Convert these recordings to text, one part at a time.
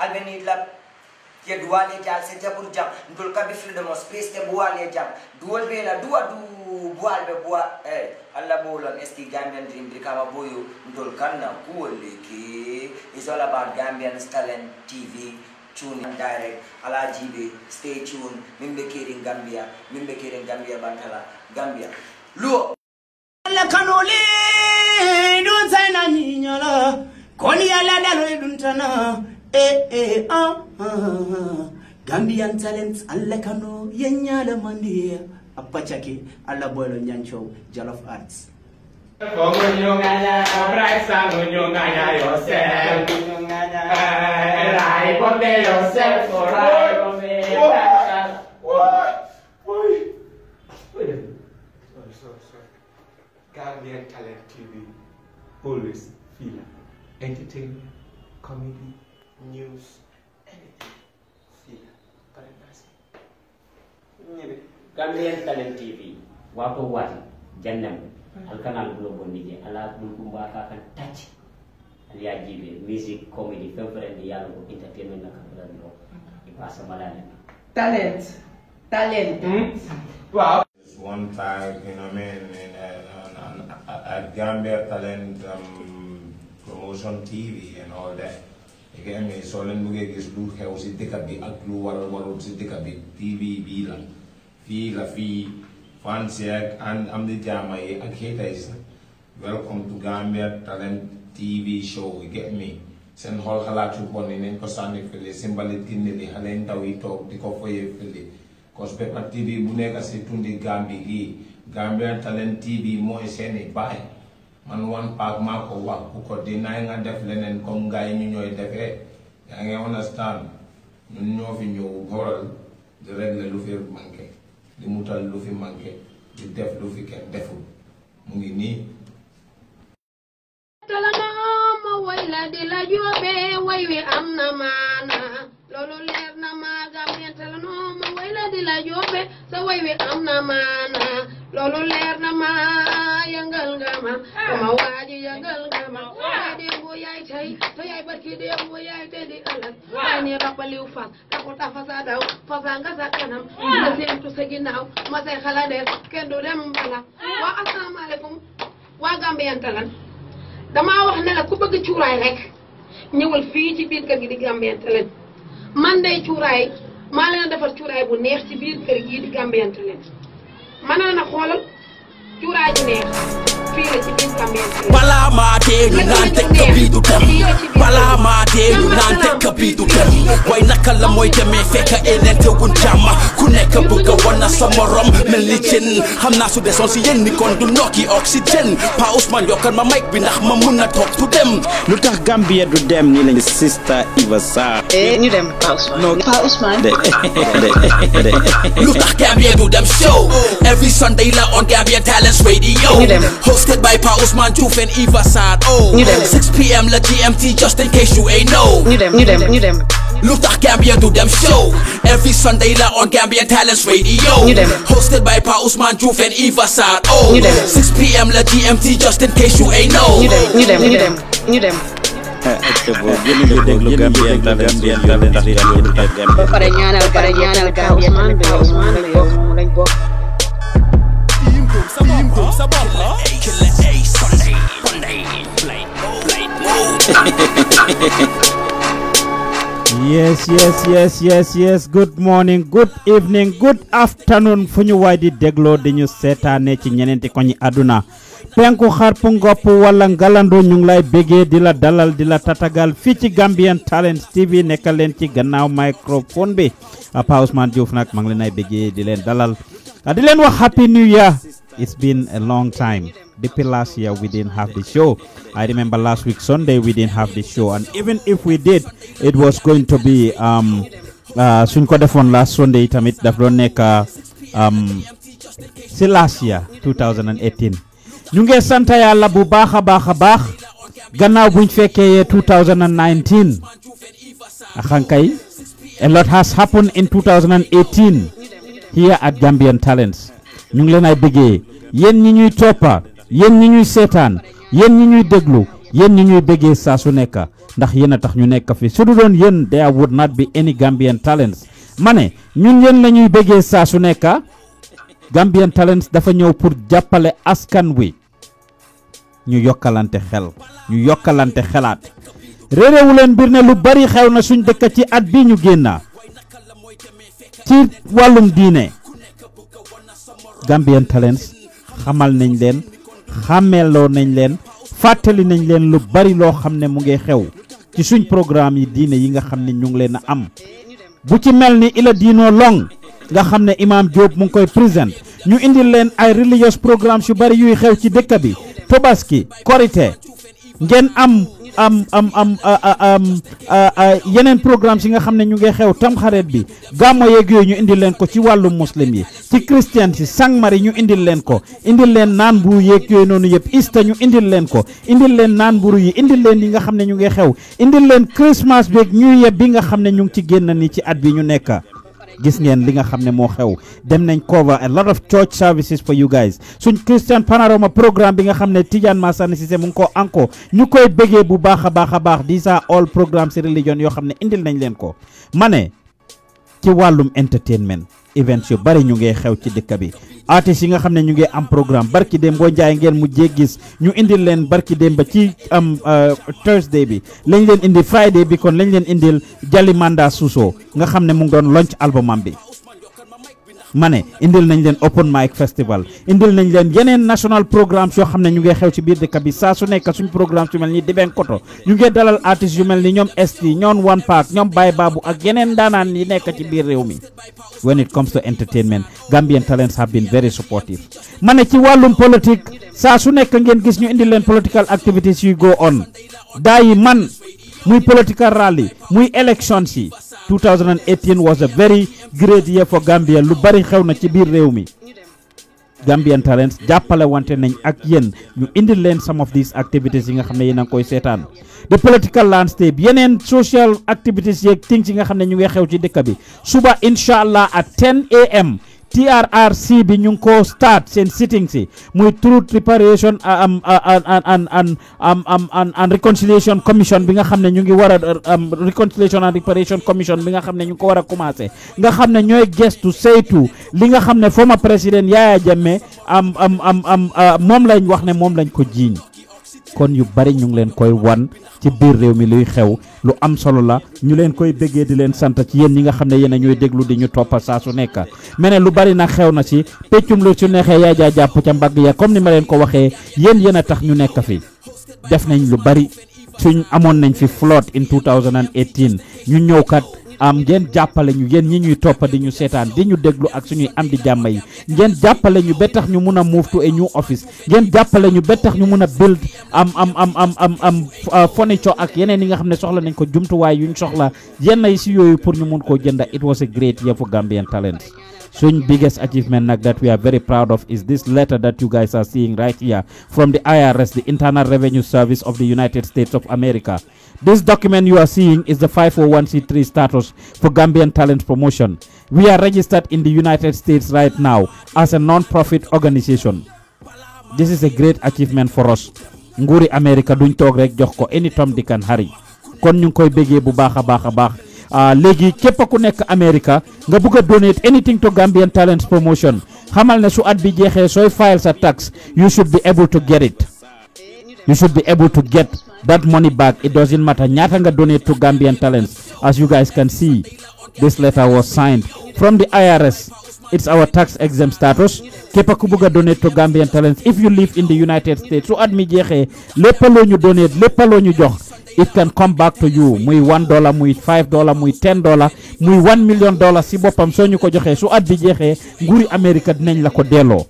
al venir la ye duwa le jal se jabur jam ndol kabi freedom of space te buwa le jam duwal be la duwa du buwal be buwa eh alla bolon esti gambian dream rikama boyo ndol kanna kuwal le ke is all about gambian talent tv tune in direct ala jibe stay tuned mimbe kering gambia mimbe kering gambia bantala gambia luo alla kanole dun sai na nyinyola koni ala dalo dun tana eh eh ah, ah. ah. Gambian talents alla kano yenya la mandi apachaki alla boylo nyancho jollof arts Komunyunganya obrai Gambian Talent TV always filler entertainment comedy news, anything. See that. Paranasi. Gambian Talent TV. wapo wati. Jannam. Hmm. Alkanal Globo Nije. Ala Dunkumba Kakan Touch. Alia Jibe. Music, comedy, favorite, dialogue, entertainment, Nakabula Nro. Hmm. Ipasa Malala. Talent. Talent. Hmm? Wow. one time, you know what I mean? And, at uh, uh, uh, Gambia Talent um, Promotion TV and all that. léegi am na soo leen bëggee gis lu xew si dëkk bi ak lu waral warul si dëkk bi TV bii la fii la fii fans yi ak am di jaama yi ak haters yi sax welcome to Gambia Talent TV show you get me seen xool xalaat yu bon yi nañ ko sànni fële si mbalit gindi li xale ndaw yi toog di ko foyee fële cause Peppa TV bu nekk si tundi Gambie gii Gambia Talent TV mooy seeni baay man one pack maa ko wax ku ko dinaay nga def leneen comme gars yi ñu ñooy defee yaa ngi understand ñun ñoo fi ñëw boral di régler lu fi manqué di mutal lu fi manqué di def lu fi kenn deful mu ngi nii kalama ma way la di la jóobee way wi am na maana loolu leer na ma gambiyante la noo ma way la di sa way wi am na maana loolu leer na ma yëngal nga ma ma waaji bu yaay tey te yaay barki dee bu yaay te di ëllëg fas taxuta fasa daw fasa nga sa kanam nga seentu sa ginnaaw ma say xala kenn du dem mbala waa asalaamaaleykum waa gambiyante lan damaa wax ne la ku bëgg cuuraay rek fii ci biir kër gi di gambiyante man day cuuraay maa leen defar cuuraay bu neex ci biir kër gii di Gambian Talents mën naa na xoolal cuuraay ji ñu naan teg ka bii du dem ñu naan teg ka bii du dem waaye naka la mooy a wan na kon du nokki Pa ma mic bi ma mun na toog dem. Gambia dem nii lañu sista Iva eh ñu dem Pa Ousmane. Pa Gambia dem show every Sunday la on Gambia talent. Finance Radio. Hosted by Pa Usman Juf and Eva Sad. Oh, 6 p.m. Let GMT just in case you ain't know. New them, new them, new them. Luther Gambia do them show Every Sunday la on Gambian Talents Radio Hosted by Pa Usman Juf and Eva Sad Oh 6pm la GMT just in case you ain't know New them, New them, New them Pare ñaanal ñaanal bimbo ha killer sunday Yes, yes, yes, yes, yes. Good morning, good evening, good afternoon. Fu ñu Deglo di dégloo di ñu seetaane ci ñeneenti koñi aduna. penku xarpu ngopp wala ngalandu ñu lay bégee dalal dila tatagal fii ci Gambian talent TV nekkal leen ci gannaaw microphone bi apa Ousmane Diouf nag maa leen di leen dalal ah, di leen wax happy new year It's been a long time. DP last year we didn't have the show. I remember last week Sunday we didn't have the show, and even if we did, it was going to be um uh Sunkodefon last Sunday tamit dafroneka um see, last year 2018. Nunge Santa sant yàlla bu baax a Gana a baax 2019 a lot has happened in 2018 here at Gambian Talents ñu ngi leen ay bëggee yéen ñi ñuy toppa yéen ñi ñuy seetaan yéen ñi ñuy déglu yéen ñi ñuy bëggee saa su nekk ndax yéen a tax ñu nekk fi su du doon yéen there would not be any Gambian talents ma ne ñun yéen lañuy ñuy bëggee saa su nekk Gambian talents dafa ñëw pour jàppale askan wi ñu yokkalante xel ñu yokkalante xelaat réeréwu leen mbir ne lu bari xew na suñ dëkk ci at bi ñu génna ci wàllum diine Gambian Talents xamal nañ leen xàmmeeloo nañ leen fàttali nañ leen lu bari loo xam ne mu ngi xew ci suñ programme yi diine yi nga xam ne ñu ngi leen a am bu ci mel ni ila diinoo long nga xam ne imaam Diop mu ngi koy présent ñu indil leen ay religious programmes yu bari yuy xew ci dëkk bi Tabaski Korite ngeen am am am am yeneen programmes yi nga xam ne ñu ngi xew tamxareet bi gàmmo yeeg yooyu ñu indil leen ko ci wàllu muslim yi ci christian si sang mari ñu indil leen ko indil leen naan mburu yeeg yooyu noonu yëpp ista ñu indil leen ko indil leen naan mburu yi indil leen yi nga xam ne ñu ngi xew indil leen christmas beeg ñuy yeb bi nga xam ne ñu ngi ci génna nii ci at bi ñu nekk gis ngeen li nga xam ne moo xew dem nañ cover a lot of church services for you guys suñ Christian Panorama programme bi nga xam ne Tidiane Massane Cissé mu ngi ko encore ñu koy bëggee bu baax a baax a baax these are all programmes religion yoo xam ne indi nañ leen ko ma ne ci wàllum entertainment events yu bari ñu ngi xew ci dëkk bi artistes yi nga xam ne ñu ngi am programme barki dem boo njaay ngeen mu gis ñu indil leen barki dem ba ci am euh, Thursday bi lañ leen indi Friday bi kon lañ leen indil Jalimanda Suso nga xam ne mu ngi doon launch album bi ma ne indil nañ leen open mic festival indil leen yeneen national programmes yoo xam ne ñu ngi xew ci biir dëkk saa su nekk suñ programme yu ni Dibeng Koto ñu ngi dalal artistes yu ni ñoom ST ñoom One ñoom Baye Babu ak yeneen daanaan yi nekk ci biir réew mi. when it comes to entertainment Gambian talents have been very supportive ma ci wàllum politique saa su nekk ngeen gis ñu indil leen political activities go on daa man. muy political rally muy elections yi 2018 was a very great year for Gambia lu bari xew na ci biir réew mi Gambian Talents jàppale wante nañ ak yéen ñu indil leen some of these activités yi nga xam ne yéen a ngi koy seetaan the political landscape yeneen social activities yeeg things yi nga xam ne ñu ngi xew ci dëkk bi suba incha allah at 10 am TRRC bi ñu ngi ko start seen sitting si muy Truth Reparation am uh, um, uh, am um, um, and and Reconciliation Commission bi nga xam ne ñu ngi war a uh, Reconciliation and Reparation Commission bi nga xam ne ñu ngi ko war a commencé nga xam ne ñooy gestu saytu li nga xam ne former président Yaya Jammeh am am am am moom lañ wax ne moom lañ ko jiiñ kon yu bari ñu ngi leen koy wan ci biir réew mi luy xew lu am solo la ñu leen koy bëggee di leen sant ci yéen ñi nga xam ne yéen a ñooy déglu di ñu toppa saa su nekk mene lu bari nag xew na si peccum lu su neexee yaay jaa jàpp ca mbagg ya comme ni ma leen ko waxee yéen yéen a tax ñu nekk fi def nañ lu bari suñ amoon nañ fi flood in 2018 ñu ñëw am ngeen jàppale ñu yéen ñi ñuy toppa di ñu seetaan di ñu déglu ak suñuy am di jàmm yi ngeen jàppale ñu ba ñu mun a move to a new office ngeen jàppale ñu ba ñu mun a build am am am am am am uh, furniture ak yeneen yi nga xam ne soxla nañ ko jumtuwaay yu ñu soxla yenn na si yooyu pour ñu mun koo jënda it was a great year for Gambian talent Soon biggest achievement like, that we are very proud of is this letter that you guys are seeing right here from the IRS, the Internal Revenue Service of the United States of America. This document you are seeing is the 501c3 status for Gambian talent promotion. We are registered in the United States right now as a non-profit organization. This is a great achievement for us. Nguri America duñ tok rek jox ko any time they can hurry. Kon ñu koy bu baaxa baaxa Ah, Legi képp ku nekk America nga bugg a donate anything to Gambian talent promotion xamal ne su at bi jeexee sooy file sa tax you should be able to get it you should be able to get that money back it doesn't matter ñaata nga donate to Gambian talents as you guys can see this letter was signed from the IRS it's our tax exempt status képp ku a donate to Gambian talents if you live in the United States su at mi jeexee lépp ñu donate lépp loo ñu jox it can come back to you muy muy five dollar muy ten dollar muy one million dollar si boppam soo ñu ko joxee su at bi jeexee nguuri America dinañ la ko delloo.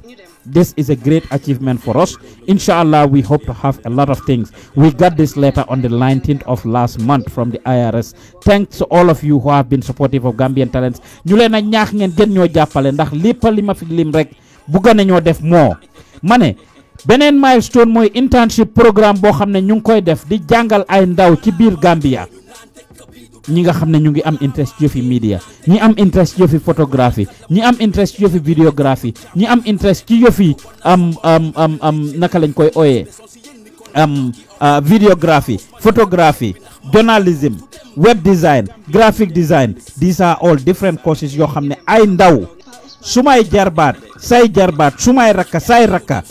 this is a great achievement for us inshallah we hope to have a lot of things we got this letter on the 19th of last month from the irs thanks to all of you who have been supportive of gambian talents ñu leen a ñaax ngeen gën ñoo jàppale ndax lépp li ma fi lim rek bugga nañoo def moo beneen milestone mooy internship programme boo xam ne ñu ngi koy def di jàngal ay ndaw ci biir Gambia ñi nga xam ne ñu ngi am interest jëfi media ñi am interest jëfi photographie ñi am interest jëfi vidéographie ñi am interest ci yëfi am am am am naka lañ koy ooyee am videography photography journalism web design graphic design these are all different courses yoo xam ne ay ndaw sumay jarbaat say jarbaat sumay rakka say rakka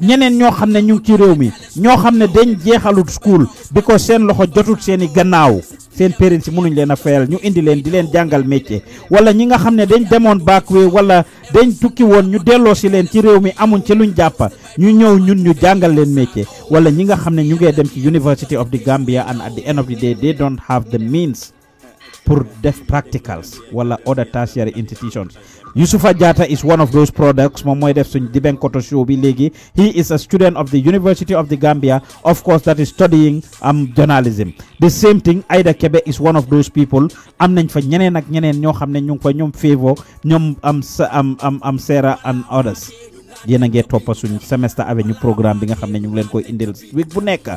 ñeneen ñoo xam ne ñu ci réew mi ñoo xam ne dañ jeexalut school bi ko seen loxo jotut seen i gannaaw seen parents si mënuñ leen a fayal ñu indi leen di leen jàngal métier wala ñi nga xam ne dañ demoon baak we wala dañ tukki woon ñu delloo si leen ci réew mi amuñ ci luñ jàppa ñu ñëw ñun ñu jàngal leen métier wala ñi nga xam ne ñu ngee dem ci University of the Gambia and at the end of the day they don't have the means pour def practicals wala other tertiary Yusufa jaata is one of those products moom mooy def suñ Dibeng Koto show bi léegi he is a student of the University of the Gambia of course that is studying am um, journalism the same thing Aida Kebe is one of those people am nañ fa ñeneen ak ñeneen ñoo xam ne ñu ngi fa ñoom Favour ñoom am um, am um, am Sarah and others yéen a ngee toppa suñ Semester Avenue programme bi nga xam ne ñu ngi leen koy indil week bu nekk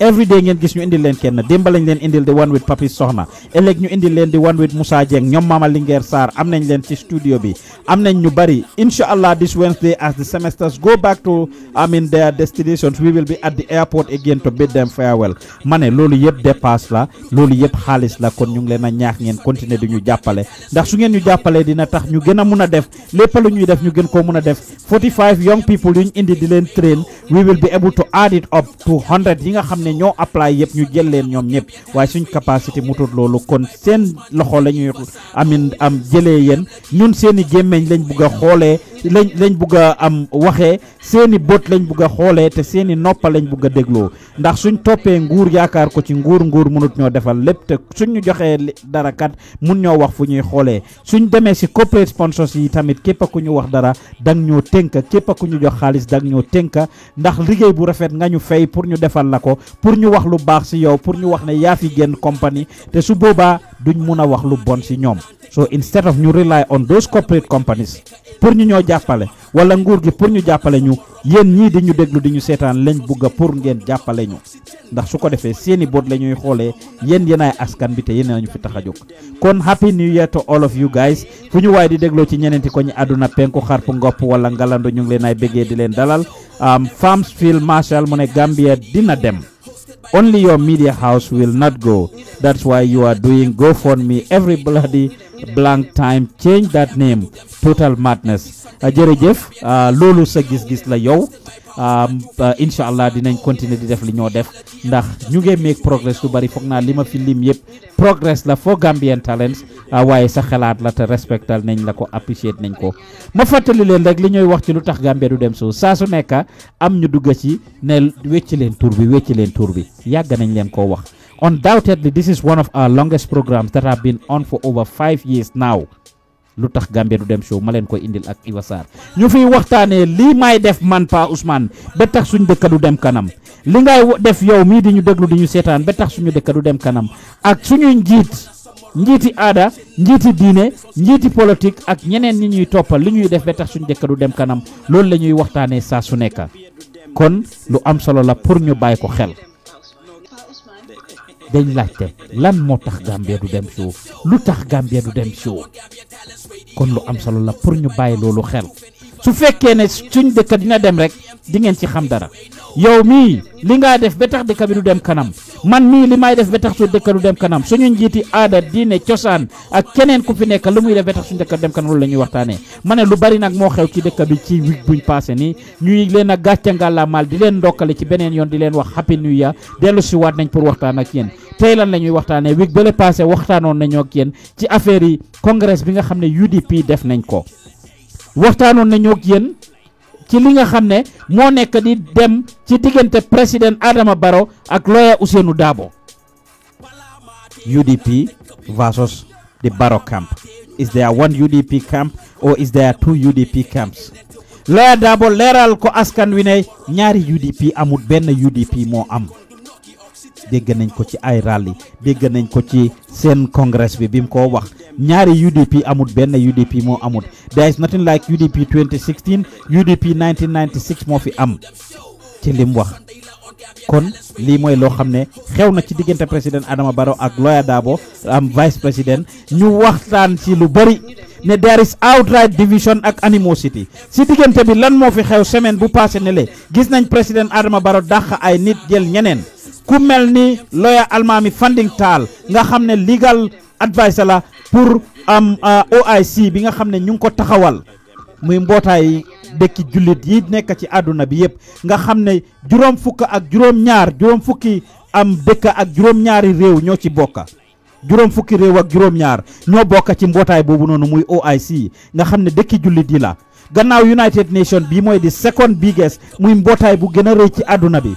every day ngeen gis ñu indil leen kenn démb leen indil the one with Papis Soxna ëllëg ñu indil leen the one with Musa Jeng. ñoom Mama Linguère Sarr am nañ leen ci studio bi am nañ ñu bari incha allah this Wednesday as the semesters go back to I mean their destinations we will be at the airport again to bid them farewell Mane ne loolu yëpp dépasse la loolu yëpp xaalis la kon ñu ngi leen a ñaax ngeen continuer di ñu jàppale ndax su ngeen ñu jàppalee dina tax ñu gën a mun a def lépp lu ñuy def ñu gën koo mun a def 45 young people yuñ indi di leen train we will be able to add it up to 100 yi nga xam ne ñoo apply yëpp ñu jël leen ñoom ñëpp waaye suñ capacité mutut loolu kon seen loxo la ñuy amin am jëlee yéen ñun seen i gémmeñ lañ bugg a xoolee lañ lañ bugg a am waxee seen i bët lañ bugg a xoolee te seen i noppa lañ bugg a dégloo ndax suñ toppee nguur yaakaar ko ci nguur nguur mënut ñoo defal lépp te suñ ñu joxee dara kat mun ñoo wax fu ñuy xoolee suñ demee si corporate sponsors yi tamit képp ku ñu wax dara dang ñoo tënk képp ku ñu jox xaalis dang ñoo tënk ndax pour ñu wax lu baax si yow pour ñu wax ne yaa fi génn company te su boobaa duñ mun a wax lu bon si ñoom so instead of ñu rely on those corporate companies pour ñu ñoo jàppale wala nguur gi pour ñu jàppale ñu yéen ñii di ñu déglu di ñu seetaan lañ bugg pour ngeen jàppale ñu ndax su ko defee seeni bot la ñuy xoolee yéen askan bi te yéen nañu fi tax kon happy new year to all of you guys fu ñu waaye di dégloo ci ñeneenti ko ñi àdduna penku xarpu ngopp wala ngalandu ñu ngi leen ay di leen dalal um, farms field marshal mu ne Gambia dina dem Only your media house will not go. That's why you are doing GoFundMe every bloody blank time. Change that name. Total madness. Uh, jërëjëf uh, loolu sa gis-gis la yow. incha allah dinañ continuer di def li ñoo def ndax ñu ngee meeg progress lu bari foog naa li ma fi lim yëpp progress la for Gambian Talents ah, waaye sa xalaat la te respectal nañ la ko appreciate nañ ko ma fàttali leen rek li ñooy wax ci lu tax Gambia du dem soo saa su nekk am ñu dugg ci ne wecc leen tur bi wecc leen tur bi yàgg nañ leen koo wax undoubtedly this is one of our longest programs that have been on for over five years now lu gambe Gambia du dem show malen koy indil ak iwasar ñu fi waxtane li may def man Pa Ousmane ba tax suñu dekk du dem kanam li ngay def yow mi di ñu deglu di ñu setan ba tax suñu dekk du dem kanam ak suñu njit njiti ada, njiti dine, njiti politique ak ñeneen ñi ñuy topal li ñuy def ba tax suñu dekk du dem kanam loolu la ñuy sa suneka. su nekk kon lu am solo la pour ñu bay ko xel. dañ laajte lan Gambia du dem show lu tax Gambia du dem show kon lu am solo la pour ñu bàyyi loolu xel su fekkee ne suñ dëkk dina dem rek di ngeen ci xam dara yow mii li nga def ba tax dëkk bi dem kanam man mi li may def ba tax su dëkk du dem kanam suñu njiiti aada diine cosaan ak keneen ku fi nekk lu muy def ba tax suñu dëkk dem kanam loolu la ñuy waxtaanee ma ne lu bari nag moo xew ci dëkk bi ci wig buñ passé nii ñuy leen a gàcce mal di leen ndokkale ci beneen yoon di leen wax happy new year dellu si waat nañ pour waxtaan ak yéen tey lan la ñuy waxtaanee wig bële passé waxtaanoon nañoo ak yéen ci affaire yi congrès bi nga xam UDP def nañ ko waxtaanoon nañu ak yéen ci li nga xam ne moo di dem ci diggante président Adama Barrow ak loya Ousainou dabo. UDP versus the Baro camp is there one UDP camp or is there two UDP camps loya dabo leeral ko askan wi ne ñaari UDP amut benn UDP moo am dégg nañ ko ci ay rally dégg nañ ko ci seen congress bi bi mu ko wax ñaari UDP amut benn UDP moo amut there is nothing like UDP 2016 UDP 1996 moo fi am ci lim wax kon lii mooy loo xam ne xew na ci diggante président Adama Barrow ak Lawyer Darboe am vice président ñu waxtaan si lu bëri ne there is outright division ak animosity si diggante bi lan moo fi xew semaine bu passé ne le gis nañ président Adama Barrow dàq ay nit jël ñeneen ku mel ni lawyer Almami Fanding Tall nga xam ne legal adviser la pour am euh, OIC bi nga xam ne ñu ngi ko taxawal muy mbootaay dëkki jullit yi nekk ci àdduna bi yëpp nga xam ne juróom fukk ak juróom-ñaar juróom fukki am dëkk ak juróom-ñaari réew ñoo ci bokka juróom fukki réew ak juróom-ñaar ñoo bokka ci mbootaay boobu noonu muy OIC nga xam ne dëkki jullit yi la gannaaw United Nations bi mooy di second biggest muy mbootaay bu gën a rëy ci àdduna bi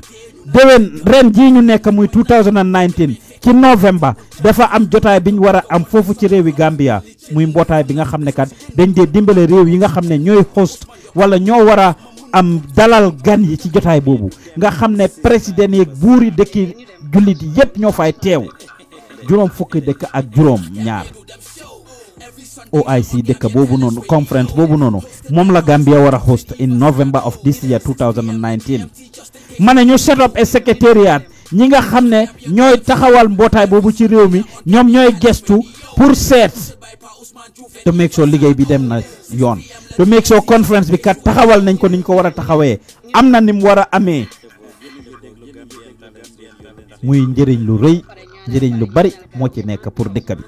déwén ren jii ñu nekk muy 2019 ci novembre dafa am jotaay bi ñu war a am foofu ci réew réewi Gambia muy mbootaay bi nga xam ne kat dañ dee dimbale réew yi nga xam ne ñooy host wala ñoo war a am dalal gan yi ci jotaay boobu nga xam ne président yeeg buuri dëkki jullit yépp ñoo fay teew juróom fukki dëkk ak juróom ñaar OIC dëkk boobu noonu conference boobu noonu moom la Gambia war a host in November of this year 2019 ma ne ñu set up a secretariat ñi nga xam ne ñooy taxawal mbootaay boobu ci réew mi ñoom ñooy gestu pour seet to make sure liggéey bi dem na yoon to make sure conference bi kat taxawal nañ ko niñ ko war a taxawee am na ni mu war a amee muy njëriñ lu rëy njëriñ lu bari moo ci nekk pour dëkk bi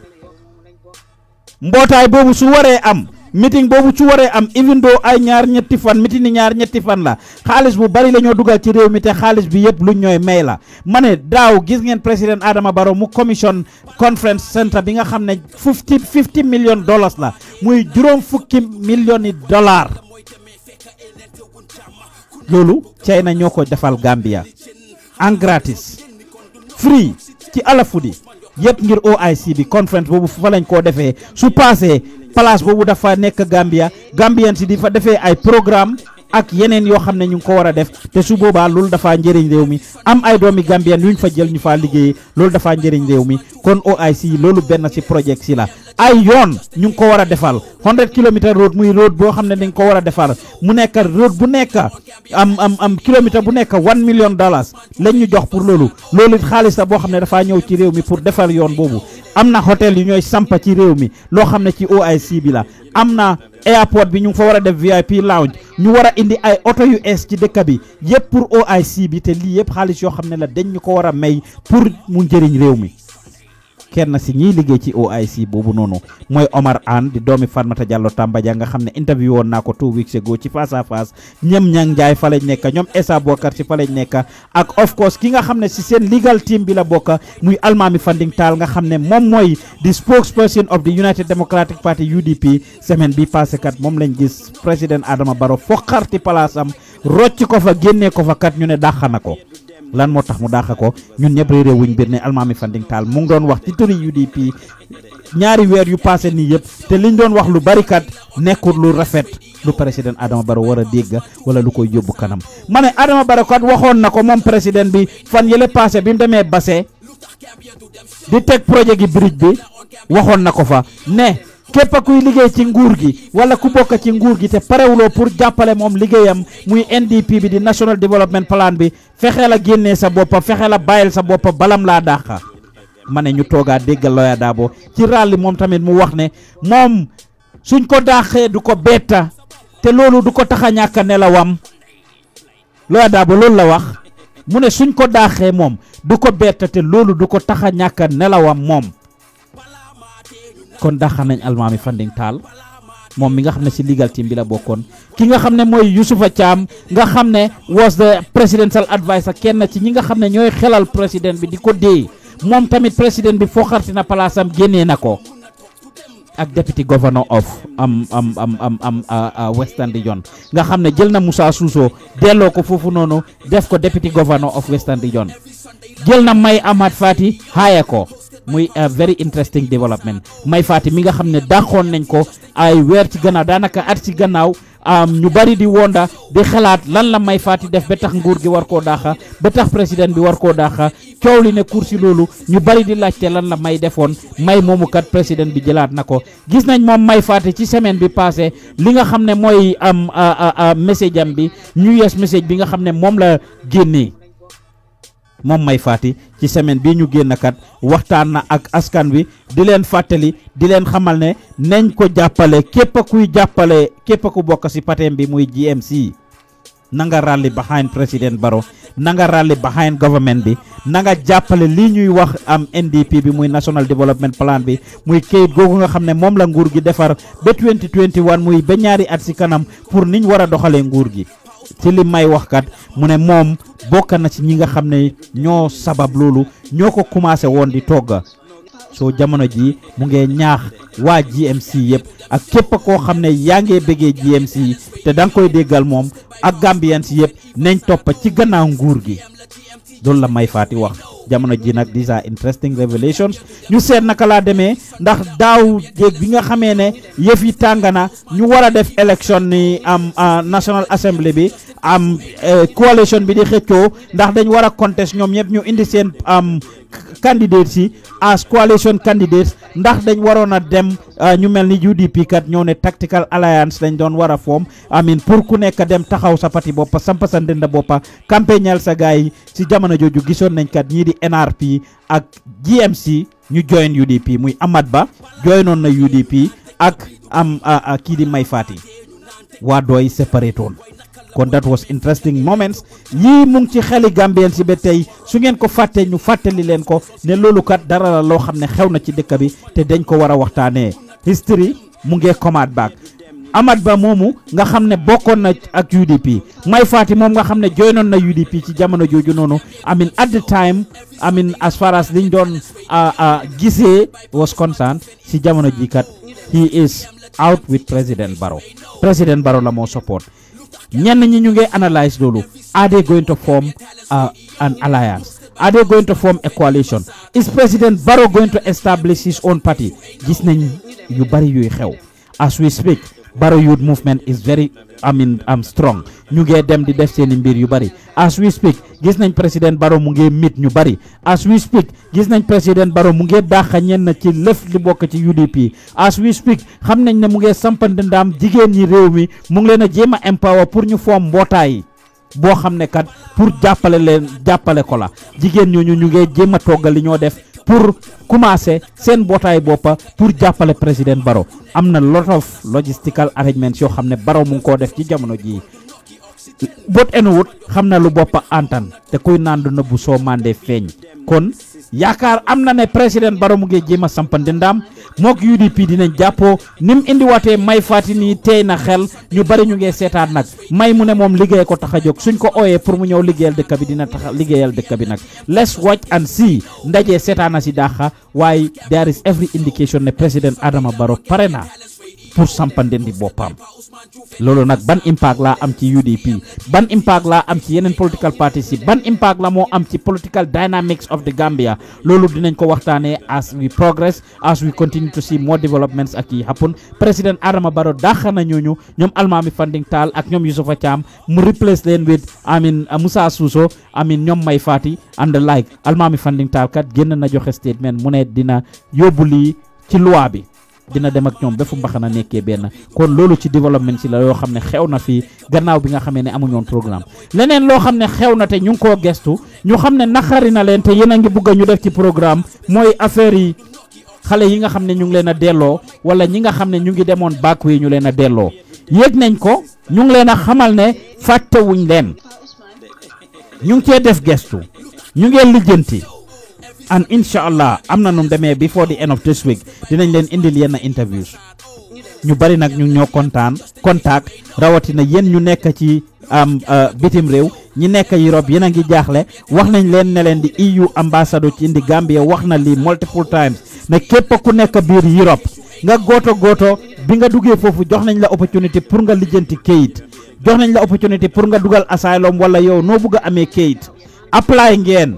mbootaay boobu su waree am meeting boobu su waree am even though ay ñaar ñetti fan meeting ñaar ñetti fan la xaalis bu bari la ñoo dugal ci réew mi te xaalis bi yëpp lu ñooy may la ma daaw gis ngeen président Adama Barrow mu commission conference centre bi nga xam ne fifty fifty million dollars la muy juróom fukki millions yi dollars loolu China ñoo ko defal Gambia en gratis free ci alafudi yëpp ngir o OIC bi conference boobu fa lañ koo defee su passé place boobu dafa nekk Gambia Gambian si di fa defee ay programme ak yeneen yoo xam ne ñu ngi ko war a def te su boobaa loolu dafaa njëriñ réew mi am ay doomi Gambien yuñ fa jël ñu faa liggéeyee loolu dafa njëriñ réew mi kon OIC loolu benn si projet si la ay yoon ñu ngi ko war a defal 100 kilomètres road muy road boo xam ne dañ ko war a defal mu nekk road bu nekk am am am kilomètre bu nekk wan million dollars lañ ñu jox pour loolu loolu it xaalis la boo xam ne dafaa ñëw ci réew mi pour defal yoon boobu am na hôtel yu ñooy sampa ci réew mi loo xam ne ci OIC bi airport bi ñu ngi fa war a def VIP lounge ñu war a indi ay oto yu es ci dëkk bi yëpp pour OIC bi te lii yëpp xaalis yoo xam ne la dañ ñu ko war a may pour mu njëriñ réew mi kenn si ñiy liggéey ci OIC boobu noonu mooy Omar Ann di doomi Fatmata Jallow Tambajang nga xam ne interview woon naa ko two weeks ago ci face à face ñoom ñang Njaay fa lañ nekk ñoom Essa Bokar ci fa lañ nekk ak of course ki nga xam ne si seen legal team bi la bokk muy Almami Fanding Taal nga xam ne moom mooy di spokesperson of the United Democratic Party UDP semaine bi passé kat moom lañ gis président aadama Barrow fo xarti palaasam rocc ko fa génnee ko fa ñu ne dàq na ko lan moo tax mu dàq ko ñun ñëpp réeré wuñ biir ne Almaami Fanding Tall mu ngi doon wax ci turi UDP ñaari weer yu passé nii yëpp te liñ doon wax lu bari kat nekkul lu rafet lu président Adama Barrow war a dégg wala lu koy yóbbu kanam ma ne Adama Barrow kat waxoon na ko moom président bi fan yële passé bi mu demee Basse di teg projet gi bridge bi waxoon na ko fa ne. képp a kuy liggéey ci nguur gi wala ku bokk ci nguur gi te parewuloo pour jàppale moom liggéeyam muy NDP bi di National Development palaan bi fexee la génnee sa boppa fexe la bàyyil sa boppa balam laa dàqa ma ne ñu toogaa déggal Lawyer Darboe ci ràlli moom tamit mu wax ne moom suñ ko dàqee du ko betta te loolu du ko tax a ñàkk a nelawam Lawyer loolu la wax mu ne suñ ko dàqee moom du ko betta te loolu du ko tax a ñàkk a nelawam moom kon daxar nañ almaami Fanding Tall moom mi nga xam ne si legal team bi la bokkoon ki nga xam ne mooy Youssoufa Thiam nga xam ne was the presidential adviser kenn ci ñi nga xam ne ñooy xelal président bi di ko dee moom tamit président bi foo foxarti na palaasam génnee na ko ak deputy governor of am am am am Western Region nga xam ne jël na Moussa Suso delloo ko foofu noonu def ko deputy governor of Western Region jël ko muy euh, very interesting development may faati mi nga xam ne dàqoon nañ ko ay weer ci gannaaw daanaka at ci gannaaw ñu bari di wonda di xalaat lan la may faati def be tax nguur gi war koo daaxa ba tax président bi war koo daaxa coow li ne kur si loolu ñu bari di laajte lan la may defoon may moomukat kat président bi jëlaat na ko gis nañ moom may faati ci semaine bi passé li nga xam ne mooy am euh, euh, message bi ñu yees message bi nga xam ne moom la génnee mom may fati ci semaine bi ñu genn kat waxtaan na ak askan wi di leen fàttali di leen xamal ne nañ ko jàppale képp kuy képp ku bokk si patem bi muy GMC na nga rally behind président baro, na nga rally behind government bi na nga jàppale li ñuy wax am NDP bi muy national development plan bi muy kayit googu nga xam ne la nguur gi defar ba 2021 muy ba ñaari at si kanam pour niñ war a nguur gi ci li may waxkat mu ne moom bokk na ci ñi nga xam ne ñoo sabab loolu ñoo ko commencé woon di togga soo jamono ji mu ngee ñaax waa GMC yëpp ak képp koo xam ne yaa ngee bëggee GMC te danga koy déggal moom ak Gambians yëpp nañ toppa ci gannaaw nguur gi loolu la may faati wax jamono ji nag these are interesting revelations ñu seet naka laa demee ndax daaw jéeg bi nga xamee ne yëf yi na ñu war a def élection ni am National Assembly bi am eh, coalition bi di xëccoo ndax dañ war a contest ñoom ñëpp ñu indi seen am candidates yi as coalition candidates ndax dañ waroon a dem euh, ñu mel ni UDP kat ñoo ne tactical alliance dañ doon war a foom amin pour ku nekk dem taxaw sa pati boppa samp sa ndënd boppa campagnal sa gars yi si jamono jooju gisoon nañ kat ñii di NRP ak GMC ñu join UDP muy Amat Ba joinoon na UDP ak am kii di Mai Fatty waa dooy séparé kon that was interesting moments lii mu ci xeli gambien si ba tey su ngeen ko fàttee ñu fàttali leen ko ne loolukat dara la loo xam ne xew na ci dëkk bi te dañ ko war a waxtaanee history mu ngee komaat baag Amat ba moomu nga xam ne bokkoon na ak UDP may Fatty moom nga xam ne joonoon na UDP ci jamono jooju noonu I mean at the time I mean as far as liñ doon uh, uh, gisee was concerned ci jamono jii kat he is out with président Barrow président Barrow la moo support ñenn ñi ñu ngi analyse loolu are they going to form uh, an alliance are they going to form a coalition is President Barrow going to establish his own party gis nañ yu bari yuy xew as we speak Barrow Youth Movement is very I mean am ñu ngee dem di def seeni mbir yu bari as we speak gis nañ président Barrow mu ngee mit ñu bari as we speak gis nañ président Barrow mu ngee dàq ñenn ci lëf li bokk ci UDP as we speak xam nañ ne mu ngee sampante ndaam jigéen ñi réew mi mu ngi leen a jéem a empower pour ñu foom mbootaay boo xam ne kat pour jàppale leen jàppale ko la jigéen ñooñu ñu ngee jéem toggal li ñoo def pour commencer seen mbootaay boppa pour jàppale président Barrow am na lot of logistical arrangements yoo xam ne Barrow mu koo def ci jamono jii bot en xam na lu boppa antan te kuy naan du nëbbu soo mandee feeñ kon yaakaar am na ne président Barrow mu ngi jéem a mook yu mook UDP dinañ jàppoo ni mu indiwaatee may fàtti nii tey na xel ñu bari ñu ngee seetaan nag may mu ne moom liggéey ko tax a jóg suñ ko ooyee pour mu ñëw liggéeyal dëkk bi dina tax liggéeyal dëkk bi nag let's watch and see ndaje seetaana si daaxa waaye daris is every indication ne président Adama Barrow pare naa pour sampandindi boppam loolu nag ban impact laa am ci UDP ban impact laa am ci yeneen political parties yi ban impact la moo am ci political dynamics of the Gambia loolu dinañ ko waxtaanee as we progress as we continue to see more developments ak yi happen président Adama Barrow dàq na ñooñu ñoom Almami Fanding taal ak ñoom Youssoufa Thiam mu replace leen with amin uh, Moussa Suso amin ñoom Mai Fatty and the like Almami Fanding Tall kat génn na joxe statement mu ne dina yóbbu lii ci loi bi dina dem ak ñoom ba fu mbaxana nekkee benn kon loolu ci développement si la yoo xam ne xew na fii gannaaw bi nga xamee ne amuñoon programme leneen loo xam ne xew na te ñu ngi koo gestu ñu xam ne naqari na leen te yéen a ngi bugg a ñu def ci programme mooy affaire yi xale yi nga xam ne ñu ngi leen a delloo wala ñi nga xam ne ñu ngi demoon bàkk yi ñu leen a delloo yéeg nañ ko ñu ngi leen a xamal ne fàttewuñ leen ñu ngi cee def gestu ñu ngee lijjanti and allah am na nu mu demee before di end of this week dinañ leen indil yenn interviews ñu bari nag ñu ñoo kontaan contact rawatina yéen ñu nekk ci am euh, bitim réew ñi nekk Europe yéen a ngi jaaxle wax nañ leen ne leen di EU ambassador ci indi Gambia wax na lii multiple times ne képp ku nekk biir Europe nga gooto gooto bi nga duggee foofu jox nañ la opportunité pour nga lijjanti kayit jox nañ la opportunité pour nga dugal asylum wala yow noo bëgg amee kayit apply ngeen.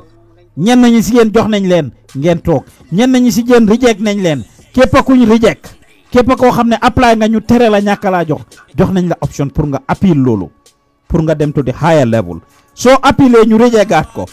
ñen ñi ci yéen jox nañ leen ngeen tok ñen ñi ci yéen reject nañ leen képp kuñ reject képp ko xam apply nga ñu téré la ñaka la jox jox nañ la option pour nga appeal lolu pour nga dem to the higher level so appeal ñu rejectaat ko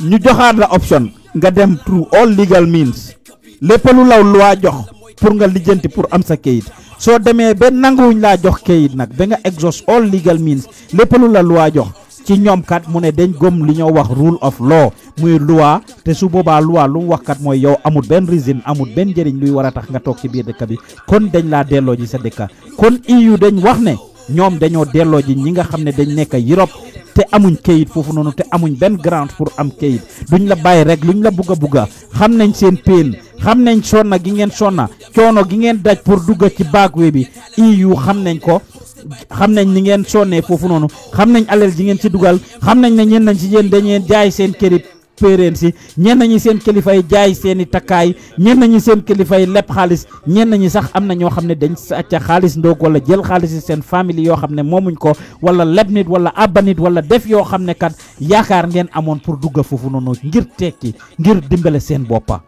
ñu joxaat la option nga dem through all legal means lépp lu law loi jox pour nga lijeenti pour am sa kayit so démé ben nanguñ la jox kayit nak ba nga exhaust all legal means lépp lu la loi jox ci ñoom kat mu ne dañ gëm li ñoo wax rule of law muy luwaa te su boobaa loi lu mu wax kat mooy yow amul benn reason amul benn njëriñ luy war a tax nga toog ci biir dëkk bi kon dañ laa delloo ji sa dëkka kon EU dañ wax ne ñoom dañoo delloo ji ñi nga xam ne dañ nekk yurop te amuñ kayit foofu noonu te amuñ benn ground pour am kayit duñ la bàyyi rek luñ la bugg a bugg a xam nañ seen peen xam nañ sonna gi ngeen sonna coono gi ngeen daj pour dugg ci baagwe bi EU xam nañ ko xam nañ ni ngeen sonnee foofu noonu xam nañ alal ji ngeen ci dugal xam nañ ne ñeen nañ ci yéen dañeen jaay seen këri péréen si ñeen nañu seen kilifa yi jaay seen i takkaay ñeen nañu seen kilifa yi lepp xaalis ñeen nañu sax am na ñoo xam ne dañ sàcca xaalis ndoog wala jël xaalis yi seen famille yoo xam ne moomuñ ko wala leb nit wala abba nit wala def yoo xam ne kat yaakaar ngeen amoon pour dugga foofu noonu ngir tekki ngir dimbale seen boppa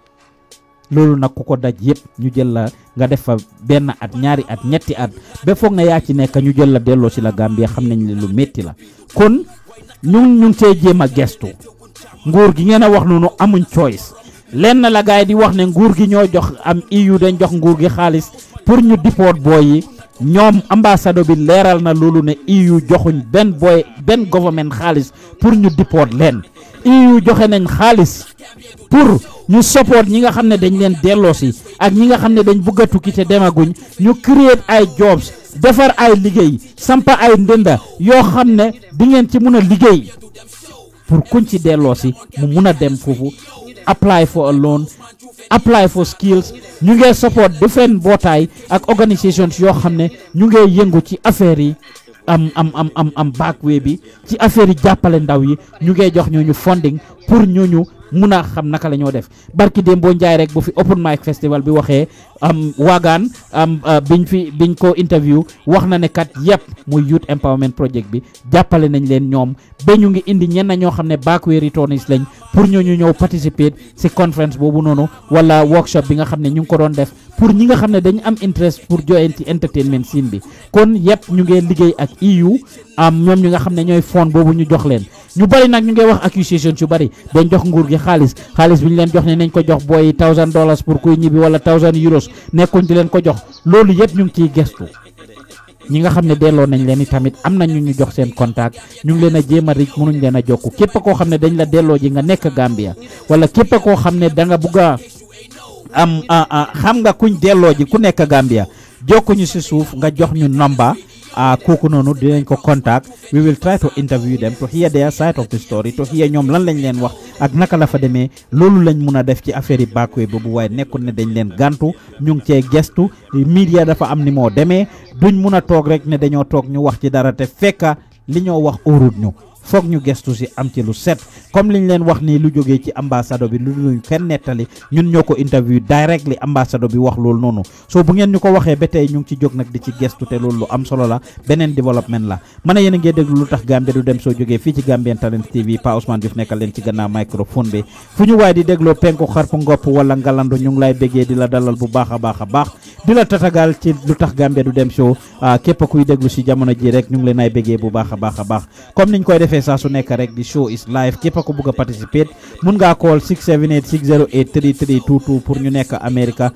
loolu nag ku ko daj yëpp ñu jël la nga def fa benn at ñaari at ñetti at ba foog na yaa ci nekk ñu jël la delloo si la Gambia xam nañu ne lu métti la kon ñu ñu see jéem a gestu nguur gi ngeen a wax noonu amuñ choice lenn la gaay di wax ne nguur gi ñoo jox am EU dañ jox nguur gi xaalis pour ñu dipoot booy yi ñoom ambassado bi leeral na loolu ne EU joxuñ benn booy benn government xaalis pour ñu dippoot leen EU joxe nañ xaalis pour ñu support ñi nga xam ne dañ leen delloosi ak ñi nga xam ne dañ bëgg a tukki te demaguñ ñu create ay jobs defar ay liggéey sampa ay ndënda yoo xam ne di ngeen ci mën a liggéey pour kuñ ci delloosi mu mun a dem foofu apply for a loan apply for skills ñu ngee support different mbootaay ak organisations yoo xam ne ñu ngee yëngu ci affaire yi am am am am am backway bi ci affaire yi jàppale ndaw yi ñu ngee jox ñooñu funding pour ñooñu mun a xam naka la ñoo def barki démb boo njaay rek bu fi open mic festival bi waxee am waagaan am euh, biñ fi biñ ko interview wax na ne kat yëpp muy youth empowerment project bi jàppale nañ leen ñoom ba ñu ngi indi ñenn ñoo xam ne backway returnees lañ pour ñu ñu ñëw participer si conference boobu noonu wala workshop bi nga xam ne ñu ngi ko doon def pour ñi nga xam ne dañu am interest pour join ci entertainment scene bi kon yëpp ñu ngee liggéey ak EU am ñoom ñi nga xam ne ñooy fond boobu ñu jox leen ñu bari nag ñu ngi wax accusations yu bari dañ jox nguur gi xaalis xaalis bi ñu leen jox ne nañ ko jox booy thousand dollars pour kuy ñibbi wala thousand euros nekkuñ di leen ko jox loolu yëpp ñu ngi ciy gestu ñi nga xam ne delloo nañ leen i tamit am na ñu ñu jox seen contact ñu ngi leen a jéem a rek mënuñ leen a jokku képp koo xam ne dañ la delloo ji nga nekk Gambia wala képp am xam nga kuñ delloo ji ku nekk Gambia jokkuñu si suuf nga jox ñu nomba kooku noonu dinañ ko contact we will try to interview them to hear their side of the story to hear ñoom lan lañ leen wax ak naka la fa demee loolu lañ mun a def ci affaire yi backway boobu waaye nekkul ne dañ leen gàntu ñu ngi cee gestu media dafa am ni moo demee duñ mun a toog rek ne dañoo toog ñu wax ci dara te fekka li ñoo wax óorut ñu fokk ñu gestu si am ci lu set comme liñ leen wax ni lu joggé ci ambassado bi lu ñu fenn netali ñun ñoko interview directly ambassado bi wax lool nonu so bu ngeen ñuko waxé waxee ñu ci jog nak di ci gestu té lool lu am solo la benen development la mané a ngeen dégg lu tax Gambia du dem so joggé fi ci talent TV Pa Ousmane Diouf nekkal leen ci ganna microphone bi fu ñu di dégloo penko xarpu ngop wala ngalandu ñu ngi lay béggé di la dalal bu baaxa baaxa baax di la tatagal ci lu tax Gambia du dem show ah, képp kuy déglu ci jamono ji rek ñu ngi leen ay bu baaxa baaxa baax comme niñ koy def defee saa su nekk rek di show is live képp a ko bugg a participer mun ngaa call pour ñu nekk Amérique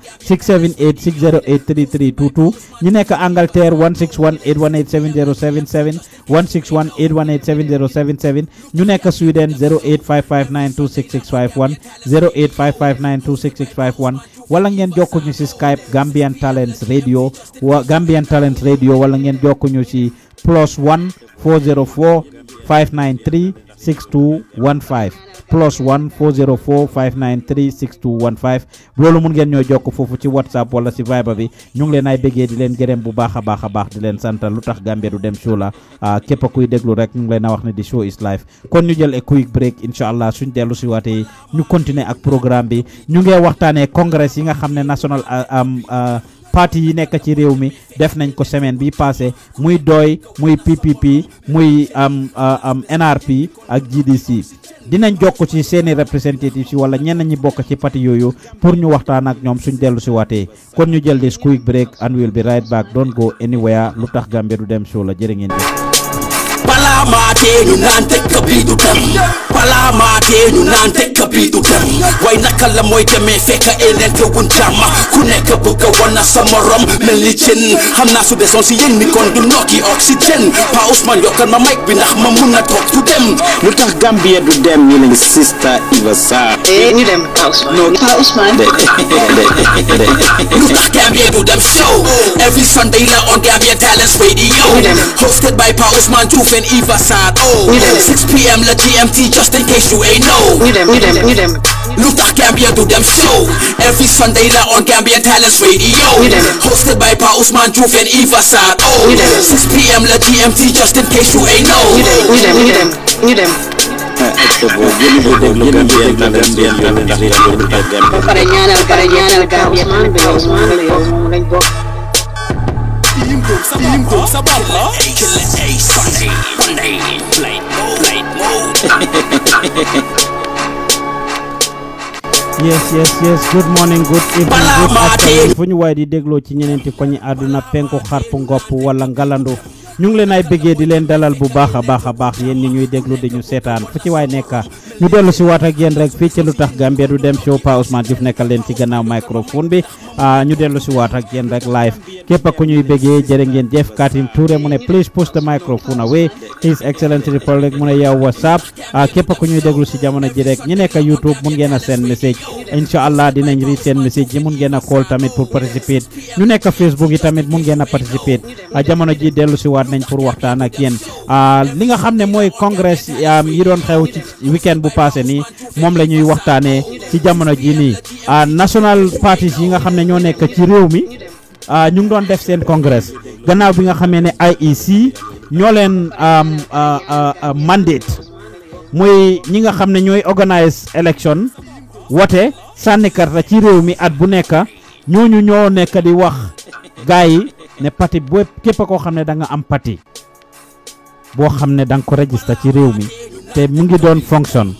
ñu nekk Angleterre ñu nekk Sweden 085592661 085592661 wala ngeen ci Skype Gambian Talents Radio Gambian Talents Radio wala ngeen jokkuñu ci. plus 1 404 593 6215 plus 1 404 593 6215 loolu mun ngeen ñoo jokk foofu ci whatsapp wala si Viber bi ñu ngi leen ay bëggee di leen gërëm bu baax a baax a baax di leen santal lu tax Gambia du dem show la ah, képp a kuy déglu rek ñu ngi leen a wax ne di show is live kon ñu jël a quick break incha allah suñ dellu si waatee ñu continuer ak programme bi ñu ngee waxtaanee congrès yi nga xam ne national ah, am. Ah, parti yi nekk ci réew mi def nañ ko semaine bi passé muy dooy muy PPP muy am euh, am NRP ak GDC dinañ jokk ci seeni representatives yi wala ñenn ñi bokk ci parti yooyu pour ñu waxtaan ak ñoom suñ dellu si waatee kon ñu jël this quick break and we'll be right back don't go anywhere lu tax Gambia du dem show la jërë ngeen ñu naan teg ka du tam. Palamaatee ñu naan ka bi uram waina kala moite me feka enen te wuntama ku nekk bëgg a wana sa morom mel ni cin su desoon si yéen ni kon du nokki oxygène pa Ousmane yokkal ma mic bi ndax ma mun a du dem lu tax Gambia du dem ñu ne sista Iva Sarr eh ñu dem pa Ousmane pa Ousmane lu tax Gambia du dem show every Sunday la on Gambia Talents Radio hosted by pa Ousmane Diouf Iva Sarr oh 6 p.m. la GMT just in case you ain't know them, knew them. Luther Gambia do them show Every Sunday night on Gambia Talents Radio Hosted by Pa Usman Juf and Eva Sad Oh 6pm let GMT just in case you ain't know Knew them, knew them, knew them Gambia yes yes yes good morning good evening good afternoon fu ñu waaye di dégloo ci ñeneenti ñi àdduna penku xarpu ngopp walla ngalandu ñu ngi leen ay bëggee di leen dalal bu baax a baax a baax yéen ñi ñuy déglu di ñu seetaan fu ci waay nekk ñu dellu si waat ak yéen rek fii ci lu tax gambie du dem show Pa Ousmane Diouf nekkal leen ci gannaaw microphone bi ah, ñu dellu si waat ak yéen rek live képp ku ñuy bëggee jërë ngeen jëf Katim Touré mu ne please push the microphone away his excellency republic mu ne yow whatsapp ah, képp ku ñuy déglu si jamono ji rek ñi nekk youtube mun ngeen a seen message allah dinañ ri seen message yi mun ngeen a call tamit pour participer ñu nekk facebook yi tamit mun ngeen a participer ah, jamono ji dellu si waat ñëwaat nañ pour waxtaan ak yéen ah, li nga xam ne mooy congrès um, yi doon xew ci weekend bu passé nii moom la ñuy waxtaanee ci jamono ji nii ah, national parties yi nga xam ne ñoo nekk ci réew mi ah, ñu ngi doon def seen congrès gannaaw bi nga xamee ne IEC ñoo leen um, mandate muy ñi nga xam ne ñooy organise election wote sànni karta ci réew mi at bu nekk ñooñu ñoo nekk di wax gaa yi ne pati boo képp a koo xam ne da nga am pati boo xam ne da nga ko register ci réew mi te mu ngi doon fonction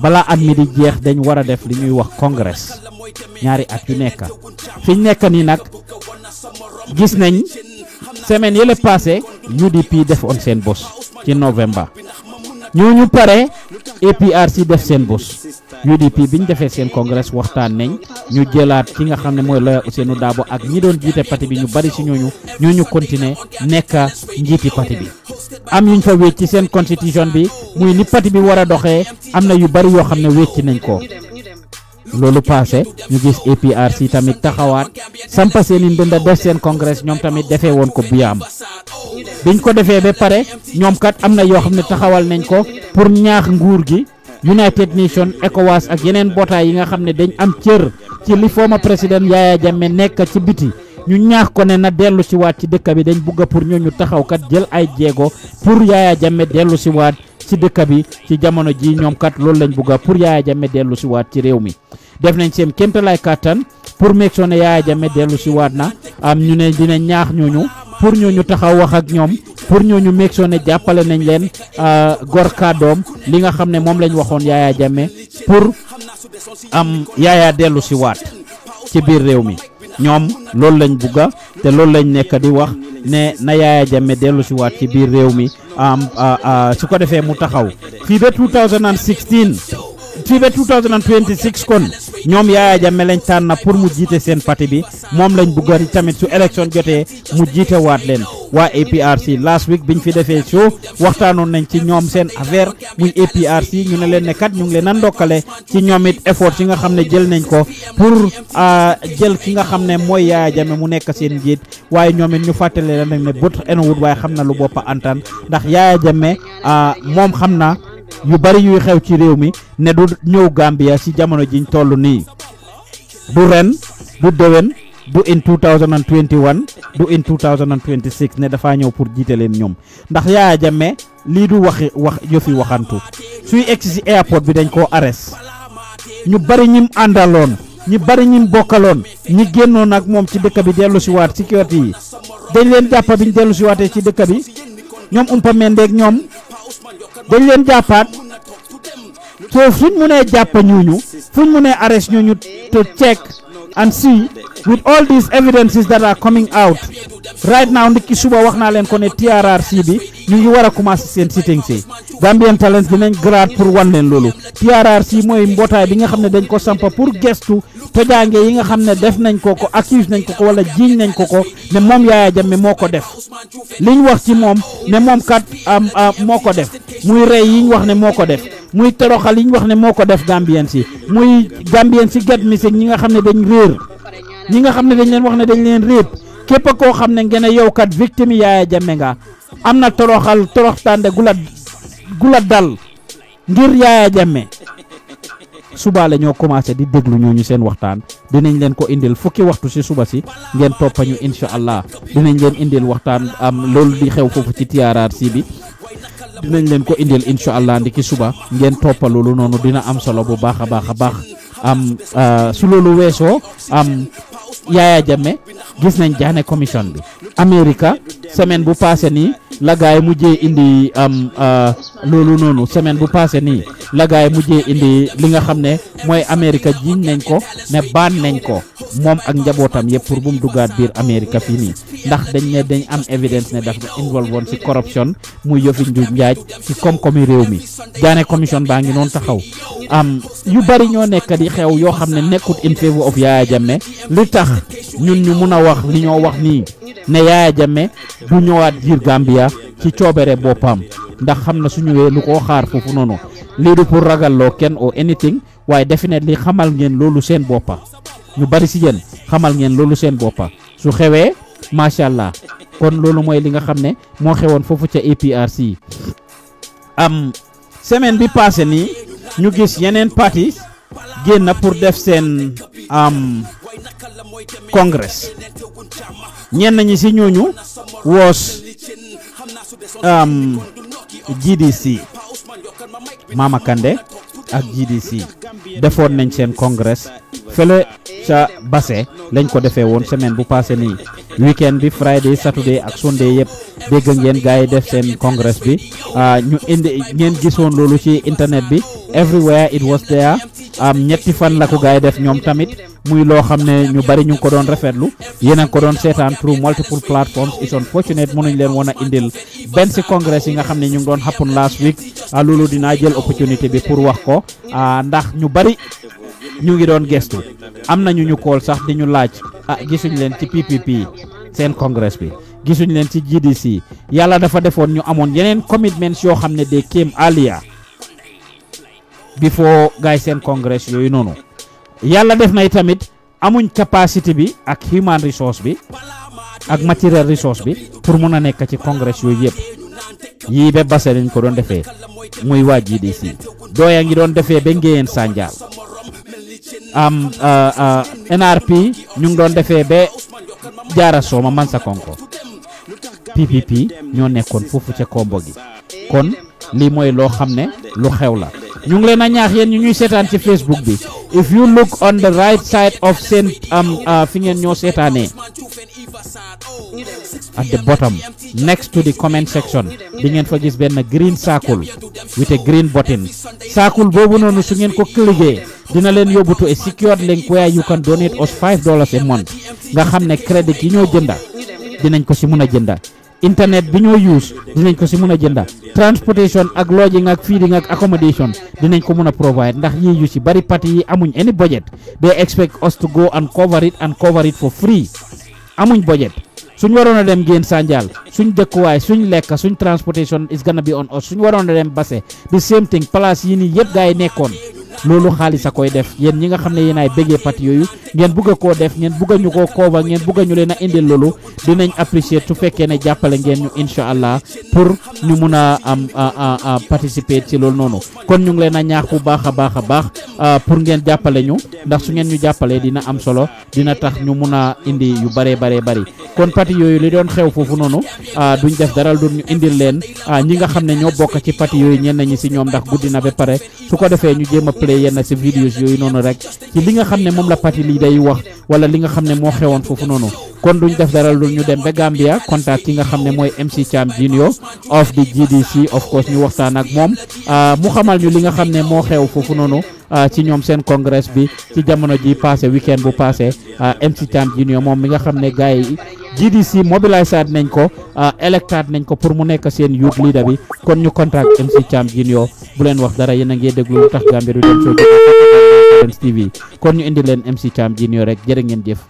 balaa at mi di jeex dañ war a def li ñuy wax congrès ñaari at yu nekk fi ñu nekk nii nag gis nañ semaine yële passé UDP defoon seen bos ci novembre ñoo ñu pare APRC def seen bos UDP bi ñu defee seen congrès waxtaan nañ ñu jëlaat ki nga xam ne mooy lawyer Ousseynou Dabo ak ñi doon jiite parti bi ñu bari si ñooñu ñooñu continuer nekk njiiti parti bi. am yuñ fa wécc ci seen constitution bi muy ni parti bi war a doxee am na yu bari yoo xam ne wécc nañ ko. loolu passé ñu gis APRC tamit taxawaat sampa seeni ndënd def seen congrès ñoom tamit defee woon ko bu yaam biñ ko defee ba pare ñoomkat am na yoo xam ne taxawal nañ ko pour ñaax nguur gi United Nations ECOWAS ak yeneen bootaay yi nga xam ne dañ am cër ci li former président Yaya Jammeh nekk ci biti ñu ñaax ko ne na dellu siwaat ci dëkk bi dañ bugg pour ñooñu taxaw kat jël ay jéego pour Yaya Jammeh dellu si waat ci dëkk bi ci jamono ji ñoom kat loolu lañ bugga pour Yaya Jammeh dellu si waat ci réew mi def nañ seen kéemtalaay kàttan pour meeg soo ne Yaya Jammeh dellu si waat na am ñu ne dina ñaax ñooñu pour ñooñu taxaw wax ak ñoom pour ñooñu meeg soo ne jàppale nañ leen euh, gor kàddoom li nga xam ne moom lañu waxoon Yaya Jammeh pour am Yaya dellu si waat ci biir réew mi ñoom loolu lañ bugga te loolu lañ nekk di wax ne na Yaya Jammeh dellu si ci biir réew mi su ko defee mu taxaw fii ba fii ba 2026 kon ñoom Yaya Jammeh lañ tànn na pour mu jiite seen parti bi moom lañ bëggoon tamit su élection jotee mu jiite waat leen waa APRC last week biñ fi defee show waxtaanoon nañ ci ñoom seen affaire muy APRC ñu ne leen ne kat ñu ngi leen a ndokkale ci ñoom it effort yi nga xam ne jël nañ ko pour euh, jël ki nga xam ne mooy Yaya Jammeh mu nekk seen njiit waaye ñoom it ñu fàttale leen rek ne bët enowut waaye xam na lu boppa antan ndax Yaya Jammeh euh, moom yu bari yuy xew ci réew mi ne du ñëw Gambia ci jamono jiñ toll nii du ren du déwén du in 2021 du in 2026 ne dafaa ñëw pour jiite leen ñoom ndax Yaya Jammeh lii du waxi wax yëfi waxantu suy egsi ci airport bi dañ koo arrest ñu bari ñim àndaloon ñi bari ñim bokkaloon ñi génnoon ak moom ci dëkk bi dellu si waat sécurité yi dañ leen jàppa biñ dellu si ci dëkk bi ñoom umpa mendeeg ñoom dañ leen jàppaat so fuñ mënee jàpp ñooñu fuñ mënee arrest ñooñu to check and see with all these evidences that are coming out right now ndiki suba wax naa leen ko ne TRRC bi ñu ngi war a commencé seen sitting si Gambian Talents nañ grade pour wan leen loolu TRRC mooy mbootaay bi nga xam ne dañ ko sampa pour gestu tojaange yi nga xam ne def nañ ko ko accuse nañ ko ko wala jiiñ nañ ko ko ne moom Yaya Jammeh moo ko def liñ wax ci moom ne moom kat moo ko def muy rey yi ñu wax ne moko def muy toroxal yi ñu wax ne moko def gambien si muy gambien get misik ñi nga xam ne dañ réer ñi nga xam ne dañ leen wax ne dañ leen réeb képp ko xam ne ngeen yow kat victime yaaya jame nga am na toroxal toroxtaande gula gula dal ngir yaaya jame suba la ñoo commencé di déglu ñooñu seen waxtaan dinañ leen ko indil fukki waxtu si suba si ngeen toppañu incha allah dinañ leen indil waxtaan am loolu di xew foofu ci TRRC bi dinañ leen ko indil incha allah ndiki suba ngeen toppa loolu noonu dina am solo bu baax a baax a baax am euh, su loolu weesoo am Yaya Jammeh gis nañ Diané commission bi America semaine bu passé nii la gars yi mujjee indi am euh, loolu noonu semaine bu passé nii lagaay gars yi mujjee indi li nga xam ne mooy America jiiñ nañ ko ne baan nañ ko moom ak njabootam yëpp pour bu mu duggaat biir America fi nii ndax dañ ne dañ am évidence ne daf involve woon ci corruption muy yëfi njuuj njaaj ci koom-koomi réew mi Diané commission baa ngi noonu taxaw yu bari ñoo nekk di xew yoo xam ne nekkut in of Yaya Jammeh tax ñun ñu mëna wax li ñoo wax ni ne yaa du ñëwaat biir Gambia ci coobere boppam ndax xam na su ñëwee lu ko xaar foofu noonu lii du pour ragalloo kenn o anything waaye definitely xamal ngeen loolu seen boppa ñu bari si yéen xamal ngeen loolu seen boppa su xewee macha kon loolu mooy li nga xam ne moo xewoon foofu ca APRC am semaine bi passé nii ñu gis yeneen parties génn pour def seen am congress ñen ñi ci ñooñu was um, GDC Mama Kande ak GDC defoon nañ seen congress fele ca Basse lañ ko defé woon semaine bu passé ni weekend bi friday saturday ak sunday yëpp dégg ngeen gaay def seen congress bi ah, ñu indi ngeen gisoon loolu ci internet bi everywhere it was there ñetti fan la ko gaay def ñoom tamit muy lo xamne ne ñu bari ñu ko doon rafetlu ko doon through multiple platforms it's unfortunate mënuñ leen wona indil ben si congrès yi nga xamne ñu doon happen last week ah, lulu dina jël opportunité bi pour wax ko ah, ndax ñu bari ñu ngi doon gestu amna ñu ñu kool sax di ñu laaj ah gisuñ leen ci PPP sen congrès bi gisuñ leen ci GDC yalla dafa defoon ñu amone yeneen commitments yo xamne ne they came earlier before guys sen congrès yooyu nono yalla def na itamit amuñ capacité bi ak human resource bi ak matériel resource bi pour mëna nek ci congrès yoy yëpp yi be base lañ ko doon défé muy waa GDC dooya ngi doon défé be ngéyeen sànjaal am euh, euh, NRP ñu ngi doon défé be jaara sooma man sa konko PPP ñoo nekkon fofu ci kombo gi kon li moy lo xamné lu xew ñu ngi leen a ñaax yéen ñu ñuy seetaan ci Facebook bi if you look on the right side of seen am um, uh, fi ngeen ñoo seetaanee at the bottom next to the comment section di ngeen fa gis benn green circle with a green button circle boobu noonu su ngeen ko cliquer dina leen yóbbu to a secured ku where you can donate us five dollars a month nga xam ne crédit yi ñoo jënda dinañ ko si mun a jënda internet bi ñoo use nañ ko si mun a jënda transportation ak lodging ak feeding ak accommodation dinañ ko mun a provide ndax ñii yu si bari parti yi amuñ any budget they expect us to go and cover it and cover it for free amuñ budget suñ waroon a dem Géen Sanjal suñ dëkkuwaay suñ lekk suñ transportation is gonna be on us suñ waroon a dem Basse the same thing yi nii yëpp gaa yi nekkoon lolu xaalis akoy def yen ñi nga xamne yeen ay béggee pati yoyu ngeen bëgg ko def ngeen bëgg ñu ko, koob ak ngeen bëgg ñu leena indi lolu dinañ apprécier tu fekkee ne jàppale ngeen ñu inshallah allah pour ñu am a am participer ci lolu nonu kon ñu ngi leena ñaax bu baaxa baaxa baax pour ngeen jàppale ñu ndax su ngeen ñu dina am solo dina tax ñu mëna indi yu bare bare bare kon pati yoyu li doon xew fofu nonu duñ def daral duñ ñu indil leen ñi nga xamne ne ñoo ci pati yoyu ñen ñi ci ñom ndax guddina be pare su ko defee ñu jéem jàppale yenn si vidéos yooyu noonu rek ci li nga xam ne moom la parti lii day wax wala li nga xam ne moo xewoon foofu noonu kon duñ def dara lu ñu dem ba Gambia contact ki nga xam ne mooy MC Cham Junior of the GDC of course ñu waxtaan ak moom ah, mu xamal ñu li nga xam ne moo xew foofu noonu ah, ci ñoom seen congrès bi ci jamono ji passé weekend bu passé ah, MC Cham Junior moom mi nga xam ne gars GDC mobiliser nañ ko electaat euh, nañ ko pour mu nekk seen youth leader bi kon ñu contact MC Cham Junior bu leen wax dara yéen a ngi déglu lu tax Gambia du dem show TV kon ñu indi leen MC Cham Junior rek jërë ngeen jëf.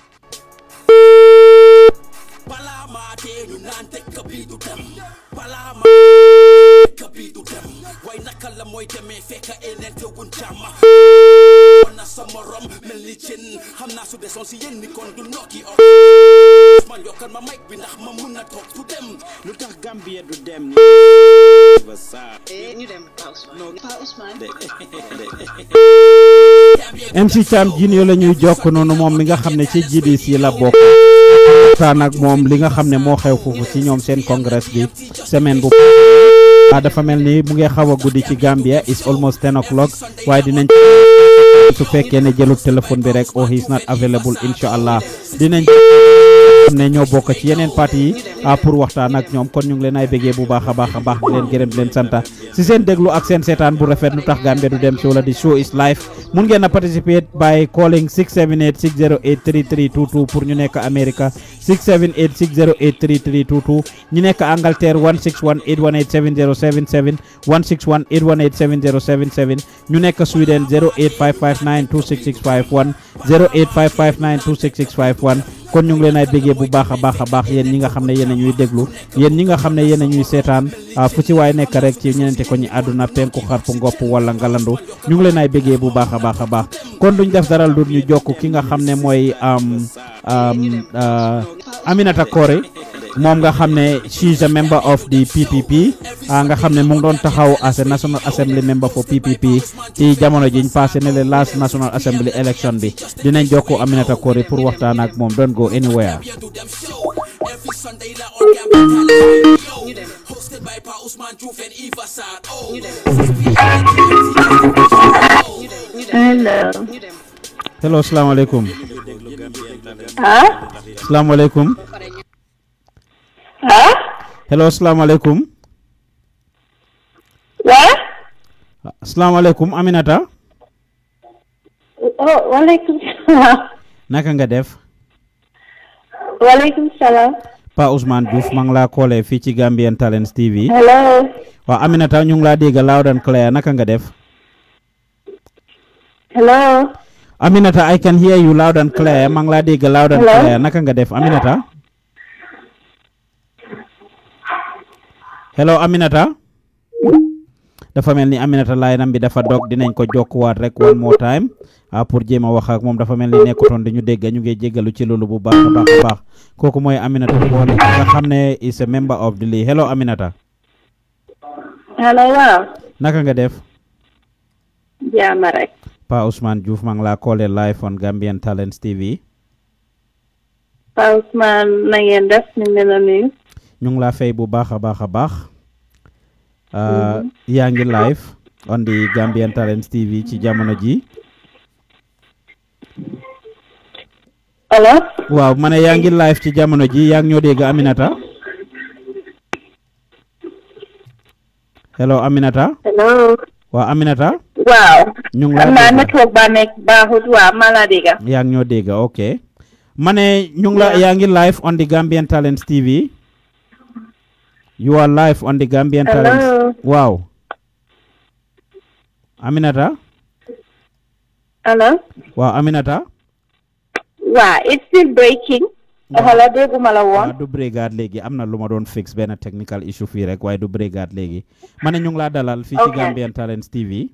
balaa la mooy demee fekka sa morom mel xam naa su desoon si yéen du nokki or man yokkal bi ndax na toog du lu tax Gambia du dem ba saa Junior la ñuy jokk noonu moom mi nga xam ne ci GDC la bokk waxtaan ak moom li nga xam ne moo xew foofu ci ñoom seen congrès bi semaine ah, dafa mel ni mu ngi xaw a guddi ci Gambia is almost 10 o'clock waaye dinañ su fekkee ne jëlul téléphone bi rek oh he is not available incha allah dinañ xam ne ñoo bokk ci yeneen parti yi ah, pour waxtaan ak ñoom kon ñu ngi leen ay bégee bu baax a baax a baax di leen gërëm santa si seen déglu ak seen seetaan bu rafet lu tax Gambia du dem show la di show is life mun ngeen a participer by calling 678 608 3322 pour ñu nekk America 678 608 3322 ñu nekk Angleterre 161 818 7077 161 818 7077 ñu nekk Sweden 08559 26651 08559 26651 kon ñu ngi leen ay béggee bu baax a baax a baax yéen ñi nga xam ne yéen a ñuy déglu yéen ñi nga xam ne yéen a ñuy seetaan ah, fu ci waay nekk rek ci ñeneente ko ñi àdduna penku xarpu ngopp wala ngalandu ñu ngi leen ay béggee bu baax a baax a baax kon duñ def dara lu ñu jokk ki nga xam ne mooy ah, Aminata Koore mom nga xamne she is a member of the PPP ah, nga xamne mu ngi taxaw as a national assembly member for PPP ci jamono jiñ passé ne le last national assembly election bi dinañ joko Aminata Kori pour waxtaan ak mom don't go anywhere Hello. Hello, assalamualaikum. alaikum. Huh? hello assalamualaikum. Ya? Assalamualaikum, aminata oh walaikum salam naka nga def walaikum salam pa Ousmane Diouf ci Gambian Talents TV. hello. Wa Aminata ñu ngi laa dégg loud and clear naka nga def. hello. Aminata I can hear you loud and clear ma ngi dégg loud and clear naka nga def Aminata. hello aminata dafa mel aminata laayinam bi dafa dog dinañ ko jokkuwaat rek one more time pour djema wax ak mom dafa mel ni nekkutoon dañu dégg ñu ngi djéggalu ci lolu bu baax baax baax koku moy aminata boole nga xamné is a member of the league hello aminata hello wa naka nga def jaam rek Pa Ousmane Diouf mang la laa live on Gambian Talents TV Pa Ousmane na ngeen def ni ñu ngi laa fay bu baax a baax a baax euh, ngi live on the Gambian Talent TV ci jamono ji allo waaw ma ne yaa ngi live ci jamono ji yaa ngi ñoo dégg Aminata hello Aminata hello waaw Aminata waaw ñu ngi laa ma network ba nekk baaxut waaw maa laa dégg yaa ngi ñoo dégg ok ma ñu ngi la yaa ngi live on the Gambian Talent TV You are live on the Gambian Talents. Wow. Aminata? Hello? Wow, Aminata? Wow, it's still breaking. xala dégguma la woon du brégaat léegi am na lu ma doon fix benn technical issue fii rek waaye du brégaat léegi ma ne ñu ngi laa dalal fii ci Gambian Talents TV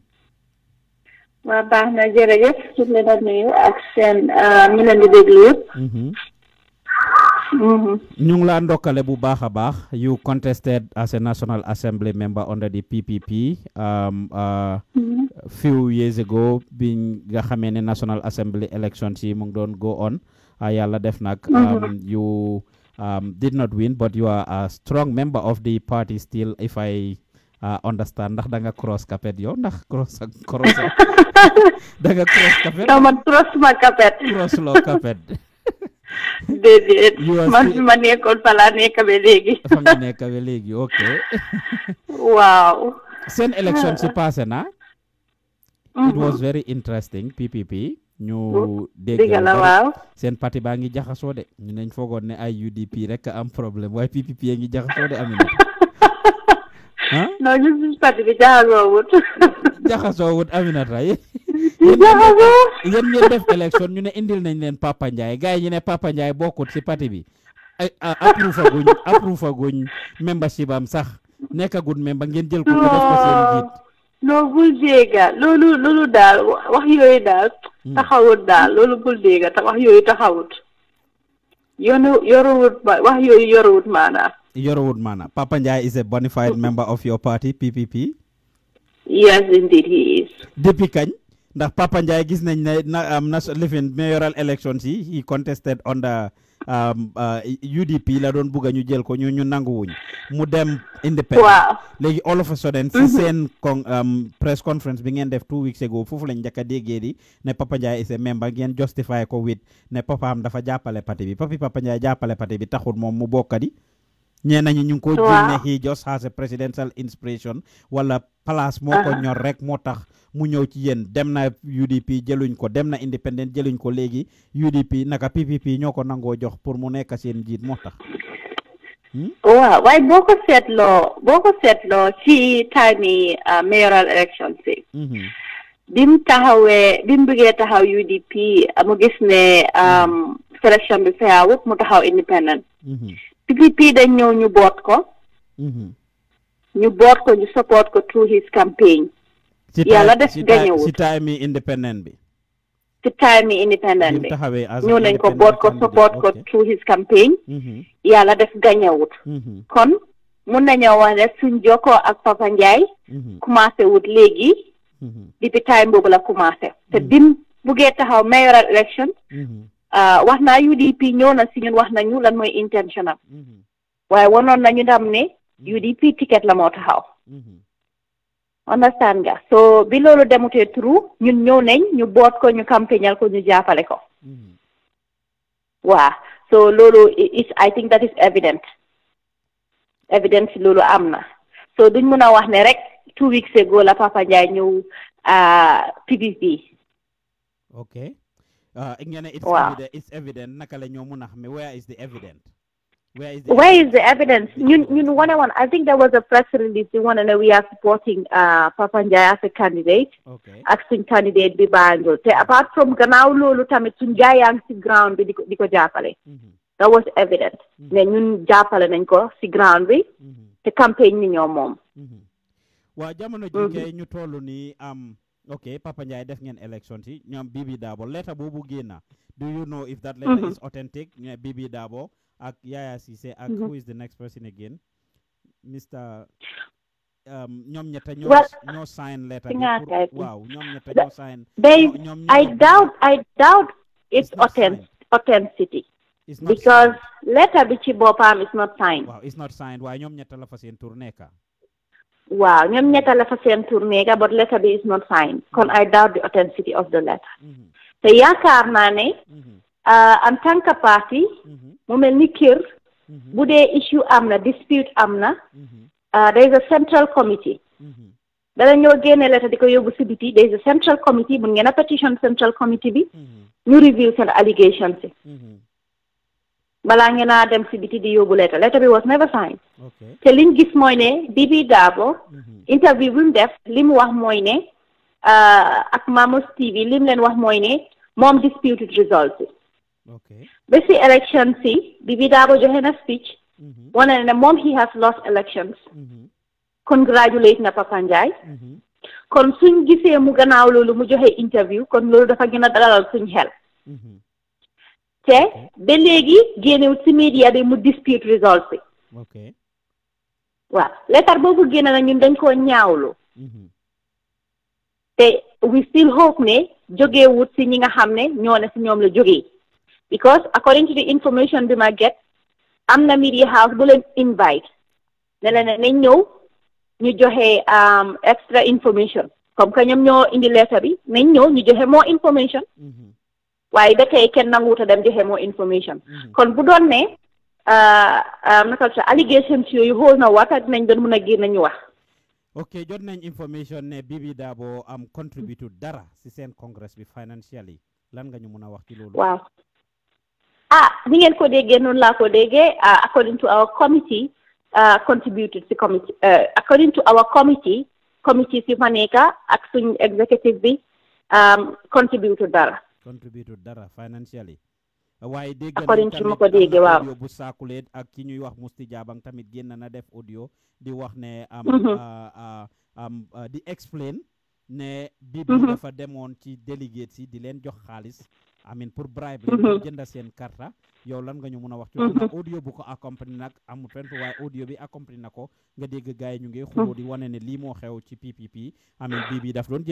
Mm-hmm. ñu ngi laa ndokkale bu baax a baax you contested as a national assembly member under the PPP um, uh, mm-hmm. few years ago bi nga xamee national assembly election yi mu ngi go on uh, yàlla def nag um, mm-hmm. you um, did not win but you are a strong member of the party still if I uh, understand ndax da nga cross capet yow ndax cross cross da nga cross capet dama cross ma capet cross lo capet déedéet man fi ma nekkoon fa laa nekk léegi fa nga nekk léegi ok waaw seen élection si passé na it mm-hmm. was very interesting PPP ñu mm-hmm. dégg la waaw seen parti baa ngi jaxasoo de ñu nañ foogoon ne ay UDP rek am problème waaye PPP a ngi jaxasoo de Amina non ñu suñu parti bi jaxasoowut jaxasoowut Aminata yi yéen ngeen def élection ñu ne indil nañ leen Papa Ndiaye gars yi ñu ne Papa Ndiaye bokkut si parti bi approuve guñ approuve guñ membership am sax nekkagul même ba ngeen jël ko def ko seen jiit non bul déega loolu loolu daal wax yooyu daal hmm. taxawut daal loolu bul déega tax wax yooyu taxawut yoonu yoruwut ma yoruwut maanaam yoruwut is a bona member of your party PPP yes indeed he is kañ ndax Papa Ndiaye gis nañ ne na am um, na lifin mayoral elections yi he contested under UDP um, uh, la doon bugg a ñu jël ko ñu ñu nanguwuñ mu dem independent léegi all of a sudden si mhm. seen con um, press conference bi ngeen def two weeks ago foofu lañ njëkk a déggee di ne Papa Ndiaye is a member ngeen justify ko with ne papaam dafa jàppale parti bi papi Papa Ndiaye jàppale parti bi taxul moom mu bokkadi ñee nañu ñu ngi ko jël ne he just has a presidential inspiration wala place moo ko ñor rek moo tax mu ñëw ci yéen dem na UDP jëluñ ko dem na indépendant jëluñ ko léegi UDP naka PPP ñoo ko nangoo jox pour mu nekk seen njiit moo tax. Hmm? waaw waaye boo ko seetloo boo ko seetloo ci time uh, mayoral election si. Hmm. bi mu taxawee bi mu bëggee taxaw UDP uh, mu gis ne um, hmm. sélection bi faya wëpp mu taxaw indépendant. PPP dañ ñëw ñu boot ko. ñu boot ko ñu support ko through his campaign. yàlla def gañewul si time yi independent bi ci time yi independent bi ñëw nañ ko boot ko support ko through his campaign mm-hmm. yàlla def gañewut mm-hmm. kon mun nañoo wax ne suñ jokkoo ak Papa Ndiaye mm-hmm. commencé wut léegi depuis time boobu la commencé te bim buggee taxaw mayoral election ah, wax naa UDP ñëw na si ñun wax nañu lan mooy intentional waaye wanoon nañu ndam ne UDP ticket la moo taxaw understand nga soo bi loolu demutee true ñun ñëw nañ ñu boot ko ñu campagnal ko ñu jàppale ko mm-hmm. waa so loolu is I think that is evident evidence loolu am na so duñ mun a wax ne rek two weeks ago la Papa Njie ñëw ah, PBB ok ñu ah, ne it's evident naka la ñoo mun a xam where is the evidence Where is the, evidence? You, you know, one on one. I think there was a press release. You want to know we are supporting uh, Papanjaya as a candidate, okay. acting candidate Bibango. mm Apart from Ganaulo, Lutamitunjaya ang si ground bi di ko japale. Mm-hmm. That was evident. Mm-hmm. Ne ñun japale nañ ko si ground bi mm-hmm. te campaign ni ñoo mom. Mm-hmm. Wa jamono ji kay ñu tollu ni am okay Papa Ndiaye def election si ñoom Bibi Dabo letter boobu génna. Do you know if that letter is authentic? Bibi Dabo ak Yaya Cissé ak mm-hmm. who is the next person again Mr. Um, ñoom ñetta ñoo ñoo sign letter waaw ñoom ñetta ñoo sign they I doubt I doubt it's authenticity because letter bi ci boppam is not signed waaw it's not signed waaye ñoom ñetta la fa seen tur nekka waaw ñoom la fa seen tur but letter bi is not signed kon mm-hmm. I doubt the authenticity of the letter mm-hmm. te yaakaar naa ne uh, en tant que parti mu mel ni kër mhm. bu dee issue am na de am na mhm. ah, there is a central committee mhm. dala ñoo génne lettre di ko yóbbu si biti there is a central committee mun ngeen a petition central committee bi ñu review seen allegations si balaa ngeen a dem si biti di yóbbu lettre lettre bi was never signed te liñ gis mooy ne Bibi Dabo interview bi mu def li mu wax mooy ne ah, ak Mamouss TV li mu leen wax mooy ne moom disputed results yi ba si élection si bi bi daabo joxe na speech mm-hmm. wane ne moom he has lost elections mm-hmm. congratulate na Papa Njie mm-hmm. kon suñ gisee mu gannaaw loolu mu joxe interview kon loolu dafa gën a dalal suñ xel te ba léegi génnewut si media bi mu dispute results yi waaw leetar boobu génne na ñun dañ koo ñaawlu te we still hope ne jógewut si ñi nga xam ne ñoo ne si ñoom la jógee because according to the information bi ma get am na media house bu leen invite ne la ne nañ ñëw ñu joxe um, extra information comme que ñoom ñoo indi letter bi nañ ñëw ñu joxe more information mm-hmm. waaye da tey kenn nanguuta dem joxe more information mm-hmm. kon bu doon ne uh, um, naka sa allegations yooyu xool na waat ak nañ doon mën a gir nañu wax ok jot nañ information ne Bibi Dabo am contributu dara si seen congress bi yi lan nga ñu mën a wax ci loolu waaw ah ni ngeen ko déggee noonu laa ko déggee ah, according to our committee ah, contributed si committee eh, according to our committee committee si fa ak suñ executive bi um, contributed dara. contributed dara financially. waaye dégg nañ tamit audio bu saakuleet ak ki ñuy wax Musti Jaabang tamit génn na def audio di wax ne am mhm. ah, di explain ne mhm. bi bi dafa demoon ci délégué si di leen jox xaalis amin pour bribe la mhm. jënda seen carte ah. yow lan nga ñu mëna wax ci mhm. audio bu ko accompagné nak amul fenn way audio bi accompagné nako, nga dégg gaay ñu ngi xuloo di ne li mo xew ci PPP amin bi bi daf doon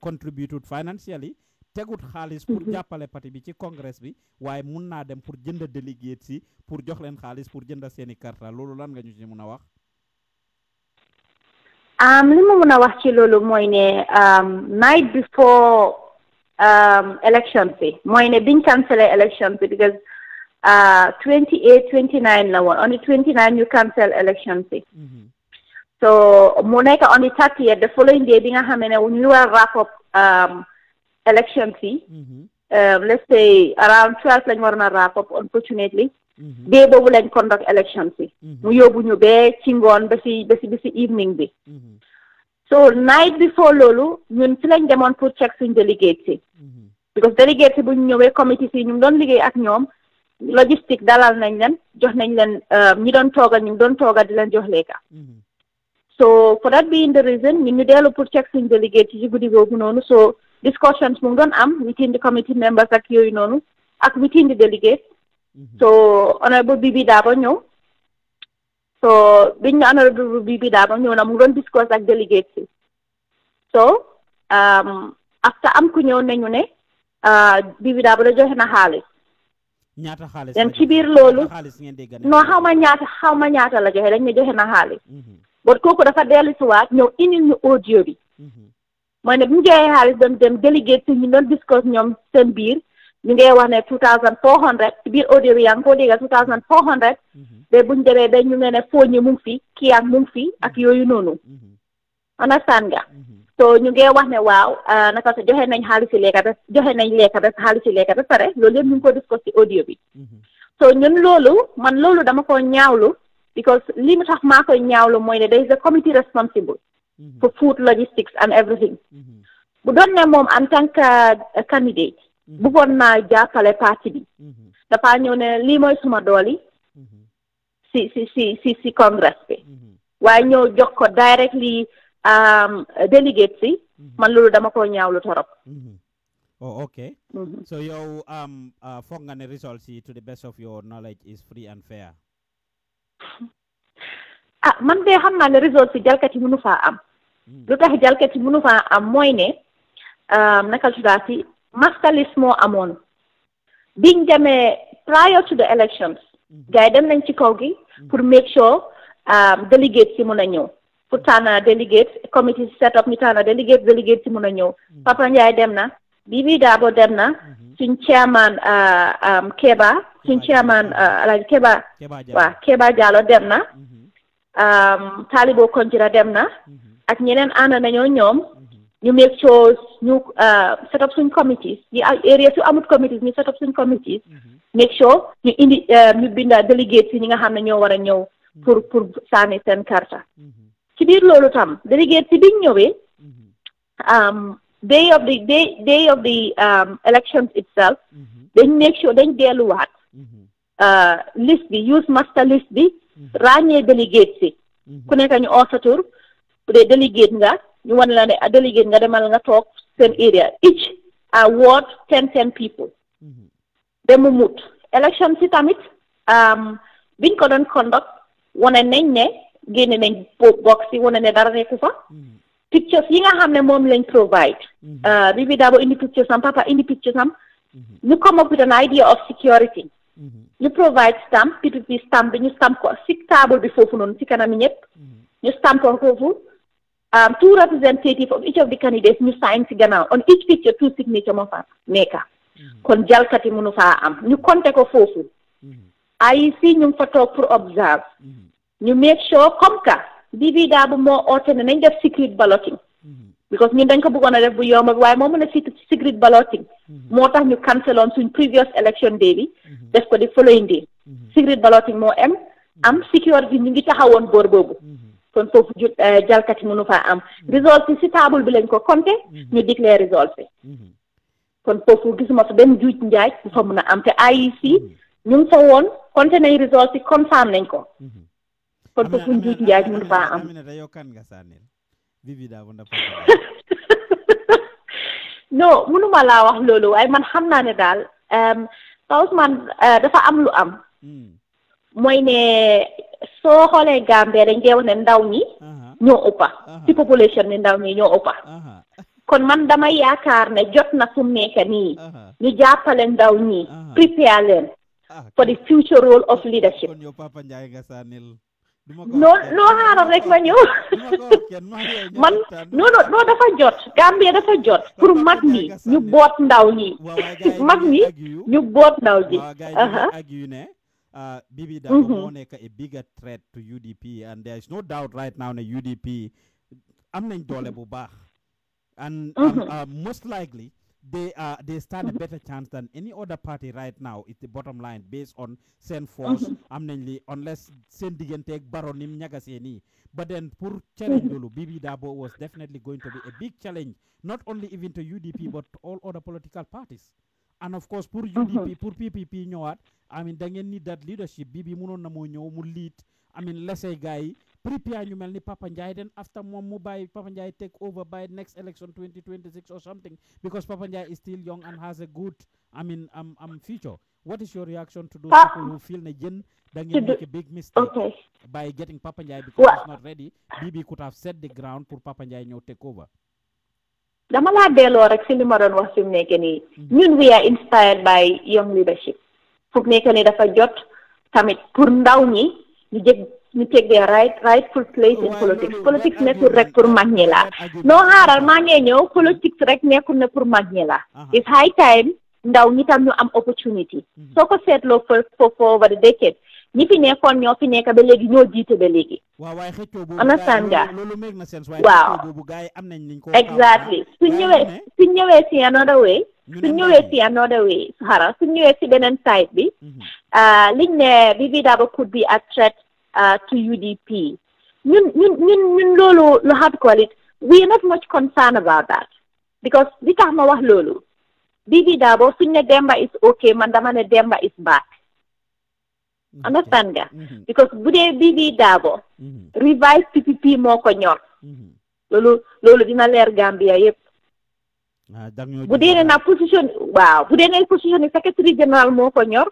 contribute jënd gaay financially tegut xaalis pour mhm. jappalé parti bi ci congrès bi waaye mun dem pour jënd délégué ci pour jox leen xaalis pour jënd seeni carte ah. lolu lan nga ñu ci mëna wax am wax ci um, night before um, election fee mooy ne biñ cancel election fee because uh, 28 29 la woon on 29 you cancel election fee mm-hmm. so mu nekk on the 30th the following day bi nga xam ne ñu wrap up um, election fee mm-hmm. um, let's say around 12 lang waroon a wrap up unfortunately mm-hmm. day boobu lañ conduct election fee mu yóbbu ñu bee ci ngoon ba si ba si ba si evening bi so night before loolu ñun ci lañ demoon pour check suñ délégué si because délégué si buñ committee, comité si ñu ngi doon liggéey ak ñoom logistique dalal nañ leen jox nañ leen uh, ñi doon toogal ñu doon toogal di leen jox lekka mm-hmm. so for that being the reason ñun ñu dellu pour check suñ délégué ci guddi googu noonu so discussions mu ngi doon am within the committee members ak yooyu noonu ak within the delegates mm-hmm. so honorable Bibi Daba ñëw so biñ na honorable bi bi daama ñëw na mu doon discuss ak délégate si so um, after am ku ñëw nañu ne bi daa daama da joxe na xaalis ñaata xaalis den ci biir loolu non xaw ma ñaata xaw ma ñaata la joxe dañ ne joxe na xaalis mm-hmm. bot kooku dafa dellu si waat ñëw indil ñu audio bi mm-hmm. mooy ne bi mu joxee xaalis dem dem délégate si ñu doon discuss ñoom seen biir ñu ngee wax ne two thousand four hundred ci biir audio bi yaa ngi ko dégga two thousand four hundred mhm. ba buñ demee ba ñu ngee ne foo ñi mu ngi fi kii ak mu ngi fi ak mhm. yooyu noonu mhm. understand ga so ñu ngee wax ne waaw euh, naka sa joxe nañ xaalis si lekka ba joxe nañ lekka ba xaalis si lekka ba pare loolu yëpp ñu ngi ko discuss ci audio bi so ñun loolu man loolu dama ko ñaawlu because li mu tax maa koy ñaawlu mooy ne there is a committee responsible for food logistics and everything bu doon ne moom en tant que euh, candidate Mm-hmm. bëggoon naa jàppale parti bi mm-hmm. dafa ñëw ne lii mooy suma dool yi mm-hmm. si si si si si bi waaye ñëw jox ko directly um, délégué si man loolu dama ko ñaawlu torop oh, ok so yow um, uh, foog nga ne results yi to the best of your knowledge is free and fair ah man de xam naa ne results yi jalkati mënu faa am mm. lu tax jalkati mënu faa am mooy ne um, naka tuddaa si maskalis moo amoon biñ demee prior to the elections mhm. gars yi dem nañ ci kaw gi mhm. pour make sure um, délégués si mun a ñëw pour tànn délégués committee set up ñu tànn délégués délégués si mun a ñëw mhm. Papa Ndiaye dem na Bibi Dabo dem na suñ chairman uh, um, Keba suñ chairman uh, Alhaji Keba waaw Keba Jallow dem na um, Talibo Konjira dem na ak ñeneen ànd nañoo ñoom You make sure ñu set up some committees The areas you amut committees you set up some committees mm-hmm. make sure ñu indi uh, ñu binda délégué si ñi nga xam ne ñoo war a ñëw mm-hmm. pour pour sànni seen karta mm-hmm. ci biir loolu tam délégué si biñ ñëwee um, day of the day day of the um, elections itself dañ make sure dañ delluwaat uh, list bi use master list bi ràññee délégué si ku nekk ñu oo sa tur bu dee délégué ñu wan la ne a délégué nga demal nga toog seen area each a ward ten ten people ba mm-hmm. mu mut élection si tamit um, biñ ko doon conduct wane nañ ne génne nañ box yi wane ne dara nekk fa mm-hmm. pictures yi nga xam ne moom lañ provide mm-hmm. uh, Bibi Dabo indi pictures am papa indi pictures am ñu come up with an idea of security ñu provide stamp p stamp bi ñu stamp ko si table bi foofu noonu si kanam ñëpp ñu stamp ko foofu um, two representative of each of the candidates ñu sign si gannaaw on each picture two signature moo fa nekka mm-hmm. kon jalkati mënu faa am ñu compté ko foofu mm-hmm. IEC ñu ngi fa toog pour observe mm-hmm. ñu make sure comme ka bii daa bu moo oote ne nañ def secret balloting because ñun dañ ko bëggoon a def bu yomb bi waaye moo mën a secret moo tax ñu canceloon suñ previous election day bi def ko di following day secret balloting moo am am security ñu ngi taxawoon boor boobu kon foofu jut eh, jalkati mënu faa am mm-hmm. résolve si table bi lañ ko compté mm-hmm. ñu déclaré résolve mm-hmm. kon foofu gisuma fa benn juuj njaaj bu fa mën a am te AIC e ñu ngi fa woon compté nañ résolve si confirme nañ ko kon foofu njuuj njaaj mënu faa am non ma laa wax loolu waaye man xam naa ne daal Pa Ousmane eh, dafa am lu am mm. mooy ne soo xoolee Gambie dañ dee ne ndaw ñi ñoo ëppa ci population ni ndaw ñi ñoo ëppa kon man dama yaakaar ne jot na fu mu nii ñu jàppale ndaw ñi prepare leen ah, for the future role of leadership noo noo xaaral rek ma ñëw man non non dafa jot Gambia dafa jot pour mag ñi ñu boot ndaw ñi mag ñi ñu boot ndaw ji uh, Bibi Dagomone mm-hmm. a bigger threat to UDP, and there is no doubt right now in the UDP, am nañ doole bu And um, mm-hmm. um, uh, most likely, they uh, they stand a mm-hmm. better chance than any other party right now. It's the bottom line based on sen mm-hmm. force. am nañ unless seen digganteeg baro nim ñaga But then poor mm-hmm. challenge lolu, Bibi Dabo was definitely going to be a big challenge, not only even to UDP but all other political parties and of course pour UDP uh-huh. pour PPP ñëwaat I mean da ngeen ni that leadership bi bi mënoon na moo ñëw mu lead I mean lesee gars yi prepare ñu mel ni Papa Ndiaye then after moom mu bàyyi Papa Ndiaye take over by next election 2026 or something because Papa Ndiaye is still young and has a good I mean am um, am um, future what is your reaction to those ah. people who feel again jën da ngeen make a big mistake by getting Papa Ndiaye because he's not ready Bibi could have set the ground pour Papa Ndiaye ñëw take over dama laa delloo rek si li ma doon wax fi mu nekk nii mm-hmm. ñun we are inspired by young leadership fu mu nekk nii dafa jot tamit pour ndaw ñi ñu jëg ñu teggee right rightful place in politics politics nekkul rek pour mag ñi la noo xaaral maa ngee ñëw politics rek nekkul na pour mag ñi la it's high time ndaw ñi tam ñu am opportunity mm-hmm. soo ko seetloo for for over the decade ñi fi nekkoon ñoo fi nekk ba léegi ñoo jiite e léegi. waaw waaye xëccoo boobu loolu make na sense waaye xëccoo boobu gars yi am nañ niñ ko exactly su ñëwee su ñëwee si another way su ñëwee si another way ñëwee si beneen side bi mhm. ah, liñ ne Bibi Daba could be a threat ah, to UDP ñun ñun ñun ñun loolu lu hard call it we are not much concerned about that because li tax ma wax loolu Bibi Daba suñ ne Demba is okay man ne Demba is back Mhm. understand nga mhm. because bu dee bii bii daabo mhm. revive PPP moo ko ñor loolu loolu dina leer Gambia yëpp ah, bu dee ne nag position waaw bu dee ne position yi secrétaire général moo ko ñor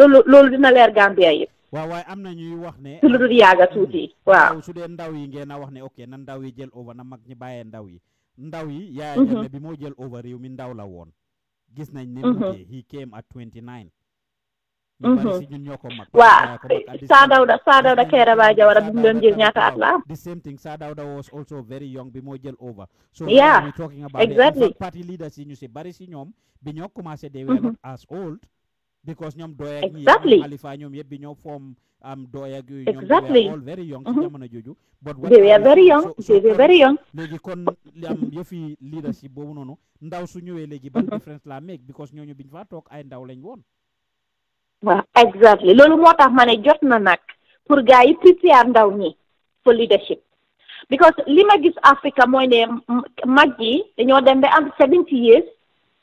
loolu loolu dina leer Gambia yëpp waaw waaye am na ñuy wax ne su lu dul yaaga tuuti waaw su dee ndaw yi ngeen a wax ne ok na ndaw yi jël over na mag ñi bàyyee ndaw yi ndaw yi yaaya jël bi moo jël over réew mi ndaw la woon gis nañ ne mujjee he came at 29 Mhm. waa Saa Dawda Saa Dawda Kairaba Jawara bi mu doon jël ñaata at la am. the same thing Saa Dawda was also very young bi moo jël over. yeah exactly party leaders yi ñu si bari si ñoom bi ñoo commencé they mhm. were as old because ñoom doya ñi exactly ñoom yëpp bi ñoo form am doya gi ñoom they were all very young si mhm. jamono jooju but they were very young léegi kon am yëfi leadership boobu noonu ndaw su ñëwee léegi ban difference la make because ñooñu biñ fa took ay ndaw lañ woon waaw exactly loolu moo tax ma ne jot na nag pour gars yi prepare ndaw ñi for leadership because li gis Africa mooy ne mag yi dañoo dem be am seventy years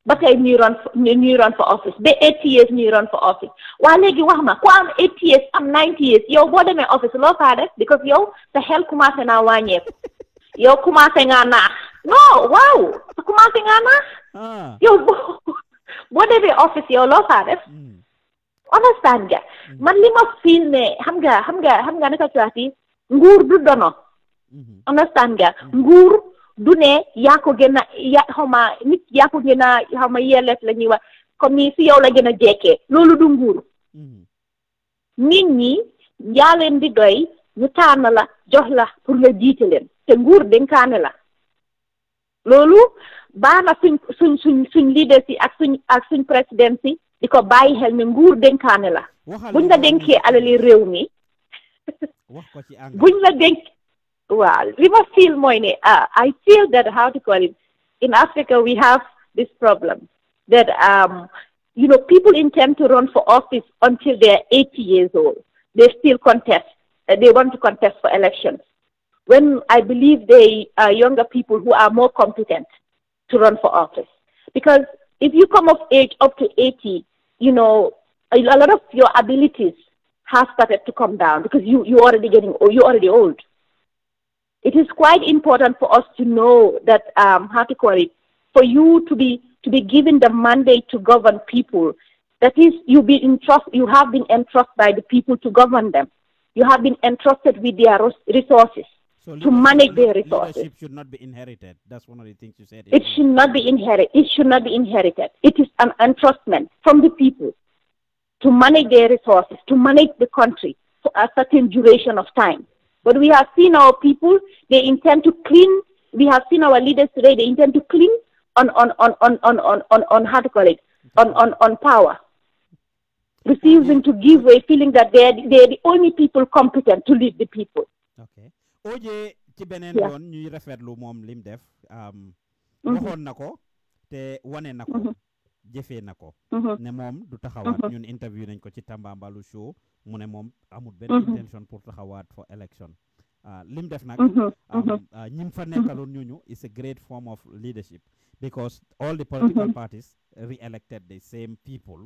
ba tey ñuy ron ñuy ron for office Be eighty years ñuy run for office waa legi wax ma ku am eighty years am ninety years yow boo demee office loo faa def because yow sa xel commencé na wàññeeku yow commencé ngaa naax non waaw commencé ngaa naax ah. yow boo boo demee office yow loo faa def hmm. understand nga mm-hmm. man li ma fiil ne xam ga xam nga xam nga naka coiati nguur du dono mm-hmm. understand nga mm-hmm. nguur du ne yaa ko gën a ya xaw ma nit yaa ko gën a la ñuy wax comme ni si yow la gën a jekkee loolu du nguur nit ñi yaa leen di doy ñu tànn la jox la pour nga jiite leen te nguur dénkaane la loolu baax na suñ suñ suñ suñ ak suñ ak suñ président si Because ko bàyyi xel ne nguur dénkaane la buñ la dénkee alali réew mi buñ la dénk waaw li ma feel mooy ne ah, I feel that how to call it in Africa we have this problem that um you know people intend to run for office until they are 80 years old they still contest they want to contest for elections when I believe they are uh, younger people who are more competent to run for office because if you come of age up to 80, you know, a, lot of your abilities have started to come down because you, you're already getting you're already old. It is quite important for us to know that, um, how to call it, for you to be, to be given the mandate to govern people. That is, you, be entrust, you have been entrusted by the people to govern them. You have been entrusted with their resources so to manage their resources. Leadership should not be inherited. That's one of the things you said. It should not be inherited. It should not be inherited. It is an entrustment from the people to manage their resources, to manage the country for a certain duration of time. But we have seen our people, they intend to clean. We have seen our leaders today, they intend to clean on, on, on, on, on, on, on, on how to call it, on, on, on power. Refusing to give way, feeling that they're, they're the only people competent to lead the people. Okay. Oje ci beneen yoon ñuy rafetlu moom lim def mhm. waxoon na ko te wane na ko mhm. jëfee na ko mhm. ne moom du taxawaat ñun interview nañ ko ci Tambambalu show mu ne moom amul benn intention pour taxawaat for election ah, lim def nag ah, ñim fa nekkaloon ñooñu is a great form of leadership because all the political parties re-elected the same people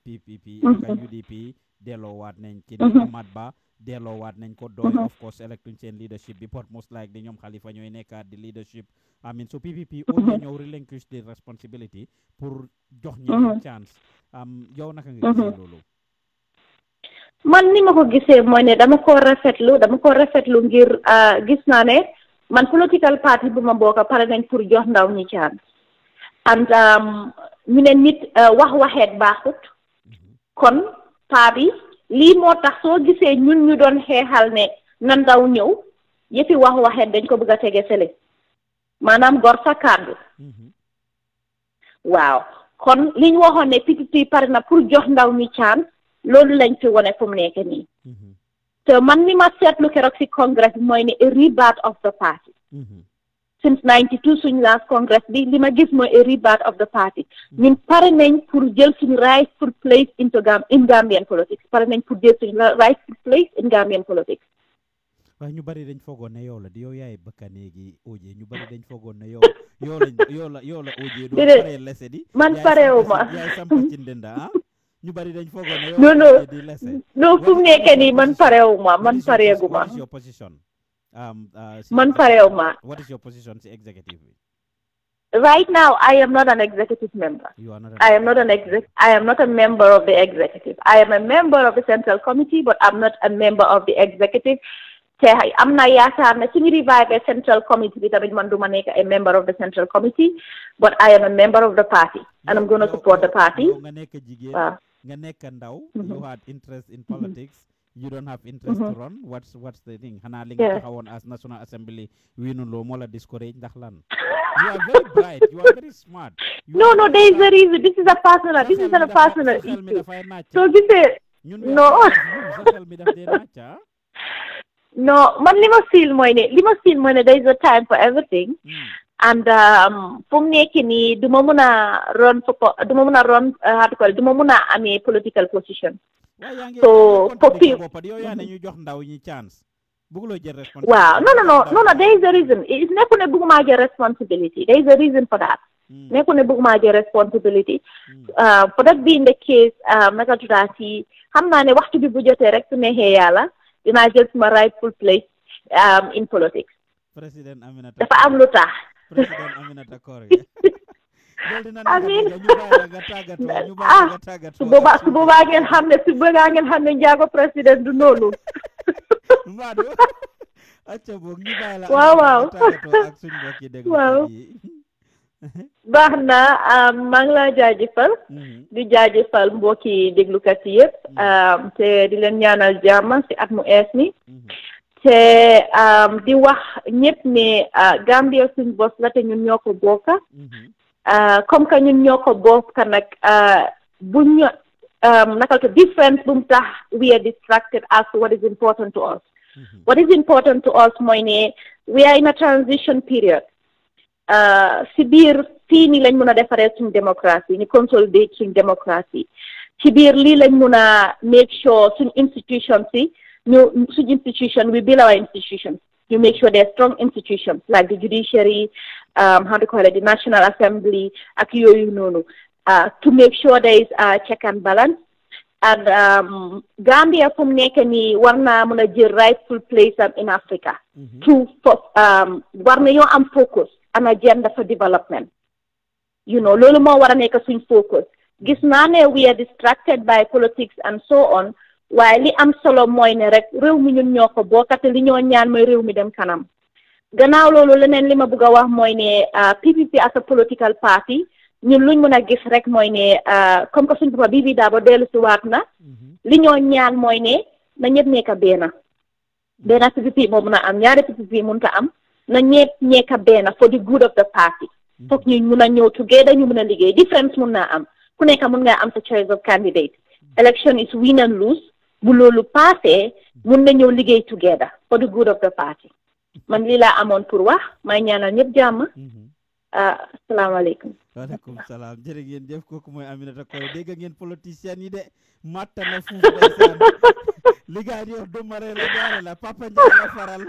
PPP ak UDP wat nañ ci ne Amat Ba wat nañ ko doy of course electuñ sen leadership bi but most likely ñom khalifa ñoy nekkaat di leadership I mean so PPP aussi ñëw relinquish the responsibility pour jox ñi mm-hmm. chance yow naka nga mm-hmm. gisee lolu man ni mako ko gisee mooy ne dama ko rafetlu dama ko rafetlu ngir ah, gis na ne man political party bu ma bokk pare nañ pour jox ndaw ñi chance and ñu ne nit euh, wax waxeet baaxut kon paa bi lii moo tax soo gisee ñun ñu doon xeexal ne na ndaw ñëw yëfi wax waxeet dañ ko bëgg a tege sele maanaam gor kàddu waaw kon liñ waxoon ne PPP pare na pour jox ndaw ñi caan loolu lañ fi wone fu mu nekk nii mhm. te man ni ma seetlu keroog ci congrès bi mooy ne a rebirth of the party mhm. since 92 suñ last congress bi li ma gis mooy a rebirth of the party ñun pare nañ pour jël suñu rightful place into Gam in politics pare nañ pour jël suñu rightful place in Gambian politics waaye ñu bari dañ foogoon ne yow la di yow yaay bëkkaneegi OJ ñu bari dañ foogoon ne yow yow la yow la yow la OJ doo pare lese di man parewuma yaay samp ci ndenda ah ñu bari dañ foogoon ne yow non non non man parewuma man pareeguma your Um, uh, Manfarelma. What is your position as executive? Right now, I am not an executive member. You are not. I am not an exec. I am not a member of the executive. I am a member of the central committee, but I'm not a member of the executive. I am not a ne of the central committee but I'm a member of the central committee but I am a member of the party and I'm going to support the party. Mm-hmm. you had interest in politics you don't have interest mm -hmm. to run what's what's the thing xanaa li nga taxawoon as national assembly wiinuloo moo la discourage ndax lan you are very bright you are very smart you no no there is a reason this is a personal this is a personal issue so gisee no no man li ma feel mooy ne li ma feel mooy ne there is a time for everything hmm. and um mu nekk nii du ma run for du run uh, how to call it du political position so for people waaw no no no no no there is a reason it nekku ne bëgguma jël responsibility there is a reason for that hmm. nekku ne bëgguma jël responsibility hmm. uh, for that being the case naka uh, tuddaa si xam naa ne wax bi bu jotee rek su neexee yàlla dinaa jël suma rightful place um, in politics dafa am lu tax amin ah su boobaa su boobaa ngeen xam ne presiden boobaa ngeen wow. ne njaago président du noonu waaw waaw waaw baax na di jaajëfal mbokki déglukat yi hmm. yëpp um, te di leen si at mu ees mi te hmm. um, di wax ñëpp ne Gambia suñ bos la te Euh, comme que ñun ñoo ko bokk nag buñ na ko difference bu mu tax we are distracted as to what is important to us. Mm-hmm. what is important to us mooy we are in a transition period. Euh, si biir fii nii lañ mun a defaree suñ démocratie ñu consolider suñ démocratie ci biir lii lañ mun a make sure suñ institution si ñu suñ institution we build our institution you make sure there are strong institutions like the judiciary, um, how to call it, the National Assembly, uh, to make sure there is a uh, check and balance. And um, Gambia from Nekani, of the rightful place in Africa. Mm-hmm. To um, Warna yo focus, an agenda for development. You know, Lolo mo Warna Neka focus. Gisnane, we are distracted by politics and so on. waaye li am solo mooy ne rek réew mi ñun ñoo ko bokkate li ñoo ñaan mooy réew mi dem kanam gannaaw loolu leneen li ma bëgg a wax mooy ne PPP ah, as a political party ñun luñ mën a gis rek mooy ne ah, comme que suñ papa bii bii daa ba dellu si waat na mm-hmm. li ñoo ñaan mooy ne na ñëpp nekk benn benn PPP moo mën a am ñaari PPP mënut a am na ñëpp nekk benn for the good of the party mm-hmm. foog ñu mun a ñëw together ñu mun a liggéey difference mun naa am ku nekk mun ngaa am sa choice of candidate mm-hmm. election is win and lose bu loolu paasee mun na ñëw liggéey together for the good of the party man lii laa amoon pour wax may ñaanal ñëpp jàmm mhm. asalaamaaleykum ah, waaleykum salaam jërë ngeen jëf kooku mooy Aminata Koye dégg ngeen politiciens yi de matta la fuuf ndeysaan li gaa di wax du la gaare la papa Ndiaye la faral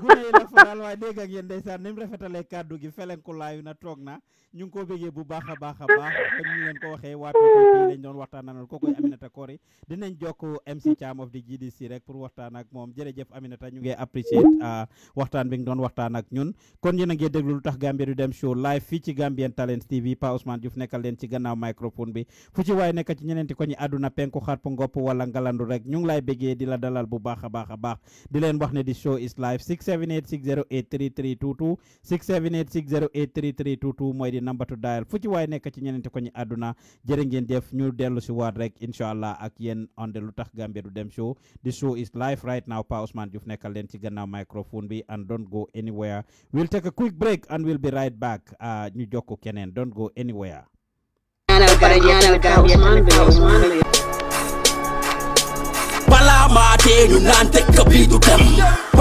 gune yi la faral waaye dégg ak yéen ndeysaan ni mu rafetalee kàddu gi felenku laayu na toog na ñu ngi ko bëggee bu baax a baax a baax comme ñu leen ko waxee waa PPP lañ doon waxtaanal ko koy Aminata Kory dinañ jokk MC Cham of the GDC rek pour waxtaan ak moom jërëjëf Aminata ñu ngi apprécier ah, waxtaan bi nga doon waxtaan ak ñun kon yéen a ngi déglu lu tax Gambia du dem show live fii ci Gambian Talents TV Pa Ousmane Diouf nekkal leen ci gannaaw microphone bi fu ci waaye nekk ci ñeneenti ko ñi àdduna ko xaat po ngop wala ngalandu rek ñu ngi lay bëggee di la dalal bu baaxa baaxa baax di leen wax ne di show is live 6786083322 6786083322 moy di number to dial fu ci way nekk ci ñeneenti ko ñi aduna jere ngeen def ñu delu ci waat rek inshallah allah ak yeen onde lu tax gambe du dem show di show is live right now Pa Ousmane Diouf nekkal leen ci gannaaw microphone bi and don't go anywhere we'll take a quick break and we'll be right back ah, ñu jokk keneen don't go anywhere. Mate, Nunan, take a beat to them.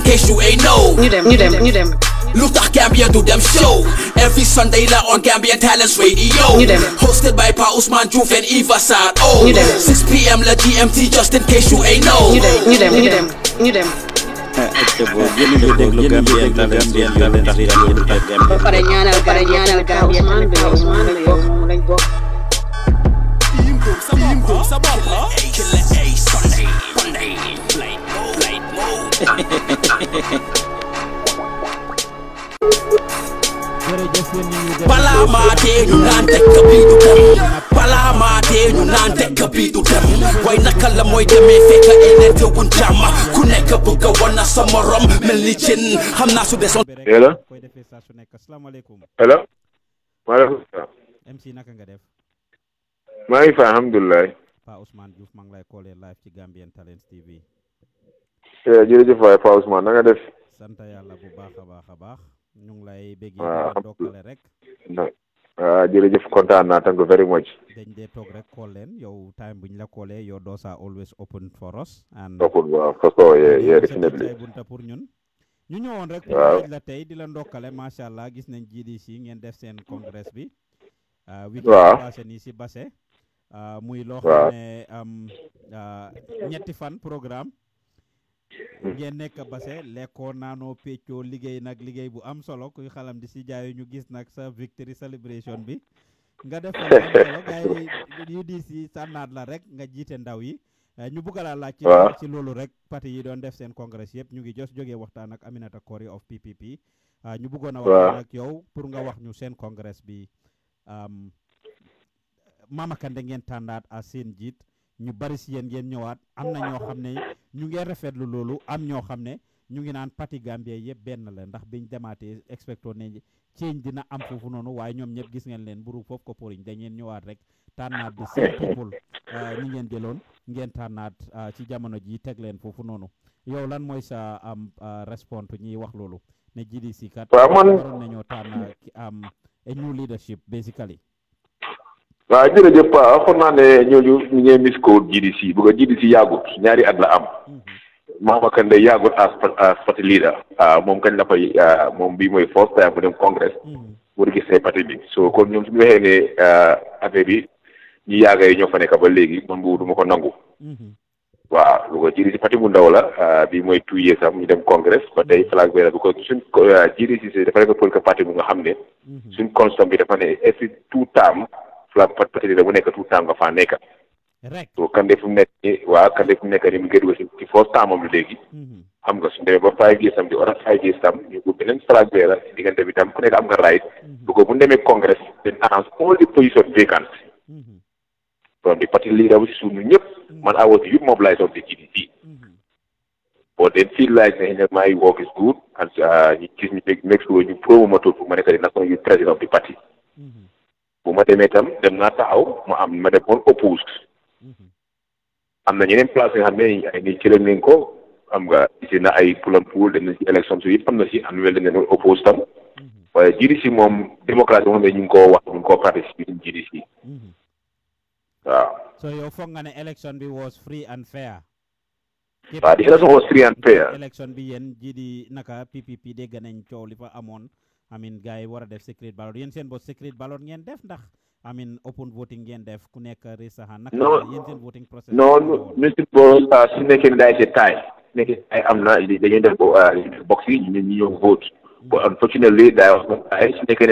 just in case you ain't know. Knew them, knew them, knew them. Luther Gambia do them show Every Sunday night on Gambian Talents Radio Hosted by Pa Usman Juf and Eva Sad Oh 6pm la GMT just in case you ain't know New dem new dem new dem pare ñaanal pare ñaanal Gambia Usman bi Usman la yow moom lañ bokk Yim ko sa bopp sa bopp Killer A Sunday Monday balaa maa dee ñu naan dëkk bi du balaa maa ñu naan dëkk bi du dem waaye la mooy demee fekk ay nekk wuñ jàmm ku nekk bëgg a wan na sa morom mel ni jën xam naa su desoon. allo allo. maaleykum salaam. MC naka nga def. maa ngi fa alhamdulilah. Pa Ousmane Diouf lay koolee live ci Gambian Talents TV. jërëjëf waay Pa Ousmane na nga def. sant yàlla ya, bu baax a baax a baax. ñu ngi lay ah. bégg. waaw dokkale rek. waaw nah, ah, jërëjëf kontaan naa thank you very much. dañ dee toog rek call leen yow time buñ la callee your doors are always open for us. and open waaw for sure rek oh, yeah definitely. bunta pour ñun. ñu ñëwoon rek. waaw la tey di la ndokkale macha allah gis nañ GDC ngeen def seen congrès bi. Ah, waaw wii passé nii si Basse. muy loo xam ne ñetti fan programme. Hmm. ngeen nekk base lekkoo naanoo peccoo liggéey nag liggéey bu am solo kuy xalam di si jaayu ñu gis nag sa victory celebration bi nga def gaay yu di si sànnaat la rek nga jiite ndaw yi eh, ñu bugg laa laaj ci ci loolu rek parti yi doon def seen congrès yëpp ñu ngi jos jógee waxtaan ak Aminata Kori of PPP eh, ñu buggoon a waxtaan ak yow pour nga wax ñu seen congrès bi Mama ngeen tàndaat à seen jiit ñu bari si yéen ngeen ñëwaat am na ñoo xam ne ñu ngeen ngi lu loolu am ñoo xam ne ñu ngi naan pati Gambia yëpp benn la ndax biñ demaatee expecto ne change dina am foofu noonu waaye ñoom ñëpp gis ngeen leen buru foofu ko poriñ da ngeen ñëwaat rek tànnaat bi seen people euh, ñi ngeen jëloon ngeen tànnaat euh, ci jamono ji teg leen foofu noonu yow lan mooy sa am euh, response ñiy wax loolu ne GDC kat waroon nañoo tànn am a new leadership basically waaw jërëjëf Pa xool naa ne ñooñu ñu ngi mis ko GDC bu ko GDC yàggut ñaari at la am Mama mm-hmm. Kandeh yàggut as as parti leader ah, moom kañ la fay ah, moom bii mooy first time bu dem congrès pour gis say ñoom suñu waxee ne ah, affaire yi ñu yàgga ñoo fa nekk ba léegi man bu duma ko nangu mm-hmm. waaw lu ko GDC parti bu ndaw la bii mooy two years am ñu dem congrès ba tey flag bi la bu ko suñ GDC dafa nekk politique parti bu nga xam ne mm-hmm. suñ constant bi dafa ne every two term facilité bu nekk tout le temps nga faa nekk. rek soo mu nekk nii waaw Kandé mu nekk nii mu ngi dugg si ci foos léegi. Mm-hmm. xam nga su demee ba five years tam di orat five years tam ñu ko beneen stratégie la diggante bi tam ku nekk am nga right mm-hmm. bu ko bu ñu demee congress then announce all the position vacant from the party leader bi si suñu ñëpp mm-hmm. man I was the youth mobilizer of the GDC but then feel like ne my work is good and ñu gis ñu make ma pour ma nekk the bu ma demee itam dem naa taxaw ma am ma defoon oppose am na ñeneen place yoo xam ne ay ni cëram nañ ko am nga gis na ay pulam pul dem na si élection su am na si annuel dañ leen oppose tam waaye jiidi moom démocratie moom ne ñu ngi ko wax ñu ngi koo participer ñu waaw. so yow foog nga ne élection bi was free and fair. waaw di élection was free and fair. élection bi yéen jiidi naka PPP dégg nañ coow li fa amoon. amin gars yi war a def secret ballot yéen seen bopp secret ballot ngeen def ndax amin open voting ngeen def ku nekk risaha naka yéen seen voting process non ñusi bo si nekkee day si taay nekkee taay am na dañuy def euh, box yi hmm. ne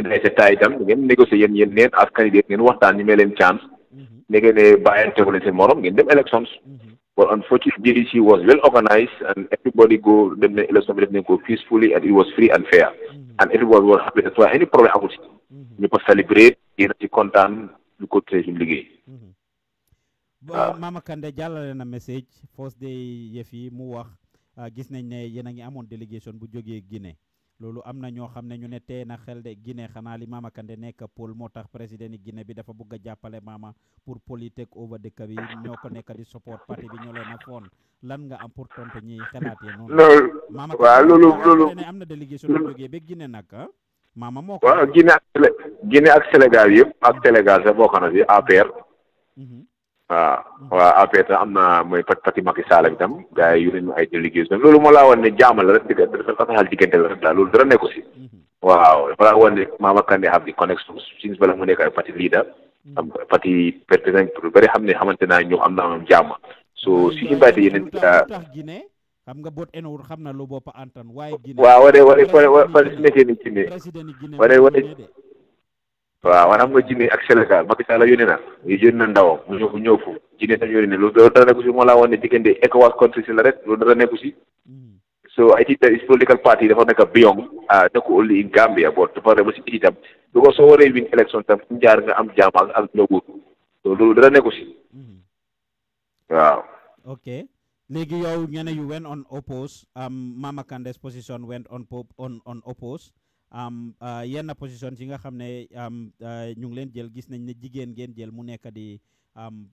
day si taay itam ngeen négocier yéen yéen neen as candidate ngeen waxtaan ñu may chance hmm. nekkee ne bàyyante wala seen morom ngeen dem élections hmm. But unfortunately, the issue was well organized and everybody go them election them go peacefully and it was free and fair. Mm -hmm. And everyone was happy. That's why any problem I would mm-hmm. we celebrate in the content we could say him again. Mama Kande jàllale na message first day yëf yi mu wax ah, gis nañ ne yéen délégation bu jógee loolu am na ñoo xam ne ñu ne tee na xel de Guinée xanaa li Mama Kandeh nekk Paul moo tax président ni Guinée bi dafa bëgg a jàppale Mama pour politique over dëkk bi ñoo ko nekk di support parti bi ñoo leen a foon lan nga am pour tontu ñiy xalaatee noonu. loolu waaw loolu loolu ne am na délégation bu jógee ba Guinée nag ah. Mama moo ko. waaw Guinée ak Sénégal Guinée ak Sénégal yëpp ak Sénégal sax bokk na si APR. Mhm. waaw waaw après am na mooy pati Macky Sall bi tam gars yi yónnee ñu ay délégués tam loolu moo laa wan ne jaama la rek diggante dafa taxal diggante la rek daal loolu dara nekku si waaw dafa laa wan ne Mama Kandeh am di connexion mu nekk am na moom jaama so si invité yeneen xam nga bot enowul xam na lu bopp antan waaye Guinée waaw wane wane wane wane si nekkee waaw maanaam nga Guinée ak Sénégal Macky Sall yónnee na yónnee na ndawam mu ñëw ñëw fu Guinée tam yónnee na loolu dara nekku si moo laa woon ne diggante ECOWAS countries la rek loolu dara nekku si hmm. so I think that his political party dafa nekk a ah, nekku only in Gambia but dafa dem si itam du ko win élection tam fu nga am jaam ak ak ñëwut so loolu dara nekku si hmm. waaw ok léegi yow nga ne you on oppose Mama Kandeh's position went on on Euh, yenn position yi nga xam ne euh, ñu ngi leen jël gis nañ ne jigéen ngeen jël mu nekk di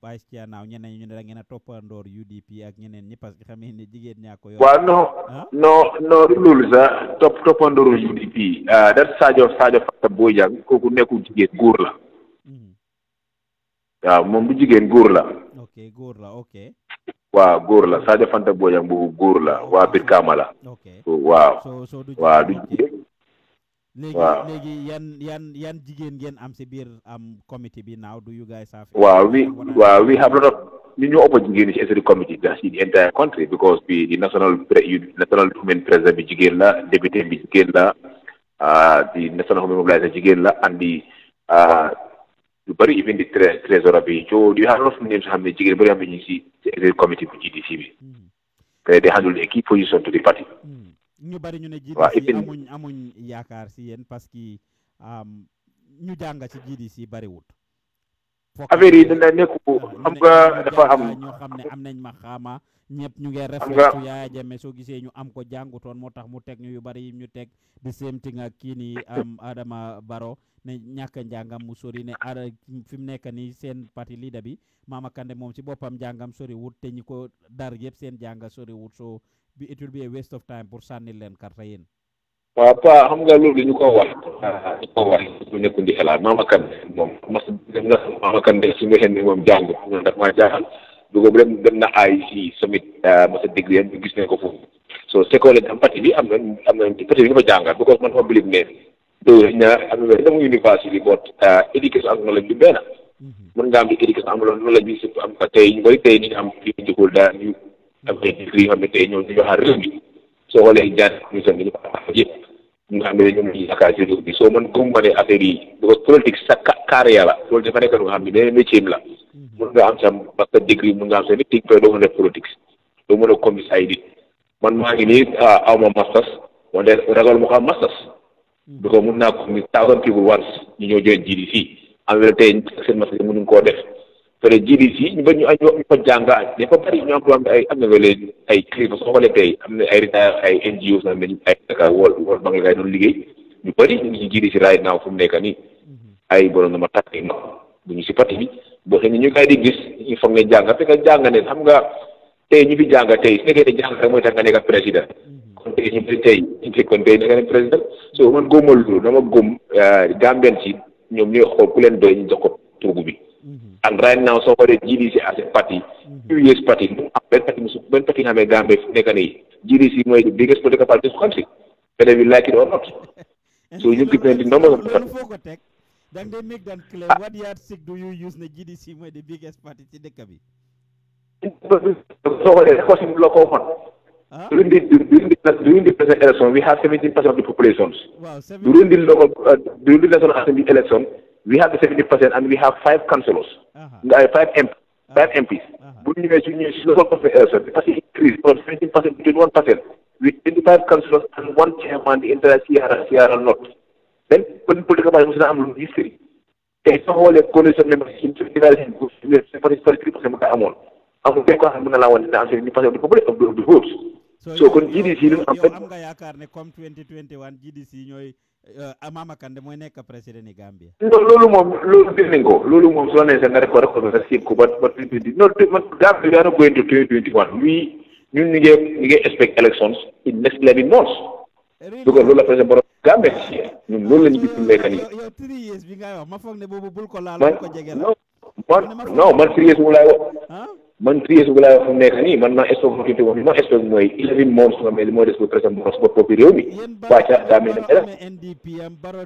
vice chair naaw ñeneen ñu ne da ngeen a toppandoor p ak ñeneen ñi parce que xam ne jigéen ñaa ko yor. waaw non top non loolu sax topp toppandoor UDP euh, dat Sadio Sadio Fata Bojang kooku nekkul jigéen góor la. Mhm. waaw moom du jigéen góor la. ok góor la ok. waaw la Sadio Fanta Bojang boobu góor la waa Birkama la. ok waaw. waaw du jigéen. léegi léegi yan yan jigéen ngeen am si biir am committee bi now do you guys have waaw we waaw we have lot of ñu ñoo ëpp jigéen ñi si executive committee bi si the entire country because bi di national national women president bi jigéen la député bi jigéen la ah, di national women mobiliser jigéen la andi di ah, bëri even di trésor bi jo di have lot of names xam ne jigéen bëri xam ne ñu ngi si si executive committee bu GDC bi hmm. te they handle a key position to the party hmm. ñu bari ñu ne GDC amuñ amuñ yaakaar si yéen parce que ñu jànga ci GDC bariwut affaire yi dina nekku xam xam ne am nañ ma xaama ñëpp ñu nge refletu Yaya Jammeh soo gisee ñu am ko jàngutoon moo tax mu teg ñu yu bari ñu teg di seem thing ak kii nii am Adama Barrow ne ñàkk njàngam mu sori ne ara fi mu nekk nii seen pati leader bi Mama Kandeh moom si boppam jàngam sori wut te ñu ko dar yëpp seen jànga sori wut soo it will be a waste of time pour sànnil leen carte yéen. waaw pa xam nga loolu ñu ko wax. ñu ko wax ñu nekkul di xalaat maama Kande moom mas dem na maama Kande su ma xëy moom jàng moom daf maa na ay gis nañ ko foofu so seconde am parti bi am nañ am nañ parti bi dafa jàngal because man dafa bilib ne loolu na am na dama university boot éducation ak knowledge bi benn mën nga am di éducation am knowledge bi surtout am ko tey ñu bëri tey ni ñu am fi ñu jëkkul daal ak ay décret yoo xam ne tey ñoom ñu waxaat réew mi soo xoolee ñaari commission bi ñu ko waxee yëpp nga xam ne ñoom ñu yaakaar ci réew bi soo mën gëm ma ne affaire yi because politique sa carrière la loolu dafa nekk lu nga xam ne beneen métier la mun nga am sa parce que décret mun nga am sa nit yi koy doo mën a politique doo mën a commissaire yi man maa ngi nii ah, aw ma masters wante ragal mu ko am masters because mun naa ko mi thousand people once ñu ñëw jël GDC am na tey seen masters yi mënuñ koo def pare jibi si ñu ba ñu añ ñu ko jàng dafa bëri ñu am am ay am na nga leen ay kilifa soo xoolee tey am na ay retard ay NGO sax mel ay Dakar World World Bank la doon liggéey ñu bëri ñu ngi jibi si right now fu mu nekk nii ay borom na ma tàkk yi bu ñu si parti bi boo xam ne ñu kay di gis ñu foog ne jàng fekk jàng ne xam nga tey ñu fi jàng tey su nekkee ne jàng rek mooy tax nga nekk président kon tey ñu bëri tey ñu fekkoon tey nekk nañ président so man góomal loolu dama góom euh, Gambien si ñoom ñooy xool ku leen doy ñu jox ko toogu bi And right now, somebody GDC as a party, two-years party, when party, when party have a Gambia, GDC is the biggest political party in the country, whether we like it or not. so you keep the numbers of the party. Then they make them clear. Ah. What yardstick do you use the GDC where the biggest party in the country? So, question local one. Huh? During, the, during, the, during the election, we have 17% of the populations. Wow, 17. During the local, uh, during the national assembly election, we have the seventy percent and we have five councillors uh-huh. five MP five uh-huh. MPs uh-huh. bu ñu ñëwee su ñu ñëwee si local government parce que euh, increase from seventeen percent to twenty one percent with twenty five councillors and one chairman the entire Sierra Sierra North then kon political party mos na am lu history te soo xoolee coalition membership su ñu daal seen parti parti three percent mu nga amoon amul kenn koo xam ne mën na laa wan dina am seventy percent du population du du votes so kon GDC lu am yow am nga yaakaar ne comme twenty twenty one GDC ñooy Eh, ah, a Kandeh mooy nekk président ni Gambia. loolu moom loolu dégg nañ ko loolu moom soo nee sa nga récolté ko nga séb ko ba ba twenty non man twenty twenty one we ñun ñu ngi expect elections in next eleven months. dugal loolu la projet borom gaa metti ci loolu la ñu bi ma ne boobu bul ko laal ko jege la. man non man three years bu laay wax man three years nii man maa stock tuuti wax ma stock mooy eleven months nga moo des bu président borom sport boppi réew mi waa ca daa baro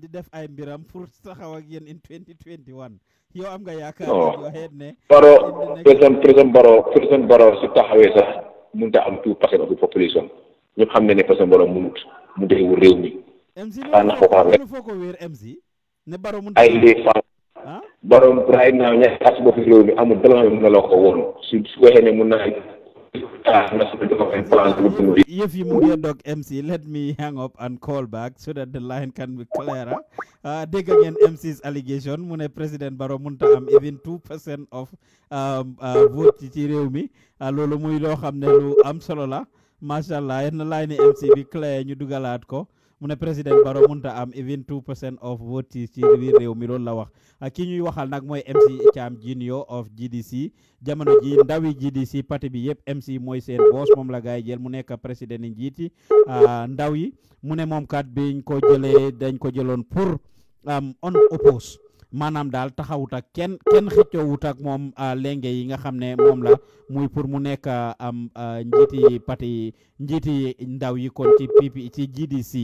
di def ay mbiram pour saxaw ak yéen in 2021 yow am nga yaakaar ne baro président président baro président baro su taxawee sax mënut a am tout parce que population ñu xamné né ne ko sa borom munut mu wu réew mi ana ko xam ay les fa borom pray na ñe tax boo fi réew mi amu dal na la ko woon su su né xene If you move your dog MC, let me hang up and call back so that the line can be clearer. Uh, ah, dig again MC's allegation. Mune President Baro Munta am even 2% of um, uh, vote to réew A Uh, lolu muy lo xamne lu am solo la. macha allah yan na laaj ni MC bi clé ñu dugalaat ko mu ne président Barrow munta am even two of votes ci biir réew mi loolu la wax ah, ki ñuy waxal nag mooy MC Cham Junior of GDC jamono ji ndawi GDC parti bi yëpp MC mooy seen boss moom la gaay jël mu nekk président yi njiiti ah, ndaw yi mu ne moom kat biñ ko jëlee dañ ko jëloon pour am on oppose manam dal taxawut ak ken ken xëccoowut ak mom ah, lenge yi nga xam ne mom la muy pour mu nekk am ah, njiti parti njiti ndaw yi kon ci PP ci GDC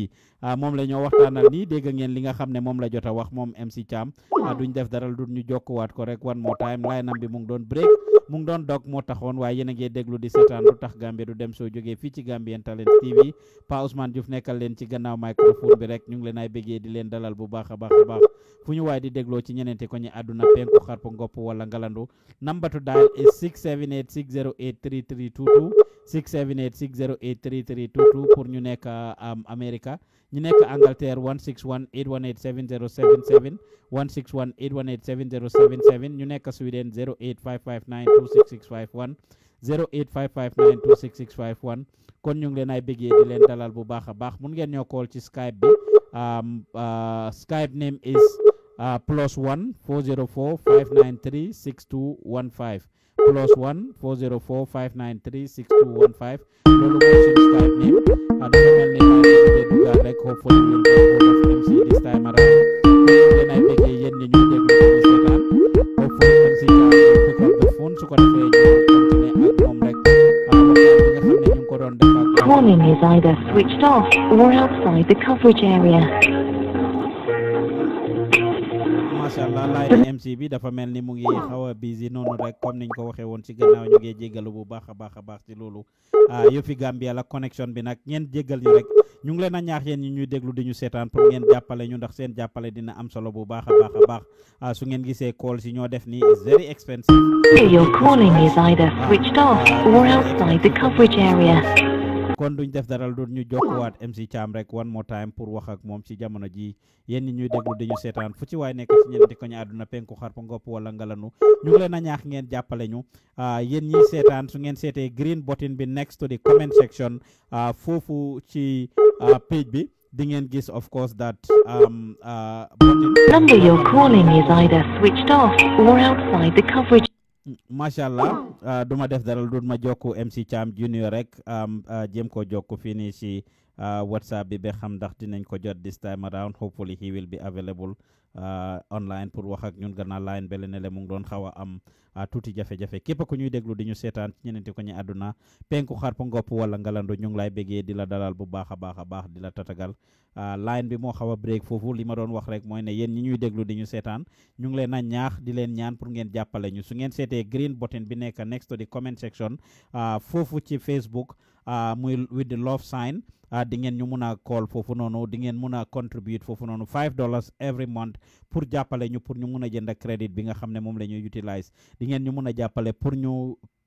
ah, mom la ñoo waxtanal ni dégg ngeen li nga ne la jotta wax mom MC Cham duñ def daral duñ ñu wat ko rek one more time laynam bi mu ngi doon break mu ngi doon dog mo taxoon way yéen a deglu di seetaan lu tax gambie du dem so jógee fi ci Gambian talent TV Pa Ousmane Diouf nekkal leen ci gannaaw microphone bi rek ñu ngi leen ay di leen dalal bu baaxa baaxa baax fuñu way di deglu doo ci ñeneen te ko ñi àdduna penku xarpu ngopp walla ngalandu nambatu daal is 678 608 3322 678 608 3322 pour ñu nekk am um, Amérique ñu nekk Angleterre 161 818 7077 161 818 7077 ñu nekk Sweden 08559 26651 08559 26651 kon ñu ngi bëggee di leen dalal bu baax a baax mun ngeen ñoo call ci Skype bi um, uh, Skype name is uh, Plus one four zero four five nine three six two one five. name like hopefully will be able to MC this time around then I a yen the hopefully can pick up the phone so can I at home like uh, Warning is either switched off or outside the coverage area. macha allah Layeen MC bi dafa mel ni mu ngi xaw a busy noonu rek comme niñ ko waxee woon ci gannaaw ñu ngi jéggalu bu baax a baax a baax ci loolu ah, yëfi Gambia la connexion bi nag ñeen jéggal ñu rek ñu ngi leen ñaax yéen ñi déglu di ñu seetaan pour ngeen jàppale ñu ndax seen jàppale dina am solo bu baax a baax a ah, su ngeen gisee call si ñoo def ni is very expensive. Your calling is either switched off or outside the coverage area. kon duñ def dara du ñu jokkuwaat MC Cham rek one more time pour wax ak moom ci jamono ji yéen ñi ñuy déglu dañu seetaan fu ci waay nekk ci ñeenti ko ñu àdduna penku xar pa ngopp wala ngalanu ñu ngi leen ñaax ngeen jàppale ñu ah, yéen ñi seetaan su ngeen seetee green button bi next to the comment section ah, foofu ci ah, page bi di ngeen gis of course that um, number you're calling outside the coverage macha allah ah, du ma def dara du ma jokku MC Cham Junior rek ah, jéem ko jokku fii nii si ah, WhatsApp bi ba xam ndax dinañ ko jot this time around hopefully he will be available. Euh, online pour wax ak ñun gannaaw line bele ne le mu ngi doon xaw a am euh, tuuti jafe-jafe képp ku ñuy déglu di ñu seetaan ci ñeneenti ko ñi àdduna penku xar pa ngopp wala ngalando ñu ngi lay béggee di la dalal bu baax a baax a baax di la tatagal euh, line bi moo xaw a break foofu li ma doon wax rek mooy ne yéen ñi ñuy déglu di ñu seetaan ñu ngi leen a ñaax di leen ñaan pour ngeen jàppale ñu su ngeen seetee green button bi nekk next to the comment section foofu ci Facebook muy with the love sign Ah, di ngeen ñu mun a call foofu noonu di ngeen mun a contribute foofu noonu 5 dollars every month pour jàppale ñu pour ñu mun a jënd crédit bi nga xam ne moom la ñuy utilise di ngeen ñu mun a jàppale pour ñu.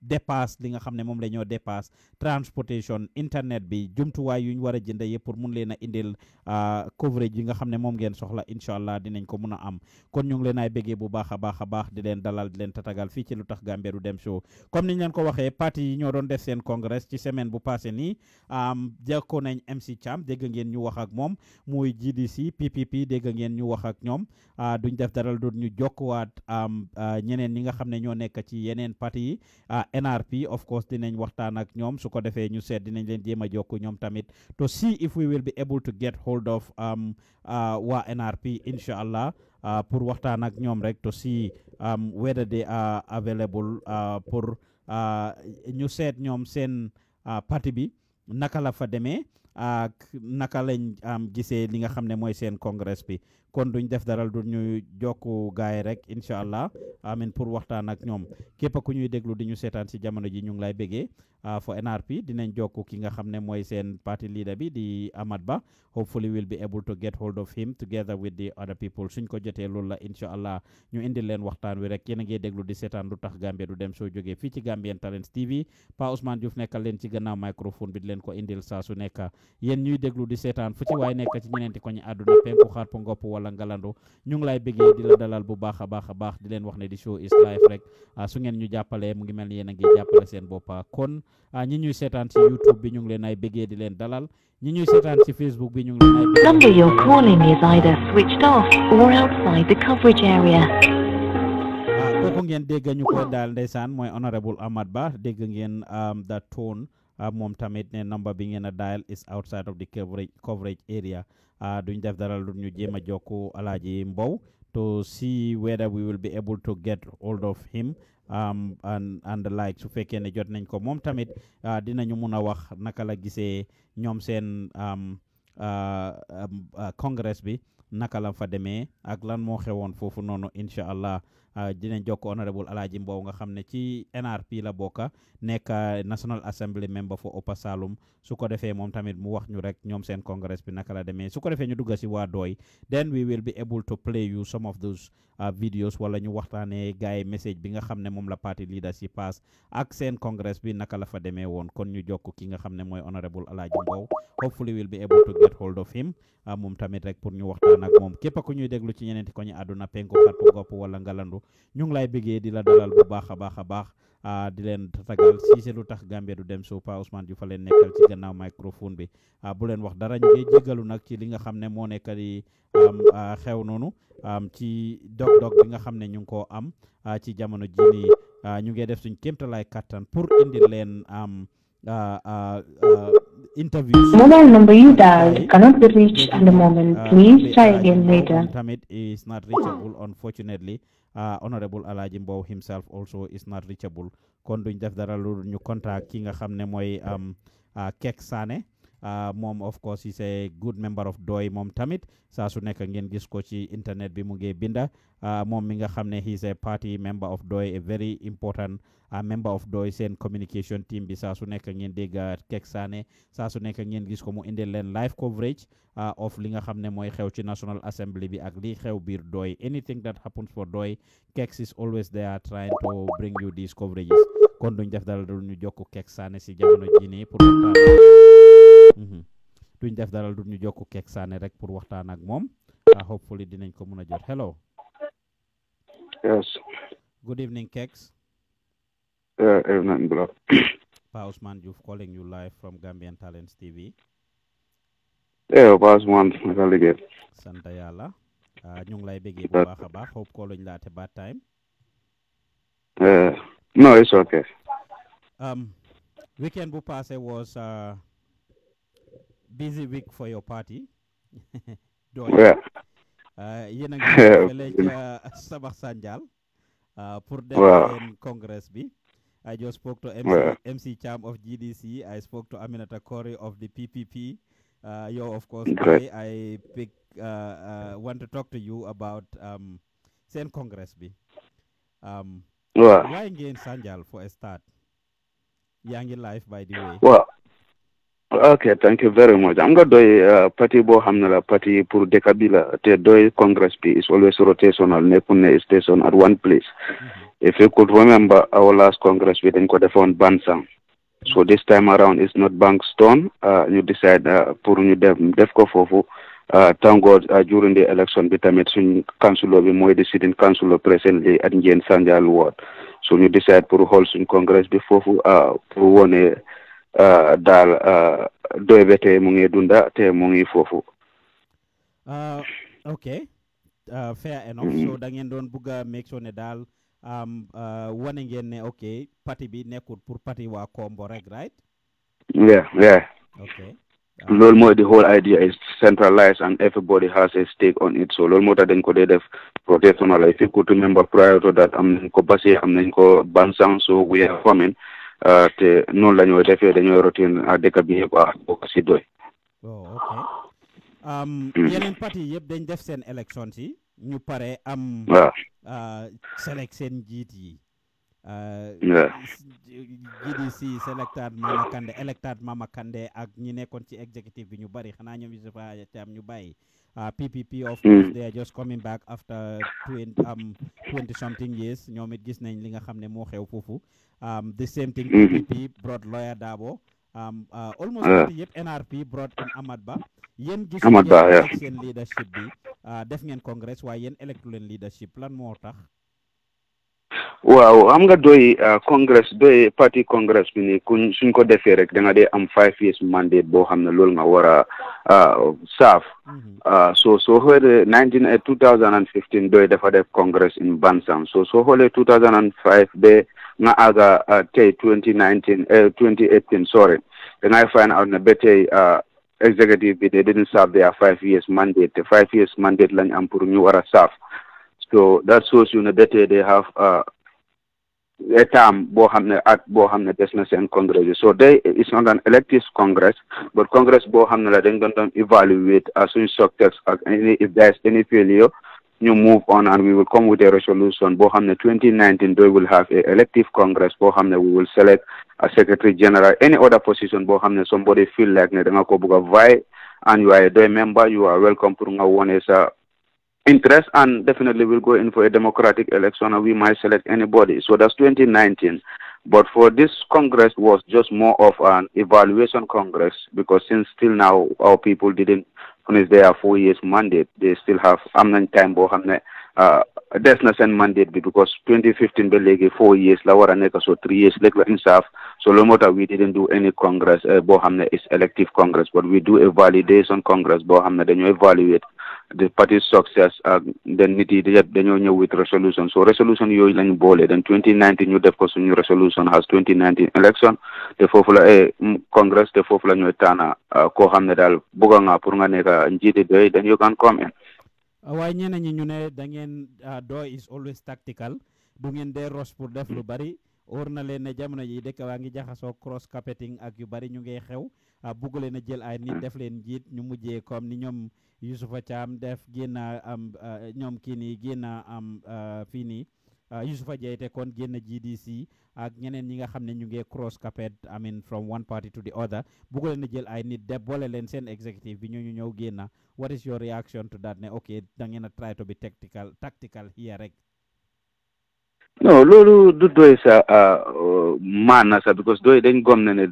dépasse li nga xam ne moom la ñoo dépasse transportation internet bi jumtuwaay yu ñu war a jënd yëpp pour mun leen a indil euh, coverage yi nga xam ne moom ngeen soxla incha allah dinañ ko mun a am kon ñu ngi leen ay béggee bu baax a baax a baax di leen dalal di leen tatagal fii ci lu tax Gambia du dem show comme niñ leen ko waxee parti yi ñoo doon def seen congrès ci semaine bu passé nii jëkkoo nañ MC Cham dégg ngeen ñu wax ak moom muy GDC PPP dégg ngeen ñu wax ak ñoom euh, duñ def dara du ñu jokkuwaat euh, ñeneen ñi nga xam ne ñoo nekk ci yeneen parti yi NRP of course dinañ waxtaan ak ñoom su ko defee ñu seet dinañ leen jéem a jokk ñoom tamit to see if we will be able to get hold of um, uh, waa NRP incha allah uh, pour waxtaan ak ñoom rek to see um, whether they are available uh, pour ñu seet ñoom seen parti bi naka la fa demee. ak naka lañ am gisee li nga xam ne mooy seen congrès bi kon duñ def daral du ñu jokku gaay rek incha allah amin pour waxtaan ak ñoom képp ku ñuy déglu di ñu seetaan si jamono ji ñu ngi lay béggee ah, fo NRP dinañ jokku ki nga xam ne mooy seen party leader bi di Amat Bah hopefully we'll be able to get hold of him together with the other people suñ ko jotee loolu la incha allah ñu indi leen waxtaan wi rek yéen a ngi di seetaan lu tax Gambia du dem soo jógee fii ci Gambian Talents TV Pa leen ci gannaaw microphone bi di leen ko indil saa su nekk yéen ñuy déglu di seetaan fu ci waay nekk ci ñeneenti koñi àdduna penku xarpu ngopp wala ngalandu ñu ngi laay bëggee di la dalal bu baax a baax a baax di leen wax ne di show is life rek ah, su ngeen ñu jàppalee mu ngi mel ni yéen a ngi jàppale seen boppa ah, kon ah, ñi ñuy seetaan ci youtube bi ñu ngi leen ay béggee di leen dalal ñi ñuy seetaan ci facebook bi ñu ngi leen ay number you're calling is either switched off or outside the coverage area kooku ngeen dégg ñu ko daal ndeysaan mooy honorable Amad Bah Ah, moom tamit ne number bi ngeen a dial is outside of the coverage area ah, duñ def dara lu ñu jéem a jokku Alaaji Mbow to see whether we will be able to get hold of him um, and, like su fekkee ne jot nañ ko moom tamit ah, dinañu mun a wax naka la gisee ñoom seen um, um, congress bi naka la fa demee ak lan moo xewoon foofu noonu incha allah Ah, dinañ jokk honorable alaaji mbow nga xamne ci NRP la boka nek National Assembly member for opa Salum su ko defé mom tamit mu wax ñu rek ñom sen congress bi naka la su ko defé ñu dugga si wa doy then we will be able to play you some of those ah, videos wala ñu waxtane gaay message bi nga xamne mom la party leader ci pass ak sen congress bi naka la fa démé won kon ñu jokk ki nga xamne moy honorable alaaji mbow hopefully we'll be able to get hold of him ah, mom tamit rek pour ñu waxtane ak mom képp ko ñuy déglu ci ñenenti ko ñu àdduna penku gop wala ngalandu ñu ngi lay bëggé di la dalal bu baaxa baaxa baax ah di leen tatagal Ceesay lu tax Gambia du dem so Pa Ousmane Diouf fa leen nekkal ci gannaaw microphone bi bu leen wax dara ñu ngi jéggalu nak ci li nga xamné mo nekk di xew am ci dog-dog bi nga xamné ñu ko am ci jamono ji ni ñu ngi def suñ lay katan pour indi leen am. Uh, uh, uh, interviews. Mobile number you dialed cannot be reached at the moment. Please try again later. It is not reachable, unfortunately. Ah, honorable Alhaji Mbow himself also is not reachable kon duñ def dara lu ñu contact ki nga xam ne mooy ah, Kek Sané Ah, moom of course is a good member of DOI moom tamit saa su nekk ngeen gis ko ci internet bi mu ngi binda ah, moom mi nga xam ne he is a party member of DOI a very important ah, member of DOI seen communication team bi saa su nekk ngeen dégg Kek Saane saa su nekk ngeen gis ko mu indil leen live coverage of li nga xam ne mooy xew ci National Assembly bi ak li xew biir DOI anything that happens for DOI Kek is always there trying to bring you these def dara lu ñu jokk Kek Saane si jamono jii Mhm. duñ def dara duñu ñu kek sané rek pour waxtaan ak mom ah, hopefully dinañ ko mëna jot hello yes good evening keks yeah evening bro Pa Ousmane Diouf calling you live from Gambian Talents TV yeah Pa Ousmane ligé santa yalla yàlla ah, ñu ngi lay bëggee bu baaxa baax hope ko luñ laate bad time uh, no it's okay um weekend bu passé was uh, busy week for your party. yeah. Uh, yéen a Sanjal uh, pour dem congress bi I just spoke to MC, MC Cham of GDC. I spoke to Aminata Kori of the PPP. Uh, yo, of course, I, I pick, uh, uh, want to talk to you about um, Sen Congress. Bi. Um, yeah. Why again Sanjal for a start? Young Yangi Life, by the way. Well, Ok, thank you very much. I'm going to uh, party bo hamnala party pour dekabila te doy congress pi is always rotational nekune station at one place. Mm-hmm. If you could remember our last congress we then got found Bansang. So mm-hmm. this time around it's not Bankstone. Uh, you decide uh, pour ñu def def ko fofu uh, tango uh, during the election bi tamit suñ councilor bi moy deciding councilor presently at Ngien Sanjal ward. So ñu decide pour hol suñ congress bi fofu uh, pour wone uh, uh, mu ngi dunda te mu ngi foofu. Uh, ok fair enough mm-hmm. so da ngeen doon bugg a make sure ne daal um, wane ngeen ne ok parti bi nekkul pour parti waa Kombo rek right. yeah yeah. ok. loolu mooy the whole idea is centralized and everybody has a stake on it so loolu moo tax dañ ko dee def protection wala if you could remember prior to that am nañ ko Basse am nañ ko Bansang so we are coming. Euh, te noonu la ñuy defee dañoo rotin dëkk bi yëpp ah bokk si doy. Oh, hmm. yeneen parti yëpp dañ def seen élection si ñu pare am. waaw euh, select seen njiit yi. Euh, GDC selected Mama Kandeh elected Mama Kandeh ak ñi nekkoon ci executive bi ñu bari xanaa ñoom Yusufa Jam ñu bàyyi. uh, PPP of course hmm. they are just coming back after twenty um twenty something years um the same thing PPP hmm. brought lawyer Dabo um uh, almost ah. yëpp NRP brought in Amad Ba yéen gis ngeen leadership bi uh, def ngeen congress Yen yéen electu leadership lan moo tax Wow, I'm going to do a uh, congress a party congress. suñ ko defee rek da nga dee am five years mandate boo xam ne loolu nga war uh, mm-hmm. uh, eh, a so soo 2015 do doy dafa def congress in Bansan. so so xoolee two thousand and five be nga aga tey 2018. Eh, sorry and I find out the ba executive bi they didn't serve their five years mandate The five years mandate lañ am pour ñu war a so that shows you ne they have étaam boo at boo xam ne na congrès so they it's not an elective congress but congress boo xam la dañ evaluate suñ success ak any if there is any failure you move on and we will come with a resolution boo 2019 they will have a elective congress boo we will select a secretary general any other position boo somebody feel like ne da nga ko vie and you are a member you are welcome pour nga wone sa interest and definitely we'll go in for a democratic election and we might select anybody. So that's 2019. But for this Congress was just more of an evaluation Congress because since till now our people didn't finish their four years mandate. They still have amnan time bo hamne not send mandate because 2015 be four years lower and so three years like in insaf so lo we didn't do any congress uh, is elective congress but we do a validation congress Bohamne then you evaluate the party success ak den nit yi yëpp dañoo ñëw with resolution so resolution yooyu lañ boole Dan 2019 ñu def ko suñu resolution has 2019 election the foofu la eh mm, congress the foofu la ñooy taana uh, koo xam ne daal bëgg nga pour nga nekk uh, njiiti doy then you can come in uh, waaye ñeneen ñi ñu ne da ngeen is always tactical du ngeen dee ros pour def lu bari or na leen ne jamono ji dëkk waa ngi jaxasoo cross carpeting ak yu bari ñu ngay xew Ah, bugg leen a jël ay nit mm. def leen jiit ñu mujjee comme ni ñoom Youssoufa Thiam def génn am ah, ñoom kii nii génn am ah, fii nii Youssoufa te kon génn GDC ak ñeneen ñi nga xam ne ñu ngee cross carpet I mean from one party to the other bugg leen jël ay nit def boole leen seen executive bi ñoo ñu ñëw génn what is your reaction to that ne ok da ngeen a try to be tactical tactical here rek. non loolu du doy sa maana sa because doy dañ gom ne ne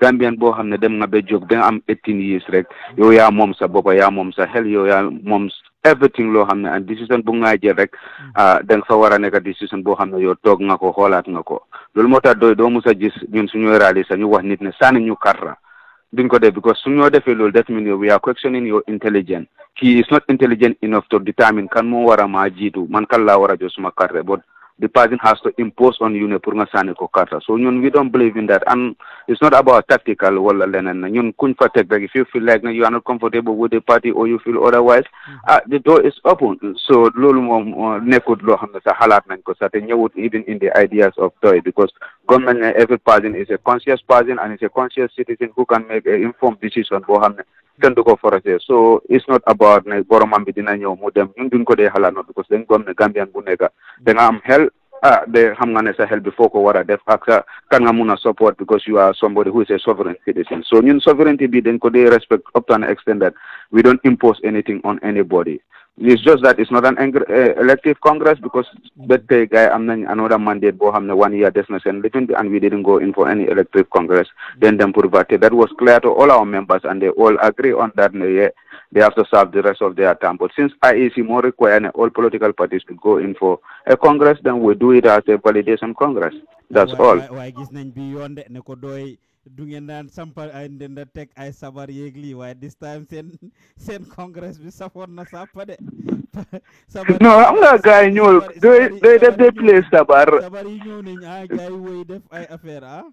Gambien boo xam ne dem nga ba jóg da nga am eighteen years rek yow yaa moom sa bopp yaa moom a xel yoo yaa moom everything loo xam ne and décision bu nga jël rek hmm. ah, da fa war a nekk décision boo xam ne yow toog nga ko xoolaat nga ko loolu moo tax doy doo mus a gis ñun suñuy rally sax ñu wax nit ne sànni ñu karra duñ ko def because suñoo defee loolu that means we are questioning your intelligence is not intelligent enough to determine kan moo war a maa jiitu man kan laa war a jox suma the party has to impose on you ne pour nga ko so ñun we don't believe in that and it's not about tactical wala leneen na ñun kuñ fa teg rek if you feel like you are not comfortable with the party or you feel otherwise hmm. ah, the door is open so loolu moom uh, nekkut loo xam ne sax xalaat nañ ko sax te ñëwut even in the ideas of toy because government eh, every person is a conscious person and is a conscious citizen who can make an informed decision boo xam ne kenn so it's not about ne boromam bi dina ñëw mu dem ñun duñ ko dee xalaat noonu because dañ gom ne Gambian bu nekk da nga am help ah de xam nga ne sa xel bi ko wara def ak sa kan nga mun support because you are somebody who is a sovereign citizen so ñun sovereignty bi dañ ko dee respect up to an extent that we don't impose anything on anybody it's just that it's not an elective Congress because that day guy am another mandate boo xam the one year des na and we didn't go in for any elective Congress then them pour that was clear to all our members and they all agree on that yeah, they have to serve the rest of their term but since IEC more require all political parties to go in for a Congress then we do it as a validation Congress that's all du ngeen sampa sampal ay ndenda teg ay sabar yeeg lii this time seen seen congress bi safoon na sàppa de non am nga gars yi doy def de play sabar sabar yi ñëw nañ ah gars woy def ay affaire ah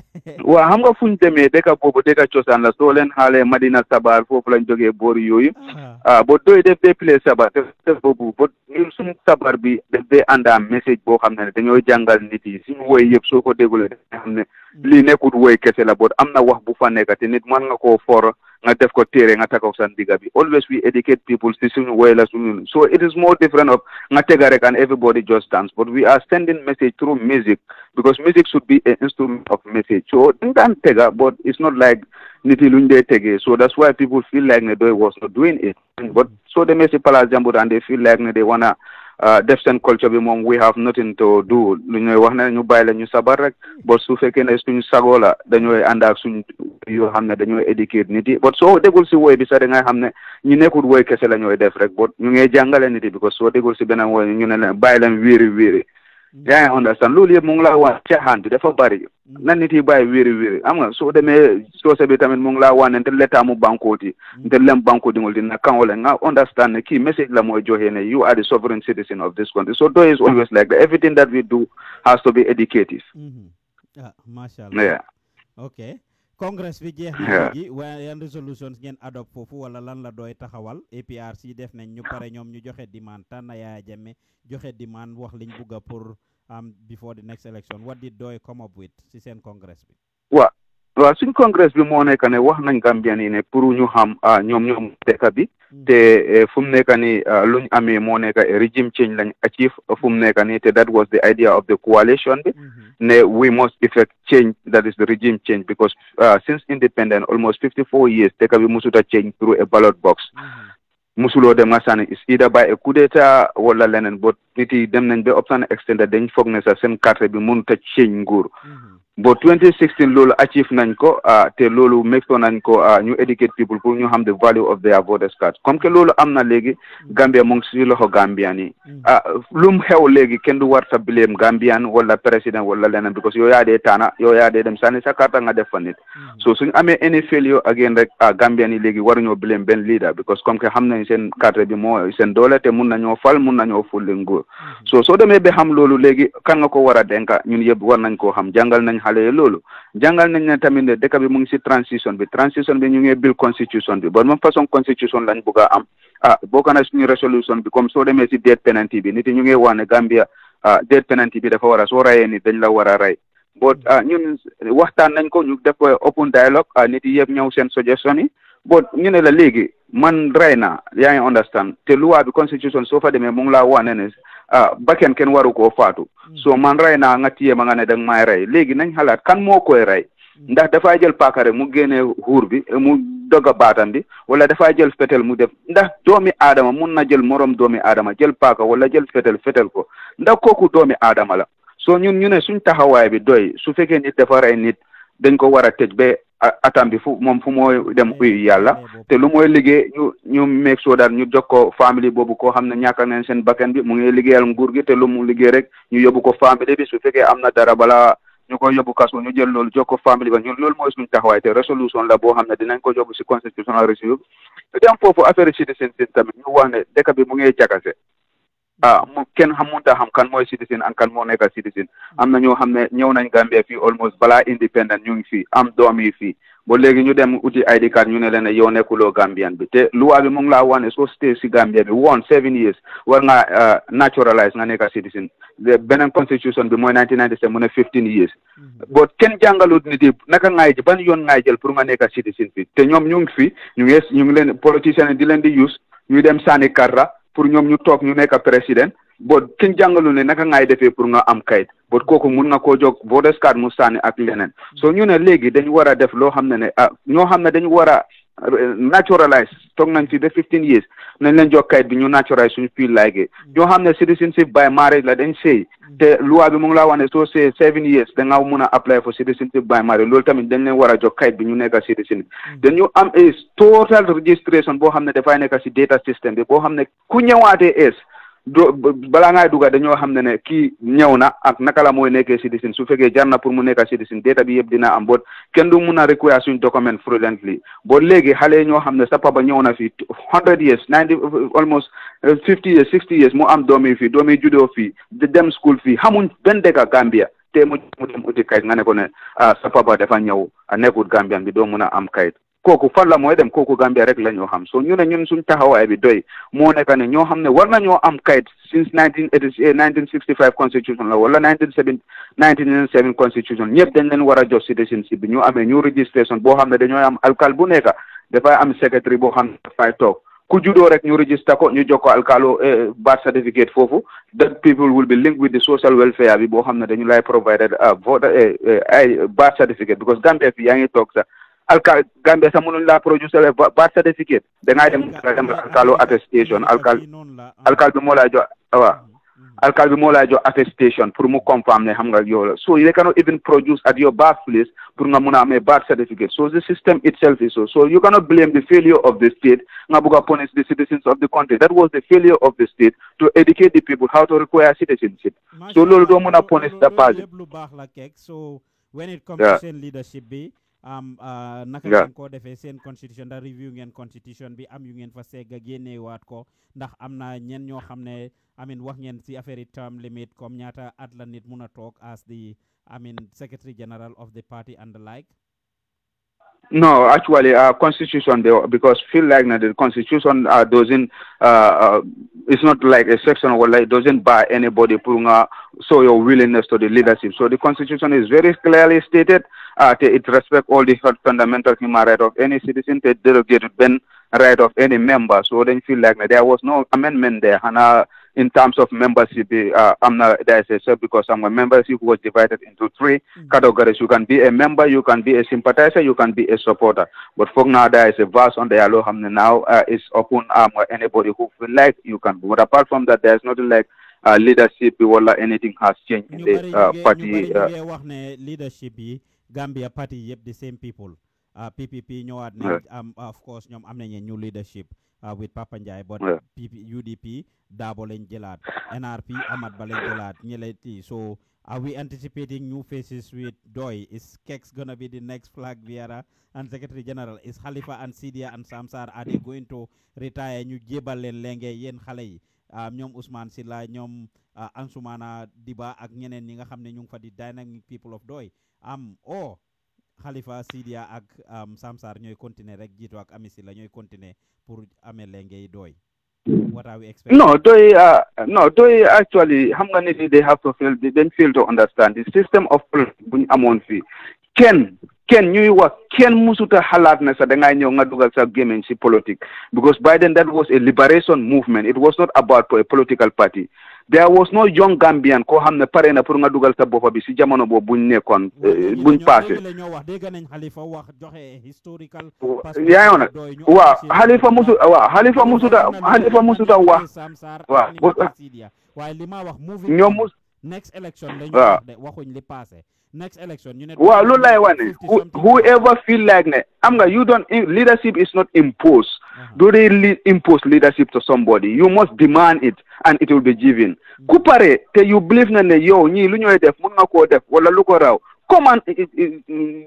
waaw xam nga fu ñu demee dëkk boobu dëkk cosaan la soo leen xaale Madina Sabar foofu lañ jógee boori yooyu ah, ah ba doy def dee play sabar def boobu ba ñun suñ sabar bi def dee àndaa message boo xam ne dañoo jàngal nit yi suñu woy yëpp soo ko déglu def xam ne mm. lii nekkut woy kese la boo am na wax bu fa nekk te nit mën nga koo for nga def ko téere nga takk sa ndiga bi always we educate people si suñu way la suñu so it is more different of nga tega rek and everybody just dance but we are sending message through music because music should be an instrument of message so dañ tega but it's not like Niti Lunde luñ so that's why people feel like ne doy was not doing it but so demee si palace jambur and they feel like ne they wanna Ah, def seen culture bi moom we have nothing to do lu ñooy wax ne ñu bàyyi la ñu sabar rek but su fekkee ne suñu sagoo la dañooy ànd ak suñ yoo xam ne dañooy éduquer nit yi but soo dégul si woy bi sax da ngay xam ne ñu nekkul woy kese la ñooy def rek but ñu ngey jàngale nit yi because soo dégul si beneen woy ñu ne leen bàyyi leen wiiri wiiri Mm. Yeah, ngi understand loolu yëpp mu ngi laa wan caaxaan bi dafa bari mm. na nit yi bàyyi wéri wéri am nga soo demee soose bi tamit mu ngi laa wan ne te lettaamu bankooti nte lem bankoodiŋol di na kaŋole nga understand the key message la mooy joxee you are the sovereign citizen of this country so though is always like that everything that we do has to be educative mm-hmm. yeah masha Allah yeah okay congrès bi jeex na gi waaye yan résolution ngeen adop fofu wala lan la doy taxawal APRC def nañ ñu pare ñom ñu joxe demand tan ya jame joxe demand wax liñ bëgg pour am um, before the next election what did doy come up with si sen congrès bi wa wa suñ congrès bi mo nekk ne wax nañ Gambien yi ne pour ñu xam ah, ñom ñoom dëkk bi mm. te e, fu mu nekk ni ah, luñ amé mo nekk e, régime change lañ achieve fu mu nekk ni that was the idea of the coalition bi mm-hmm. we must effect change, that is the regime change, because uh, since independence, almost 54 years, Tekabi Musuta changed through a ballot box. Mm. musuloo dem nga sànni is ida by a coup d'état wala leneen boo nit yi dem nañ ba option extended dañ foog ne sax seen carte bi mënut a change nguur mm-hmm. bo 2016 loolu achieve nañ ko ah, te loolu make sure nañ ko ah, ñu educate people pour ñu xam the value of their voters card comme que loolu am na léegi mm-hmm. Gambia mu si loxo Gambian yi mm-hmm. ah lu mu xew léegi kenn du war sa blame Gambian wala président wala leneen because yow yaa dee taana yow yaa dee dem sànni sa carte nga def fa nañ seen cadre bi moo seen doole te mun nañoo fal mun nañoo fulli nguur so soo demee ba xam loolu léegi kan nga ko war a ñun yëpp war nañ koo xam jàngal nañ xale yi loolu jàngal nañ ne tamit ne dëkk bi mu ngi si transition bi transition bi ñu ngi bil constitution bi bon même façon constitution lañ bugg a am ah bokk na suñu bi comme soo demee si death penalty bi nit ñu ngi wax ne Gambia ah penalty bi dafa war soo rayee ni dañ man dry na yaa ngi understand te luwa bi constitution so fa demee mu ngi laa wane ne ah bakken kenn waru koo faatu hmm. so man rey naa nga tiye ma nga ne danga may rey léegi nañ xalaat kan moo koy rey hmm. ndax dafa jël paaka rek mu génnee xuur bi eh, mu doga baatam bi wala dafa jël fetel mu def ndax doomi aadama mun na jël morom doomi aadama jël paaka wala jël fetel fetel ko ndax kooku doomi aadama la so ñun ñu ne suñ taxawaay bi doy su fekkee nit dafa rey nit dañ ko war a tëj ba atam bi fu moom fu mooy dem uyu yàlla te lu mooy liggéey ñu ñu meeg soo daal ñu jox ko famille boobu koo xam ne ñàkkal nañ seen bakkan bi mu liggéey liggéeyal nguur gi te lu mu liggéey rek ñu yóbbu ko famille bi su fekkee am na dara bala ñu koy yóbbu kaso ñu jël loolu jox ko famille ba ñun loolu mooy suñu taxawaay te résolution la boo xam ne dinañ ko yóbbu si constitution réseau bi te dem foofu affaire citizen tamit ñu wax ne dëkk bi mu ngi jaxase ah mu kenn xam mënut a xam kan mooy citizen ak kan moo nekk citizen am na ñoo xam ne ñëw nañ Gambia fii almost balaa independent ñu ngi am doom yi fii ba ñu dem uti ID card ñu ne leen ne yow nekkuloo Gambian bi te loi bi mu ngi laa wane soo stay si Gambia bi one seven years war nga ah, naturalize nga nekk citizen beneen constitution bi mooy nineteen ninety seven mu ne fifteen years mhm. but kenn jàngalut nit yi naka ngaay ban yoon ngaay jël pour nga nekk citizen fii te ñu leen di leen di use ñu pour ñoom ñu toog ñu nekk président boo kenn jàngalu ne naka ngay defee pour nga am kayit boo kooku mun nga koo jóg boo des kaat mu sànni ak leneen soo ñu ne léegi dañu war a def loo xam ne ne ah ñoo xam ne dañu war a naturalize toog nañ fi fifteen years nañ leen jox kayit bi ñu naturalize suñu feel like ñoo xam ne citizenship by marriage la dañ sëy te loi bi mu ngi laa wax ne soo seven years da nga mun a apply for citizenship by marriage loolu tamit dañ leen war a jox kayit bi ñu nekk citizen hmm. dañu am a total registration boo xam ne dafay nekk si data system bi boo xam ne ku ñëwaatee es do balaa ngay dugga ñoo xam ne ne kii ñëw na ak naka la mooy nekkee citizen su fekkee jar na pour mu nekk citizen data bi yëpp dina am boot kenn du mun a require suñ document fraudulently boo léegi xale yi ñoo xam ne sa papa ñëw na fii hundred years ninety almost uh, fifty years sixty years mu am doom yi fii doom yi juddoo fii dem school fii xamuñ benn dëkk Gambia te mu mu dem uti kayit nga ne ko ne ah, sa papa dafa ñëw nekkut Gambian bi doo mun a am kayit kooku falla mo edem dem kooku Gambia rek la xam so ñu ne ñun suñ taxawaay bi doy moo nekk ne ñoo xam ne war nañoo am kayit since eh, eh, sixty five constitution la wala nineteen seven nineteen seven constitution ñëpp dañ leen war a jox citizenship bi ñu amee ñu registration boo xam ne dañoo am alkal bu nekk dafay am secretary boo xam ne dafay toog ku rek ñu register ko ñu jox ko alkalo eh, birth certificate foofu that people will be linked with the social welfare bi boo xam ne dañu lay provided voter ay birth certificate because Gambia fi yaa ngi toog alkal Gambia sa mënul laa produce la birth certificate dangay dem nga dem alkalu attestation alkal alkal bi moo lay jox waaw mm-hmm. alkal bi moo lay jox attestation pour mu confirm ne xam nga yow so you cannot even produce at your birthplace pour nga mun a amee certificate so the system itself is so so you cannot blame the failure of the state nga bugg punish the citizens of the country that was the failure of the state to educate the people how to require citizenship so loolu do mun a punish the party so when it comes to leadership bi Ah, naka ngeen ko defee seen constitution ndax review ngeen constitution bi am yu ngeen fa segg génne waat ko ndax am na ñen ñoo xam ne amin wax ngeen si affaire term limit comme ñaata at la nit mun a toog as the amin secretary general of the party and the like No, actually, uh, constitution because feel like that the constitution uh, doesn't. Uh, uh it's not like a section or like doesn't buy anybody putting uh, your willingness to the leadership. So the constitution is very clearly stated. Uh, it respects all the fundamental human right of any citizen. It delegated the right of any member. So they feel like that there was no amendment there, and. Uh, in terms of membership, eh, uh, I'm not as a because our membership was divided into 3 mm-hmm. categories. You can be a member, you can be a sympathizer, you can be a supporter. But for now, there is a verse on the Alohamna now. Uh, it's open um, anybody who feel like you can. But apart from that, there's nothing like uh, leadership or uh, anything has changed in the uh, party. Uh, leadership, eh, Gambia party, yep, the same people. PPP uh, ñëwaat nañ am uh, of course ñoom am nañu new leadership uh, with Papa Ndiaye but UDP Dabo lañ jëlaat NRP Amat Ba lañ jëlaat ñëleti so are we anticipating new faces with Doy is Kex gonna be the next flag bearer and Secretary General is Khalifa and Sidia and Samsar are they going to retire ñu jébal leen lenge yéen xale yi ñoom Ousmane Silla ñoom Ansoumana Diba ak ñeneen ñi nga xam ñu fa di dynamic people of Doy am um, oh. Sidia ak um, Samsar continuer rek ak la continuer pour amele ngay what are we expecting? No, they, uh, no, they actually, Hamganidi, they have to feel, they didn't fail to understand the system of amon fee. Ken kenn ñuy wax kenn musut a xalaat ne sax da ngaa ñëw nga dugal sa gémmiñ si politique because by then that was a liberation movement it was not about a political party there was no young Gambian koo xam ne pare na pour nga dugal sa boppa bi si jamono boobu buñ nekkoon eh, buñ passé yaa ngi nag waaw Halifa musu waaw Halifa musuta Halifa musuta wax waaw ñoom mus next election dañu wax waxuñ li passé next election You know. waaw loolu whoever feel like ne am nga you don't leadership is not imposed uh-huh. do they impose leadership to somebody you must uh-huh. demand it and it will be given mm-hmm. Kupare. pare te you believe na ne yow ñii lu ñooy def mun nga koo def wala lu ko raw come and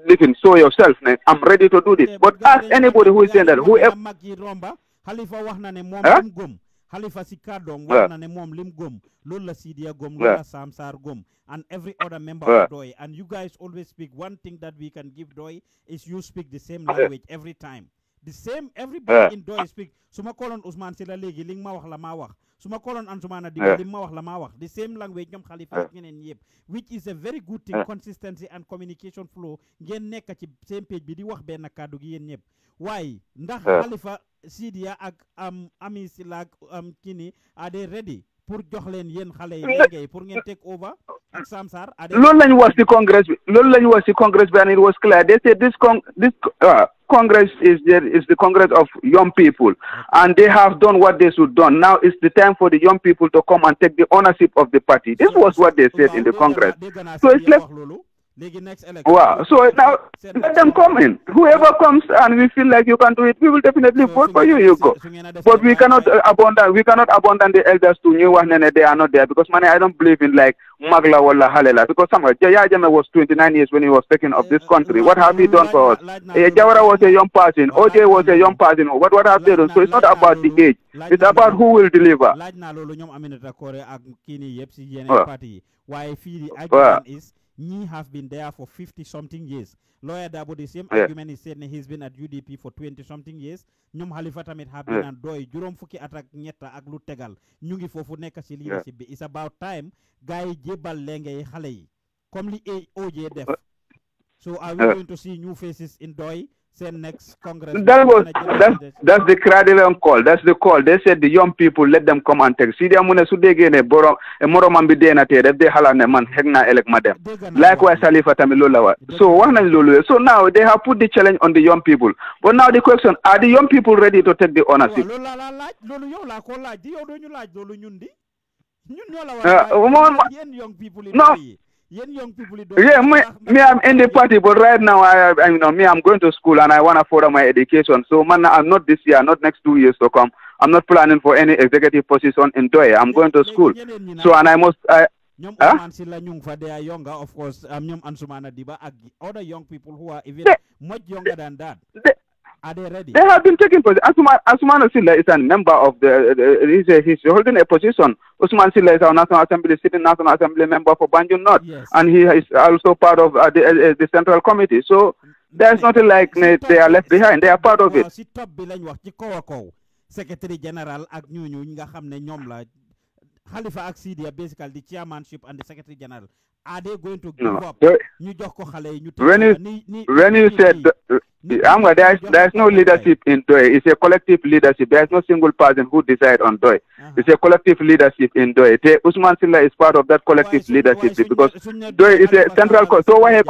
listen show yourself ne I'm ready to do this but ask anybody who is saying that whoever mag yi romba Halifa wax na ne moom gëm Halifa si wax na ne moom lim gom loolu la Sidia gom loolu la Sam Sarr gom and every other member of Doi and you guys always speak one thing that we can give Doi is you speak the same language every time the same everybody in Doi speak su ma kooloon Ousmane si la léegi li ma wax la maa wax su ma koloon Ansumana Dikko eh. li ma wax la maa wax the same language ñoom Halifa eh. ak ñeneen ñi yëpp which is a very good thing eh. consistency and communication flow ngeen nekk ci same page bi di wax benn kàddu gi yéen ñëpp waaye ndax Halifa Sidia ak am Ami Silla ak am kini are they ready pour jox leen yéen xale yi ngay pour ngeen take over ak Samsar. loolu la wax ci congress bi loolu la wax ci congress bi and it was clear they said this con this uh, congress is there is the congress of young people and they have done what they should done now it's the time for the young people to come and take the ownership of the party this was what they said in the congress so it's left Wow. next election so now let them come in whoever comes and we feel like you can do it we will definitely vote for you you go but we cannot uh, abandon we cannot abandon the elders to new ones, and they are not there because man I don't believe in like Magla la Halela. because sama Jaya Jammeh was 29 years when he was taking of this country what have he done for us Jawara was a young person OJ was a young person what what have they done so it's not about the age it's about who will deliver laaj he have been there for 50 something years. Lawyer Dabo, the same yeah. argument is saying he's been at UDP for 20 something years. Nyum Halifa tamit have been at doy juróom fukki at ak ñetta ak tegal ñu ngi foofu leadership it's about time Guy jébal lenge Halé. xale OJ def uh, so are we going to see new faces in doy say next Congress. That was that's, that's the Kradilian call. That's the call. They said the young people let them come and take. See them when they get a borrow a moro man be there they a man madam. Likewise Salifa Tamilolawa. So one and Lulu. So now they have put the challenge on the young people. But now the question are the young people ready to take the ownership? Uh, no, young people, yeah, me, me, I'm but right now. I, I, you know, me, I'm going to school and I want to further my education. So, man, I'm not this year, not next two years to come. I'm not planning for any executive position in Doye. I'm going to school. So, and I must, I, ñom huh? Ousmane Silla ñung fa they are younger of course um, Diba other young people who are even much younger than that. They, are they ready? They have been taking position. Asuman, Asuman Osila is a member of the. Uh, he's, he's holding a position. Usman Silla is our National Assembly, sitting National Assembly member for Banjul North. Yes. And he is also part of uh, the, uh, uh the Central Committee. So there's nothing like they are left behind. They are part of it. Khalifa Axi, they are basically the chairmanship and the secretary general. Are they going to give no. up? When you, when you said, there's, uh, there's no leadership in DOE. It's a collective leadership. There's no single person who decide on DOE. Uh-huh. It's a collective leadership in DOE. Usman Silla is part of that collective leadership because DOE is a central. So why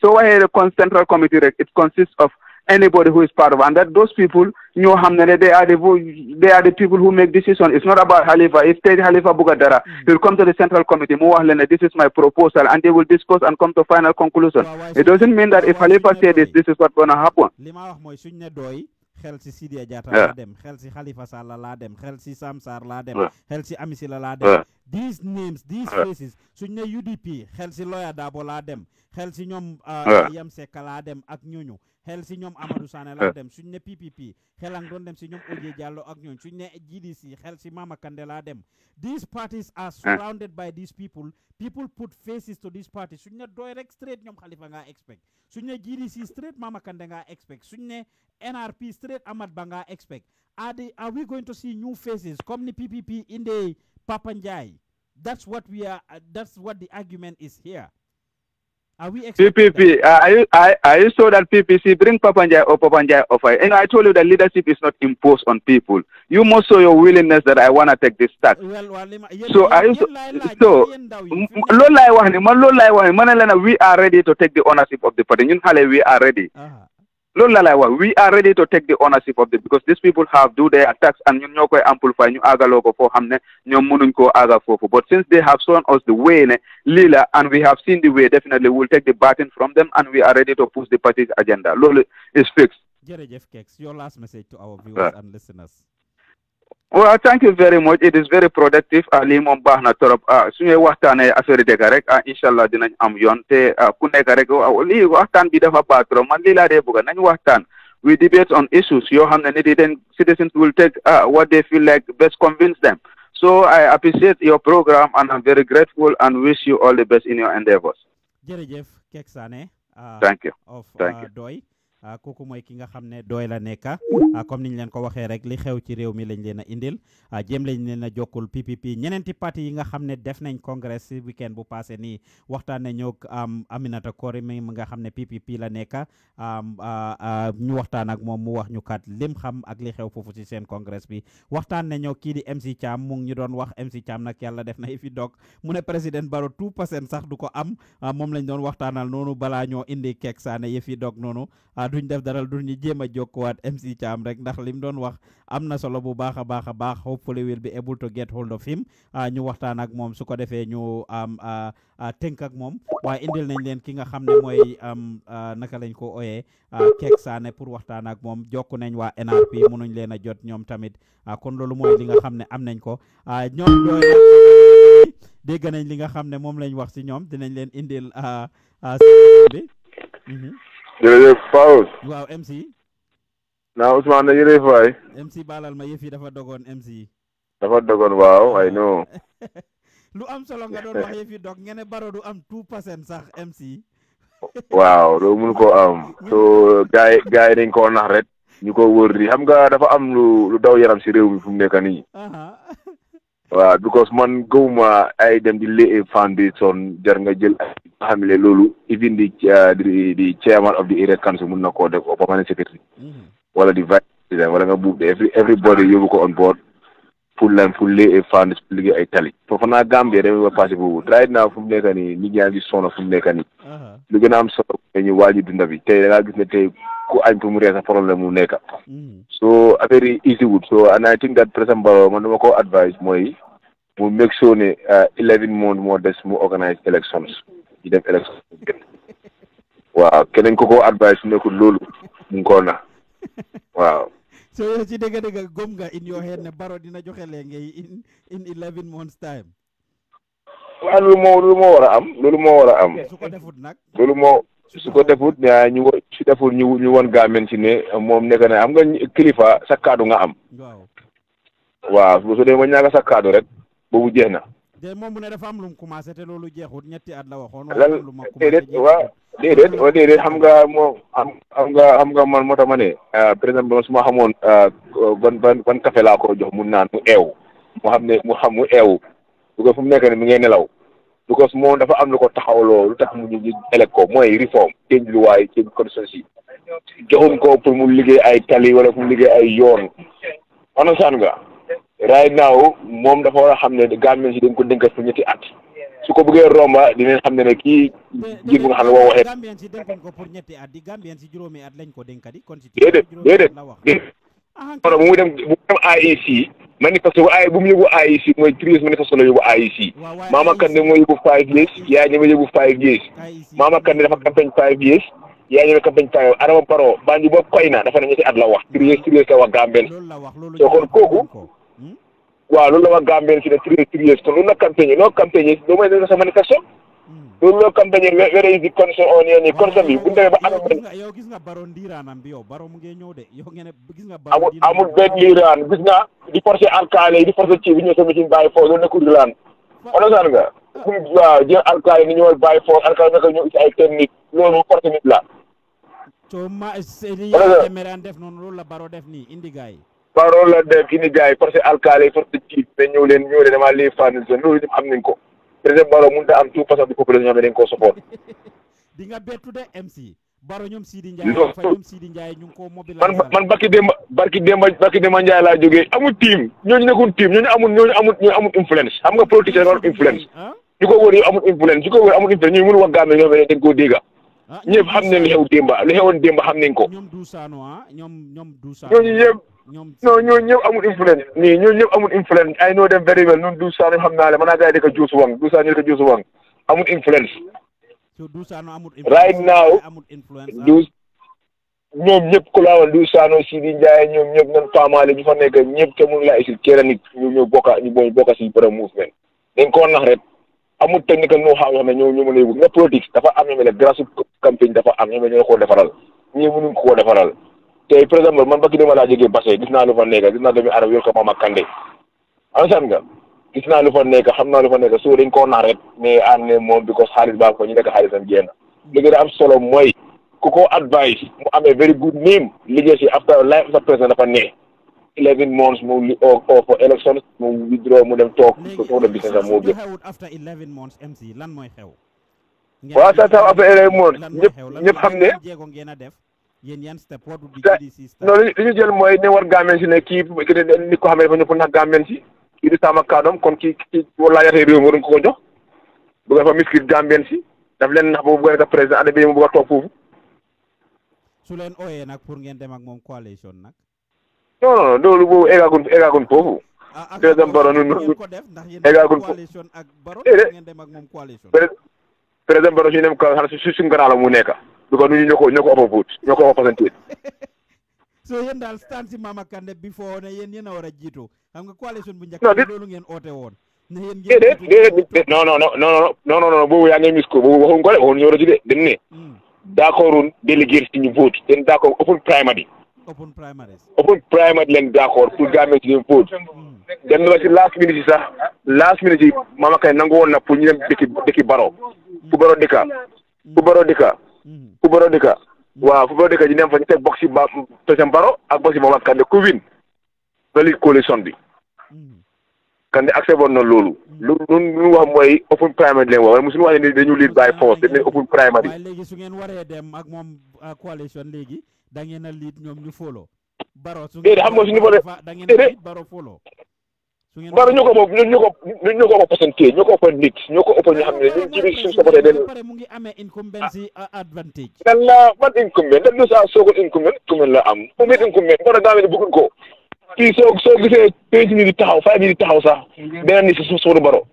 So why a central committee? It consists of anybody who is part of. And that those people, you know, they are the they are the people who make decisions. It's not about Halifa. If they Halifa Bugadara, mm. he'll come to the central committee. Muwahlana, this is my proposal, and they will discuss and come to final conclusion. It doesn't mean that if Halifa says this, this is what's gonna happen. xel si Sidia Jatta laa dem xel si Halifa Sallah laa dem xel si Sam Sarr laa dem xel si Ami Silla laa dem these names these faces suñ ne UDP xel si Lawyer Darboe laa dem xel si ñoom uh, Yam Seck laa dem ak ñooñu xel si ñoom Amadou Sané la dem suñ ne PPP doon dem si ñoom ak ñooñ suñ ne GDC xel si Mama la dem these parties are ah. surrounded by these people people put faces to these parties suñ ne doy rek straight ñoom Khalifa nga expect suñ ne GDC straight Mama Kandeh nga expect suñ ne NRP straight Amat Bah nga expect are they are we going to see new faces comme ni PPP inde Papa Ndiaye that's what we are that's what the argument is here are we PPP, uh, I, oh, I, I saw that PPC bring Papanjai or Papanjai offer. And I told you that leadership is not imposed on people. You must show your willingness that I want to take this task. so I so we are ready to take the ownership of the party. We are ready. Uh -huh loolu we are ready to take the ownership of it because these people have do their attacks and ñun ñoo koy amplify ñu aagaloo ko foo xam ne ñoom mënuñ koo aaga but since they have shown us the way ne lila and we have seen the way definitely we will take the baton from them and we are ready to push the party's agenda loolu is fixed. jërëjëf Kex your last message to our ah. viewers and listeners. Well, thank you very much. It is very productive. Ali moom baax na torop ah, suñuy waxtaanee affaire dëgg rek ah, incha allah dinañ am yoon te ah, ku nekk rek lii waxtaan bi dafa baax man lii laa dee bëgg nañ waxtaan. We debate on issues yoo xam ne nit then citizens will take what they feel like best convince them. So I appreciate your program and I'm very grateful and wish you all the best in your endeavors. jërëjëf Kek Sané. thank you of thank Doi. Ah, kooku mooy ki nga xam ne dooy la nekka ah, comme niñ leen ko waxee rek li xew ci réew mi lañ leen a indil ah, jéem lañ leen a jokkul PPP ñeneenti parti yi nga xam ne def nañ congrès si weekend bu passé nii waxtaan nañoo Aminata Kory mi nga xam ne PPP la nekka ñu waxtaan ak moom mu wax ñu kat lim xam ak li xew foofu ci seen congrès bi waxtaan nañoo kii di MC Cham mu ngi ñu doon wax MC Cham nag yàlla def na fi dog mu ne président Barrow tout percent sax du ko am moom lañ doon waxtaanal noonu balaa ñoo indi keek saane yëf yi noonu duñ def dara du ñu jéem a jokkuwaat MC Thiam rek ndax lim doon wax am na solo bu baax a baax a baax hopefully we'll bi able to get hold of him ah, ñu waxtaan ak moom su ko defee ñu am tënk ak moom waaye indil nañ leen ki nga xam ne mooy naka lañ ko ooyee Kek Saane pour waxtaan ak moom jokku nañ waa NRP mënuñ leen a jot ñoom tamit ah, kon loolu mooy li nga xam ne am nañ ko ah, ñoom ñooy dégg nañ li nga xam ne moom lañ wax si ñoom dinañ leen indil bi mhm. jërëjëf Paos. waaw MC. naa Ousmane na yërëjëf waay. MC baalal ma yëf yi dafa dogoon MC. dafa dogoon waaw ay no lu am solo nga doon wax yëf yi dog ngeen ne du am tout percent sax MC. waaw doo mun koo am so gars yi gars dañ koo nax rek ñu ko wër di xam nga dafa am lu lu daw yaram si réew mi fu mu nekk nii. waaw because man gëwuma ay dem di lay foundation jar nga jël ay nga xam ne loolu even uh, di di chairman of the area council mun na koo def au permanent secretary mm-hmm. wala di vice président wala nga buub every everybody yóbbu ko on board pour lan pour lay foundation pour liggéey ay tali foofu naa Gambie dem ba passé boobu right now fu mu nekk nii nit ñaa ngi sonn fu mu nekk nii uh-huh. lu gën a am solo ñu wàññi dunda bi tey da ngaa gis ne tey ko antum resa problème mu nekk hmm. so affaire easy wood so and i think that for example man dama ko advice moy mu make sure ni 11 uh, month mo dess mu organize elections di def elections wa kenen ko ko advice ko lolu mu ko na wa so yow ci dega dega gom nga in your head ne baro dina joxele ngay in in 11 months time waaw loolu moo loolu moo war am loolu mo wara am su mo su ko defut ñu wo su deful ñu won gaamen ne moom nekk na am nga kilifa sa kaddu nga am waaw su dee ma ñaaga sa kaddu rek boobu jeex na. te moom mu ne dafa am lu mu commencé te loolu jeexut ñetti at la waxoon. lan déedéet waaw déedéet waaw déedéet xam nga moo xam nga xam nga man moo man ma ne. Euh, par exemple su ma xamoon euh, ban ban ban café laa ko jox mu naan mu eew mu xam ne mu xam mu eew bu ko fu mu nekk nii mu ngeen nelaw. because moom dafa am lu ko taxawloo lu tax mu ñu ñu élect ko mooy réforme change luwaay change condition si ko pour mu liggéey ay tali wala pour mu liggéey ay yoon anasaan nga right now moom dafa war a xam ne gàmmeen si dañ ko dénk pour ñetti at su ko bëggee romba dinañ xam ne ne kii jiir bu nga xam ne woo waxee gambien si dénkuñ ko pour ñetti at di gambien si juróomi at lañ ko dénkadi déedéet déedéet déedéet bu ah, mu dem bu mu dem AIC manifeste bu ay bu mu yóbbu AIC mooy treize manifeste la yóbbu AIC Mama Kandeh moo yóbbu five years Yaya Jammeh yóbbu five years Mama Kandeh dafa campagne five years Yaya Jammeh campagne five years Adama Barrow Banjul boobu koy na dafa ne ñetti at la wax three years three years la wax Gambien kon kooku hmm? waaw loolu la wax Gambien si ne three years three years kon loolu la campagne loo campagne doo may def sa manifeste loolu loo kam dañu wéré yi condition on yéen yi condition bi bu ñu ba amul benn yow gis nga baro ndiiraanam bi yow baro mu ngi ñëw de yow ngeen gis nga baro amul amul benn ndiiraan gis nga di forcé alkaale yi di forcé ci bi ñëw sa machine bàyyi foofu loolu nekkul ndiiraan onosaan nga ah. waaw jël alkaale ni ñëwal bàyyi foofu ñëw ci ay technique loolu mu forcé nit la to ma eh, semeran def noonu loolu la baro def nii indi gaay baro la def indi gaay alkaale yi forcé ci mais ñëw leen ñëw leen dama lii fànn loolu ñëpp nañ ko président Barrow mënut a am tout parce que population bi dañ koo support. di bettu de MC. ñu ngi ko mobiliser. man man Barki Demba Barki Demba Barki Demba Ndiaye laa jógee amul team ñooñu nekkul team ñooñu amul ñooñu amul ñooñu amul influence xam nga politicien war influence. Ah, ah. ñu ko wër yow influence ñu ko wër amul influence ñu mënu wax gaamee ñoom dañ koo dégg ah, ñëpp xam nañ li xew ko. ñoom Duusaano ah ñoom ñoom ñooñu ñëpp non ñëw ñëpp amul influence nii ñooñu ñëpp amul influence I know them very well ñun Doudou Sané xam naa leen mën naa gaa yi di ko juus wang Doudou Sané di ko juus wang amul influence right now Doudou ah. ñoom ñëpp ku laawoon Doudou Sané Sidi Ndiaye ñoom ñëpp ñoom faamaale ñu fa nekk ñëpp te mun laa isil kenn nit ñu ñu bokka ñu booy bokka si borom mouvement dañ koo nax rek amul technical know how yoo xam ne ñëw ñu mën a yóbbu nga politique dafa am ñoom la grassroots campagne dafa am ñoom ñoo ko defaral te par exemple man bakki dama laa jógee Basse gis naa lu fa nekk gis naa doomi arab yor ko moom ak Kande understand nga gis naa lu fa nekk xam naa lu fa nekk soo dañ koo rek mais ànd ne moom bi ko xaalis baa ko ñu nekk xaalisam génn li gën a am solo mooy ku ko advice mu amee very good name liggéey si after life sa président dafa ne eleven months mu o oo oo for elections mu withdraw mu dem toog soxla business am moo gën waaw sa taw after eleven months ñëpp ñëpp xam ne yéen yan step what would be EDC step non li ñu jël mooy ne war gaamen ne kii nit ko xam ne dafa ñëw pour nax gaamen kii di saama kaadoom kon kii kii war laa yatee réew waruñ ko jox bëgg dafa miskil gaamen si daf leen nax boobu bëgg nekk président année bii mu bëgg a toog foofu su leen ooyee nag pour ngeen dem ak moom coalition nag non non loolu boobu eggaagun eggaagun foofu président Barrow nun eggaagun foofu président Barrow suñu dem ko xanaa suñu la mu nekk because ñun ñoo ko ñoo ko overvote ñoo ko overpresented. so yéen daal stance si Mama Kandeh before ne yéen yéen a war a jiitu xam nga coalition bu njëkk. non de loolu ngeen oote woon. ne yéen ngeen jiitu déedéet déedéet non non non non non non non de waxuñ ñu war a jiite dañ ne. Hmm. d' accord délégué si ñu vote dañ d' accord open primary. open primary. open primary leen d' accord pour Gambia si ñu vote. Hmm. dem na ba si last minute yi last minute yi Mama Kandeh nangu woon na pour ñu dem dëkki dëkki Baro. pour Baro dëkka. pour Baro dëkka. Mhm. Kubaro Dika. Mhm. waaw Kubaro Dika ñu dem fa ñu teg box si ba Pesan Baro ak box si Momad Kande ku win valide coalition bi. Mhm. Kande accès woon na loolu. lu lu wax mooy open primary di leen wax waaye mosuñu wax su ngeen waree dem ak moom euh, coalition léegi da ngeen a lead ñoom ñu follow. Baro su ngeen da ngeen a lead Baro follow. mbaara ñoo ko moom ñun ñoo ko ñoo ko ëpp pourcentage ñoo ko ëpp nit ñoo ko ëpp ñu xam ne ñun ci biir suñ ko bëree den pare mu ngi amee incumbency ah. uh, advantage dan la man incumbent da Lusa Sokone incumbent incumbent la am moom it incumbent mbaara daa mel ne bëgguñ ko kii soo soo gisee pénc mi di taxaw fay mi di taxaw sax beneen ni si su suuru baro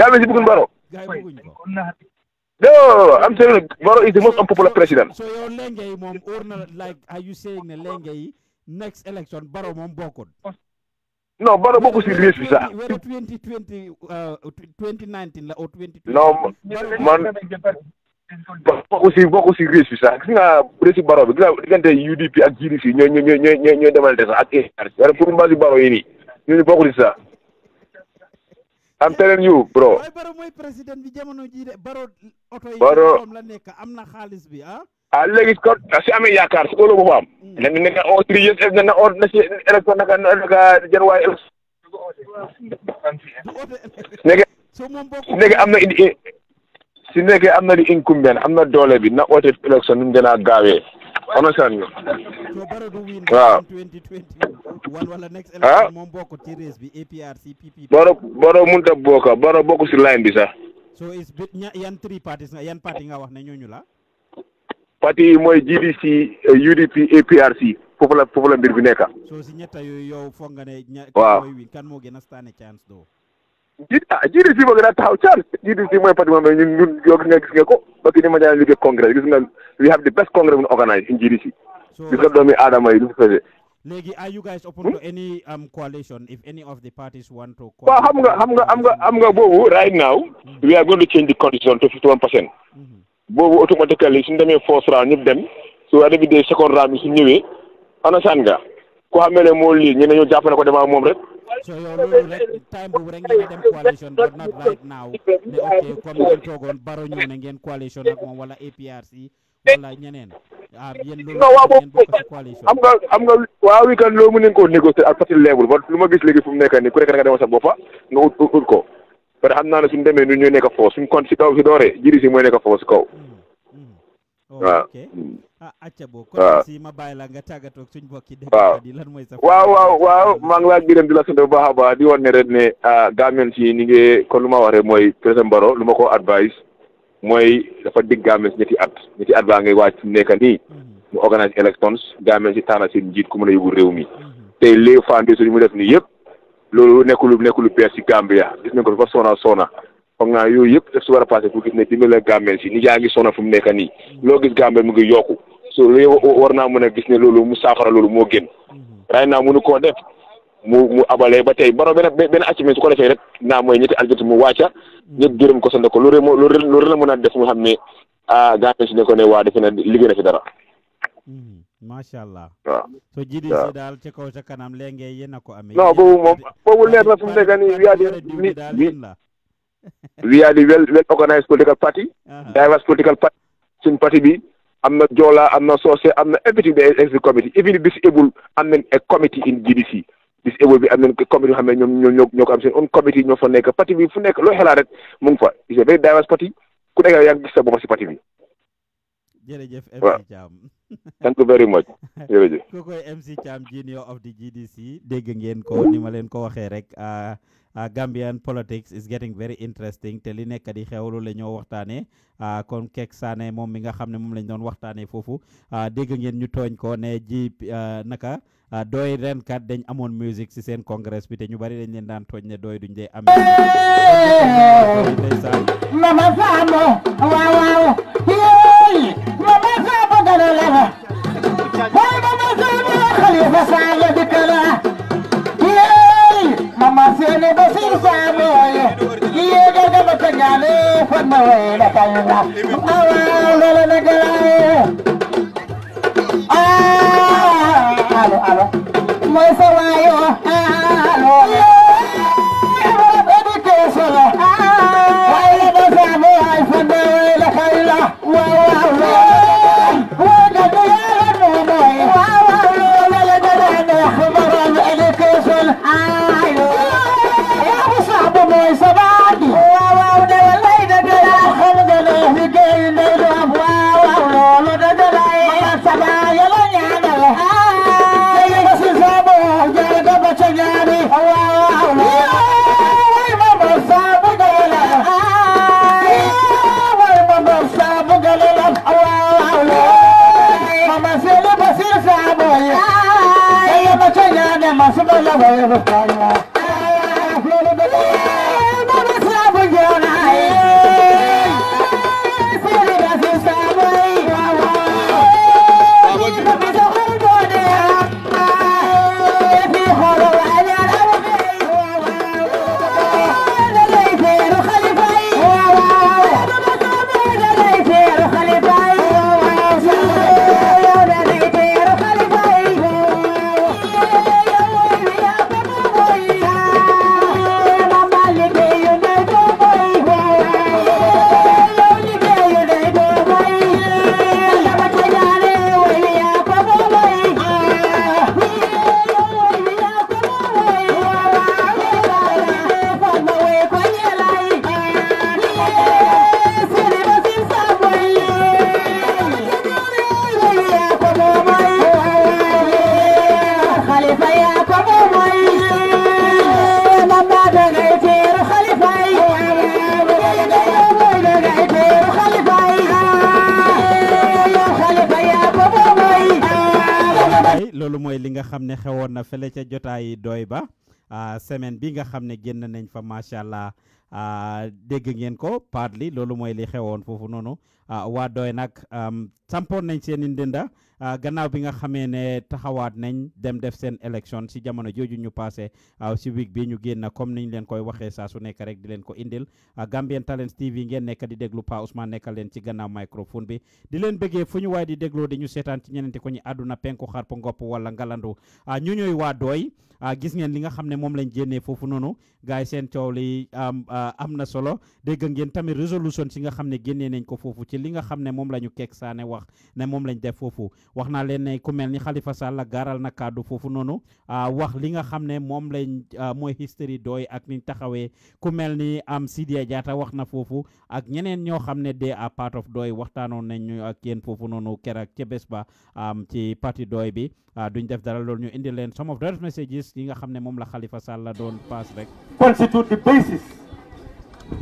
gaa mel si bëgguñ baro No, I'm telling you, Moro is the most unpopular president. So your Lengay mom, or like, are you saying the Lengay next election, Baro mom bokod? non Baro bokku si liste bi sax. whether twenty twenty uh, twenty nineteen la ou twenty. non man bokku si bokku si liste bi sax gis nga bu dee si Baro bi gis nga diggante UDP ak GDC ñooy ñooy ñooy ñooy ñooy demalante sax ak ANCAR wala pour mbaa si Baro yi nii ñooñu bokku si sax. I'm telling you bro. Baro mooy président bi jamono jii de Baro. oto yi la nekk am na xaalis bi ah. ah léegi kon si amee yaakaar si ëllëg bu fa am. Hmm. nañ ne on dirait yéen nañ ne on na si élection naka naka jën waaye. léegi am na indi si nekkee am na in incumbent am na doole bi na oote élection nu mu gën a gaawee xam nga sànni waaw ah Baro Baro mënut a bokk Baro bokk si line bi sax. so is yan three parties yan parti nga wax ne ñooñu la. parti yi mooy GDC eh, UDP a foofu la foofu la mbir bi nekk. soo si ñett yooyu yow foog nga ne. waaw kan moo gën a sànni chance doo. ji ah GDC moo gën a taxaw chance GDC mooy parti moom ñun ñun yow gis nga gis nga ko parce que ni ma daan liggéey congrès gis nga we have the best congrès we organize in GDC. gis nga doomi aadama yi du léegi are you guys open hmm? to any um, coalition if any of the parties want to. waaw xam nga xam nga xam nga boobu automatiquement léegi suñu demee force ra ñëpp dem su année bi dee seconde ra bi su ñëwee ana saan nga ko xamee ne moo lii ñu ne ñu jàppale ne ko demaa moom rek. so yow loolu rek time boobu rek ngeen dem coalition but not right now ne ok comme ngeen toogoon baro ñëw na ngeen coalition ak moom wala APRC wala ñeneen. ah yéen loolu ngeen bokk ci coalition am nga am nga waaw wi kan loolu lu ma gis léegi fu mu nekk ni ku nekk da nga sa boppa nga ut ut ko. parce que xam naa ne suñu demee ñun ñooy nekk foofu suñu kon si kaw si dooree jiri si mooy nekk foofu si kaw. Mm, mm, mm. waaw oh, ah, waaw waaw waaw maa ngi laaj biram di la sant bu baax a baax di wan ne rek ne ah, gaameen si ni ngi kon lu ma wax mooy président Barrow lu ma ko advice mooy dafa digg gaameen si ñetti at ñetti at baa ngay waaj fi mu nekk nii mm-hmm. mu organise elections gaameen si tànn seen njiit ku mën a yóbbu réew mi mm-hmm. tey les foundations yi mu def nii yëpp loolu nekkul nekkul lu bees ci Gambia gis nañ ko dafa sona sona foog naa yooyu yëpp daf si war a passé pour gis ne dimbale Gambien si nit yaa ngi sona fu mu nekk nii loo gis Gambien mu ngi yokku so loolu war naa mën a gis ne loolu mu saafara loolu moo gën ray naa mënu koo def mu mu abalee ba tey baro benn benn activité su ko defee rek naa mooy ñetti aljot mu wàcca ñëpp gërëm ko sant ko loolu moo loolu la mën a def mu xam ne ah Gambien si ne ko ne waa defe na liggéey na fi dara hmm. macha allah waaw ji jidi si daal ci kaw sa kanam léegi yéen a ko amee non boobu moom boobu leer na fu mu nekk nii we are the we are the well well organized political party diverse political party suñ parti bi am na joola am na soose am na everything there is a committee even disabled am nañ committee in GDC disabled bi am nañ committee yoo xam ne ñoom ñoo ñoo ko am seen own committee ñoo fa nekk parti bi fu nekk loo xalaat rek mu fa is a very diverse parti ku nekk yaa ngi gis sa bopp thank you very much jërëjëf ku koy MC Cham junior of the GDC dégg ngeen ko ni ma leen ko waxee rek ah, ah, Gambian politics is getting very interesting te li nekk di xewlu la ñoo waxtaanee ah, kon Kek Sané moom mi nga xam ne moom lañ doon waxtaanee foofu dégg ngeen ñu tooñ ko ne ji naka dooy ren kat dañ amoon musique si seen congrès bi te ñu bari dañ leen daan tooñ ne dooy duñ dee am mama Samo waaw waaw mama Samo لنا لنا هيدا نزول خليفة سعيد كلا ياي ماما سيني بصير سامي ياي جاجة بتنعني فرمويلة كلا أولا لنا كلا bi nga xam ne génn nañ fa macha allah ah, dégg ngeen ko partly loolu mooy li xewoon foofu noonu ah, waa doy nag sampoon nañ seen i ndënda ah, gannaaw bi nga xamee ne taxawaat nañ dem def seen élection si jamono jooju ñu passé si week bi ñu génn comme niñ leen koy waxee saa su nekk rek di leen ko indil Gambian Talents TV ngeen nekk di déglu Pa Ousmane nekka leen ci gannaaw microphone bi di leen bëggee fu ñu waaye di dégloo di ñu seetaan ci ñeneen ko ñu àdduna penku xarpu ngopp wala ngalandu Ah, gis ngeen li nga xam ne moom lañ génnee foofu noonu gars yi seen coow li ah, am na solo dégg ngeen tamit résolution si nga xam ne génnee nañ ko foofu ci li nga xam ne moom la ñu keek saane wax ne moom lañ def foofu wax naa leen ne ku mel ni Halifa Sallah gaaral na kàddu foofu noonu ah, wax li nga xam ne moom lañ mooy history dooy ak niñ taxawee ku mel ni am Sidia Jatta wax na foofu ak ñeneen ñoo xam ne de à part of dooy waxtaanoon nañ ñu ak yéen foofu noonu keroog ca bés ba ci parti dooy bi Ah, duñ def dara ñu indi leen some of those messages yi nga xam ne moom la doon pass rek. constitute the basis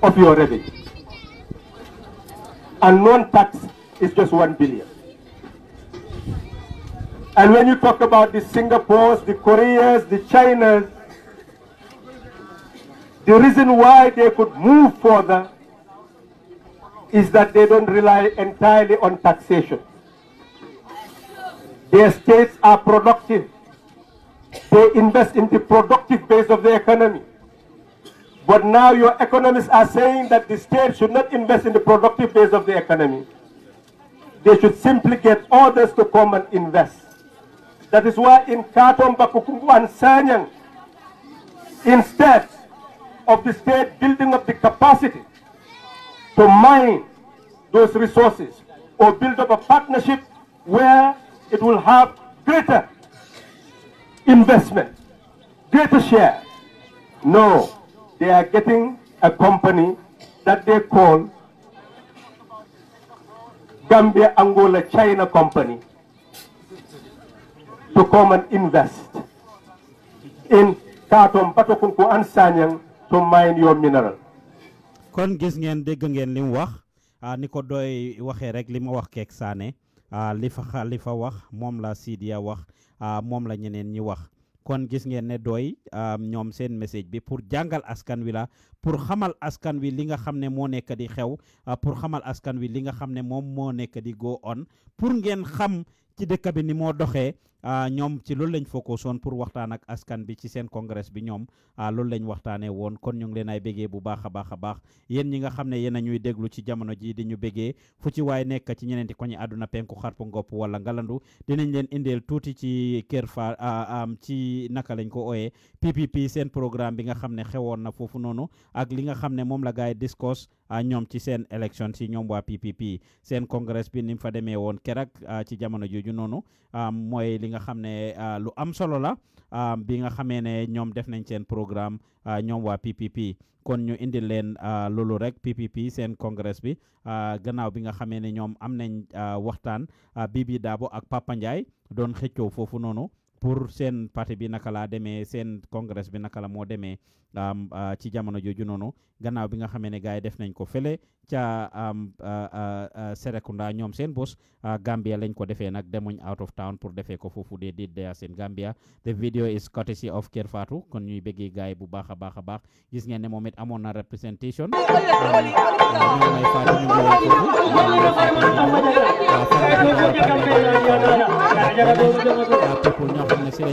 of your revenue and non-tax is just one billion. And when you talk about the Singapores, the Koreas, the Chinas, the reason why they could move further is that they don't rely entirely on taxation. Their states are productive. They invest in the productive base of the economy. But now your economists are saying that the state should not invest in the productive base of the economy. They should simply get others to come and invest. That is why in Katom, Bakukungu, and Sanyang, instead of the state building up the capacity to mine those resources or build up a partnership where it will have greater investment, greater share. No, they are getting a company that they call Gambia Angola China Company to come and invest in Katom Patokunku and Sanyang to mine your mineral. kon gis ngeen deg ngeen lim wax ah, ni ko doy waxe rek li wax kek saane Ah, li fa wax moom la Sidiya wax ah, moom la ñeneen ñi wax kon gis ngeen ne doy ah, ñoom seen message bi pour jàngal askan wi la pour xamal askan wi li nga xam ne moo nekk di xew ah, pour xamal askan wi li nga xam ne moom moo nekk di go on pour ngeen xam ci dëkk bi ni moo doxee ah, ñoom ci loolu lañ focus woon pour waxtaan ak askan bi ci seen congrès bi ñoom ah, loolu lañ waxtaanee woon kon ñu ngi leen ay bégee bu baax a baax a baax yen ñi nga xam ne yéen a ñuy déglu ci jamono ji di ñu bégee fu ci waaye nekk ci ñeneenti koñi àdduna penku xarpu ngopp wala ngalandu dinañ leen indeel tuuti ci kër am ci naka lañ ko ooyee PPP seen programme bi nga xam ne xewoon na foofu noonu ak li nga xam ne moom la gaay discours ah, ñoom ci seen élection si ñoom waa PPP seen congrès bi ni mu fa demee woon keroog ah, ci jamono jooju noonu ah, mooy li nga xam ne lu am solo la bi nga xamee ne ñoom def nañ seen programme ñoom waa PPP kon ñu indi leen loolu rek PPP seen congrès bi gannaaw bi nga xamee ne ñoom am nañ waxtaan Bibi Dabo ak Papa doon xëccoo foofu noonu pour seen pati bi naka laa demee seen congrès bi naka la moo demee am ah, ci jamono joju nonu gannaaw bi nga xamé né gaay def nañ ko félé ca am ah, ah, Serekunda seen boss Gambia lañ ko défé nak demuñ out of town pour défé ko fofu dé dé dé seen Gambia the video is courtesy of Kër Fatou kon ñuy bëggee gars yi bu baax a baax a baax gis ngeen ne moom it amoon na représentation people ñoo xam ne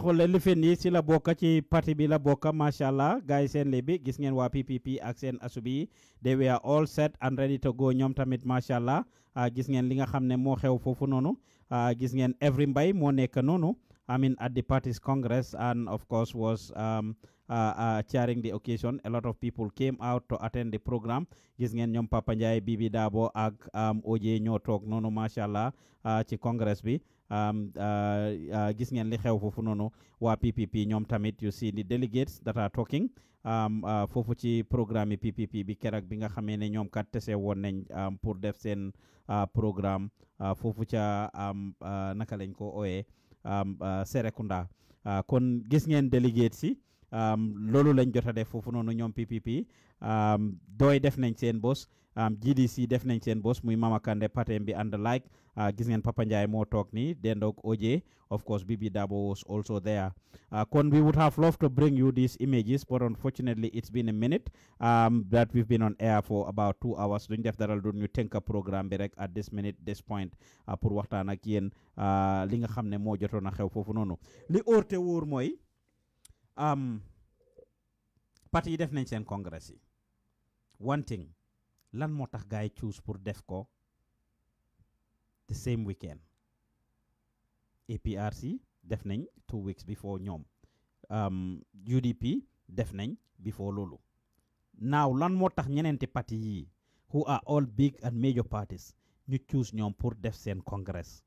xolle li fen yi la bokka ci parti bi la bokka macha allah gars yi gis ngeen waa PPP ak seen asubi they were all set and ready to go ñoom tamit macha allah ah, gis ngeen li nga xam ne moo xew foofu noonu ah, gis ngeen every mbay moo nekk noonu I mean at the party's congress and of course was um, uh, uh, chairing the occasion. A lot of people came out to attend the program. Gis ngeen ñoom Papa Ndiaye Bibi Dabo ak um, OJ ñoo toog noonu macha allah ci congress bi. Ah, ah, gis ngeen li xew foofu noonu waa PPP ñoom tamit you see the delegates that are talking ah, foofu ci programme yi PPP bi keroog bi nga xamee ne ñoom kat tese woon nañ pour def seen programme foofu ca naka lañ ko ooyee Serekunda kon gis ngeen delegates yi loolu lañ jot a foofu noonu ñoom PPP dooy def nañ seen bos Um, GDC def nañ seen bos muy Mama Kandeh partem bi and like uh, gis ngeen Papa Njie moo toog nii dendoog OJ of course Bibi Dabo was also there uh, kon we would have loved to bring you these images but unfortunately it's been a minute um, that we've been on air for about two hours duñ def dara du ñu tënka programme bi rek at this minute this point uh, pour waxtaan ak yéen li nga xam ne moo jotoon a xew foofu noonu li óor te wóor Um, parti yi def nañ seen congrès yi one thing lan moo tax gars yi choose pour def ko the same weekend APRC def nañ two weeks before ñoom UDP um, def nañ before loolu naaw lan moo tax ñeneenti parti yi who are all big and major parties ñu choose ñoom pour def seen congress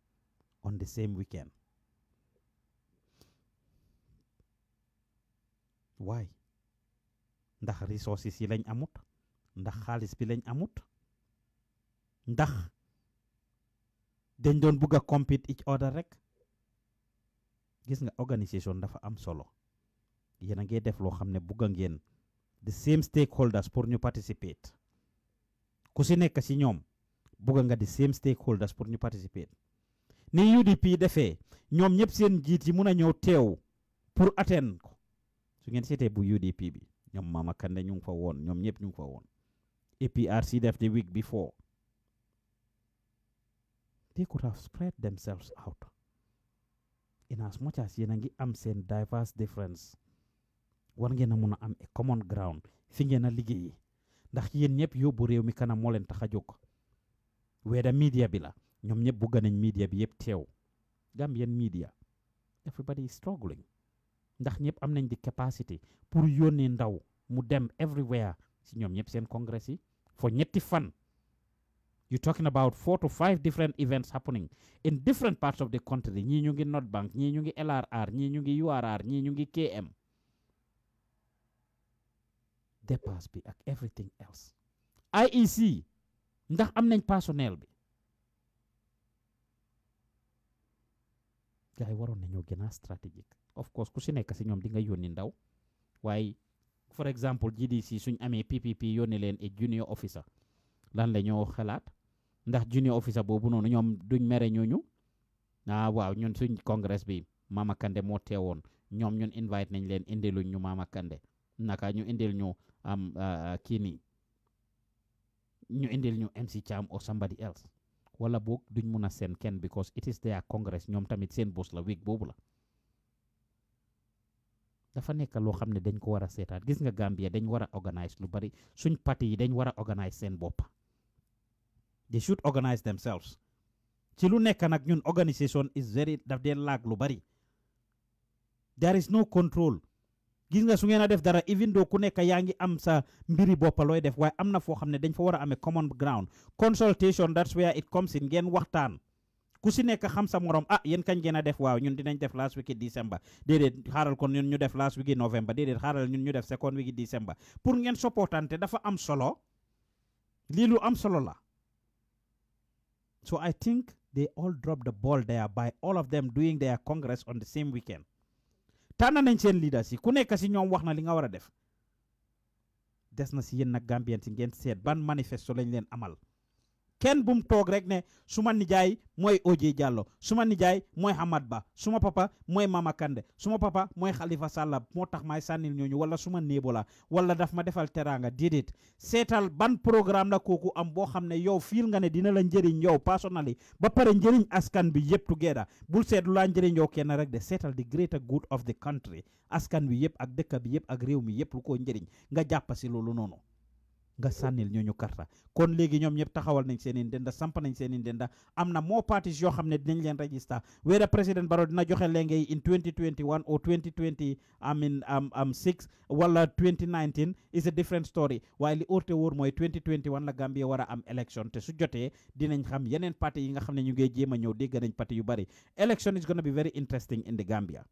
on the same weekend why ndax resources yi lañ amut ndax xaalis bi lañ amut ndax dañ doon bugg a compete each other rek gis nga organisation dafa am solo yéen a ngee def loo xam ne bugg a ngeen the same stakeholders pour ñu participate ku si nekk si ñoom bugg nga di same stakeholders pour ñu participate ni UDP defee ñoom ñëpp seen njiit yi mun a ñëw teew pour atteindre ko su ngeen seetee bu UDP bi ñoom Mama Kandeh ñu ngi fa woon ñoom ñëpp ñu ngi fa woon APRC dev the week before. They could have spread themselves out. In as much as yéen am seen diverse difference One ngeen a am a common ground Singe na ligi. Dah ndax nyep yo yóbbu réew mi kanam moo media bi la ñoom ñëpp media bi yep teew Gambian media everybody is struggling ndax nyep am nañ capacity pour yónnee ndaw mu everywhere si ñoom ñëpp seen kongresi. for ñetti fan you talking about four to five different events happening in different parts of the country ñii ñu ngi North Bank ñii ñu ngi LRR ñii ñu ngi URR ñii ñu ngi KM dépasse bi ak everything else IEC ndax am nañ personnel bi gars yi waroon nañoo gën a stratégique of course ku si nekk si ñoom di nga yónni ndaw for example GDC suñ amee PPP yónni leen e junior officer lan la ñoo xalaat ndax junior officer boobu noonu ñoom duñ mere ñooñu ah waaw ñun suñ congress bi Mama Kandeh moo teewoon ñoom ñun invite nañ leen indiluñ ñu Mama Kandeh naka ñu indil ñu am ah, ah, kii nii ñu indil ñu MC Cham or somebody else wala boog duñ mun a seen kenn because it is their congress ñoom tamit seen bos la week boobu la. dafa nekk loo xam ne dañ ko war a seetaan gis nga Gambia dañ war a organise lu bari suñ parti yi dañ war a organise seen bopp they should organise themselves ci lu nekk nag ñun organisation is very daf dee laag lu bari there is no control gis nga su ngeen a def dara even though ku nekk yaa ngi am sa mbiri boppa looy def waaye am na foo xam ne dañ fa war a amee common ground consultation that's where it comes in ngeen waxtaan ku si nek xam sa morom ah yen kañ gene a def waaw ñun dinañ def last week in december déedéet xaaral kon ñun ñu def last week in November déedéet xaaral ñun ñu def second week i décembre pour ngeen supportante dafa am solo lilo lu am solo la so i think they all drop the ball there by all of them doing their congress on the same weekend tan nañ seen leader si ku nek si ñom wax na li nga wara def des na si yen nak Gambien ci ngeen set ban manifesto lañ leen amal kenn bu mu toog rek ne su ma nijaay mooy Oje Jallow suma nijaay mooy Hamad Bah suma papa mooy Mama su ma papa mooy xalifa Sallah moo tax may sànnil ñooñu wala suma néebo la wala daf ma defal teraanga déedéet seetal ban programme la kooku am boo xam ne yow fiil nga ne dina la njëriñ yow personally ba pare njëriñ askan bi yëpp together bul seetlu laa njëriñ kenn rek de seetal the greater good of the country askan bi yëpp ak dëkk bi yëpp ak réew mi yëpp lu ko njëriñ nga jàpp si loolu noonu nga sànnil ñooñu ñu karta kon léegi ñoom ñëpp taxawal nañ seen i ndenda samp nañ seen i ndenda am na moo parties yoo xam ne dinañ leen register whether président Barrow dina joxe léegi in 2021 or 2020 I mean am um, am um, six wala 2019 is a different story waaye li óorte wóor mooy 2021 la Gambia war a am élection te su jotee dinañ xam yeneen parti yi nga xam ne ñu ngey jéem a ñëw dégg nañ parti yu bari élection is gonna be very Gambia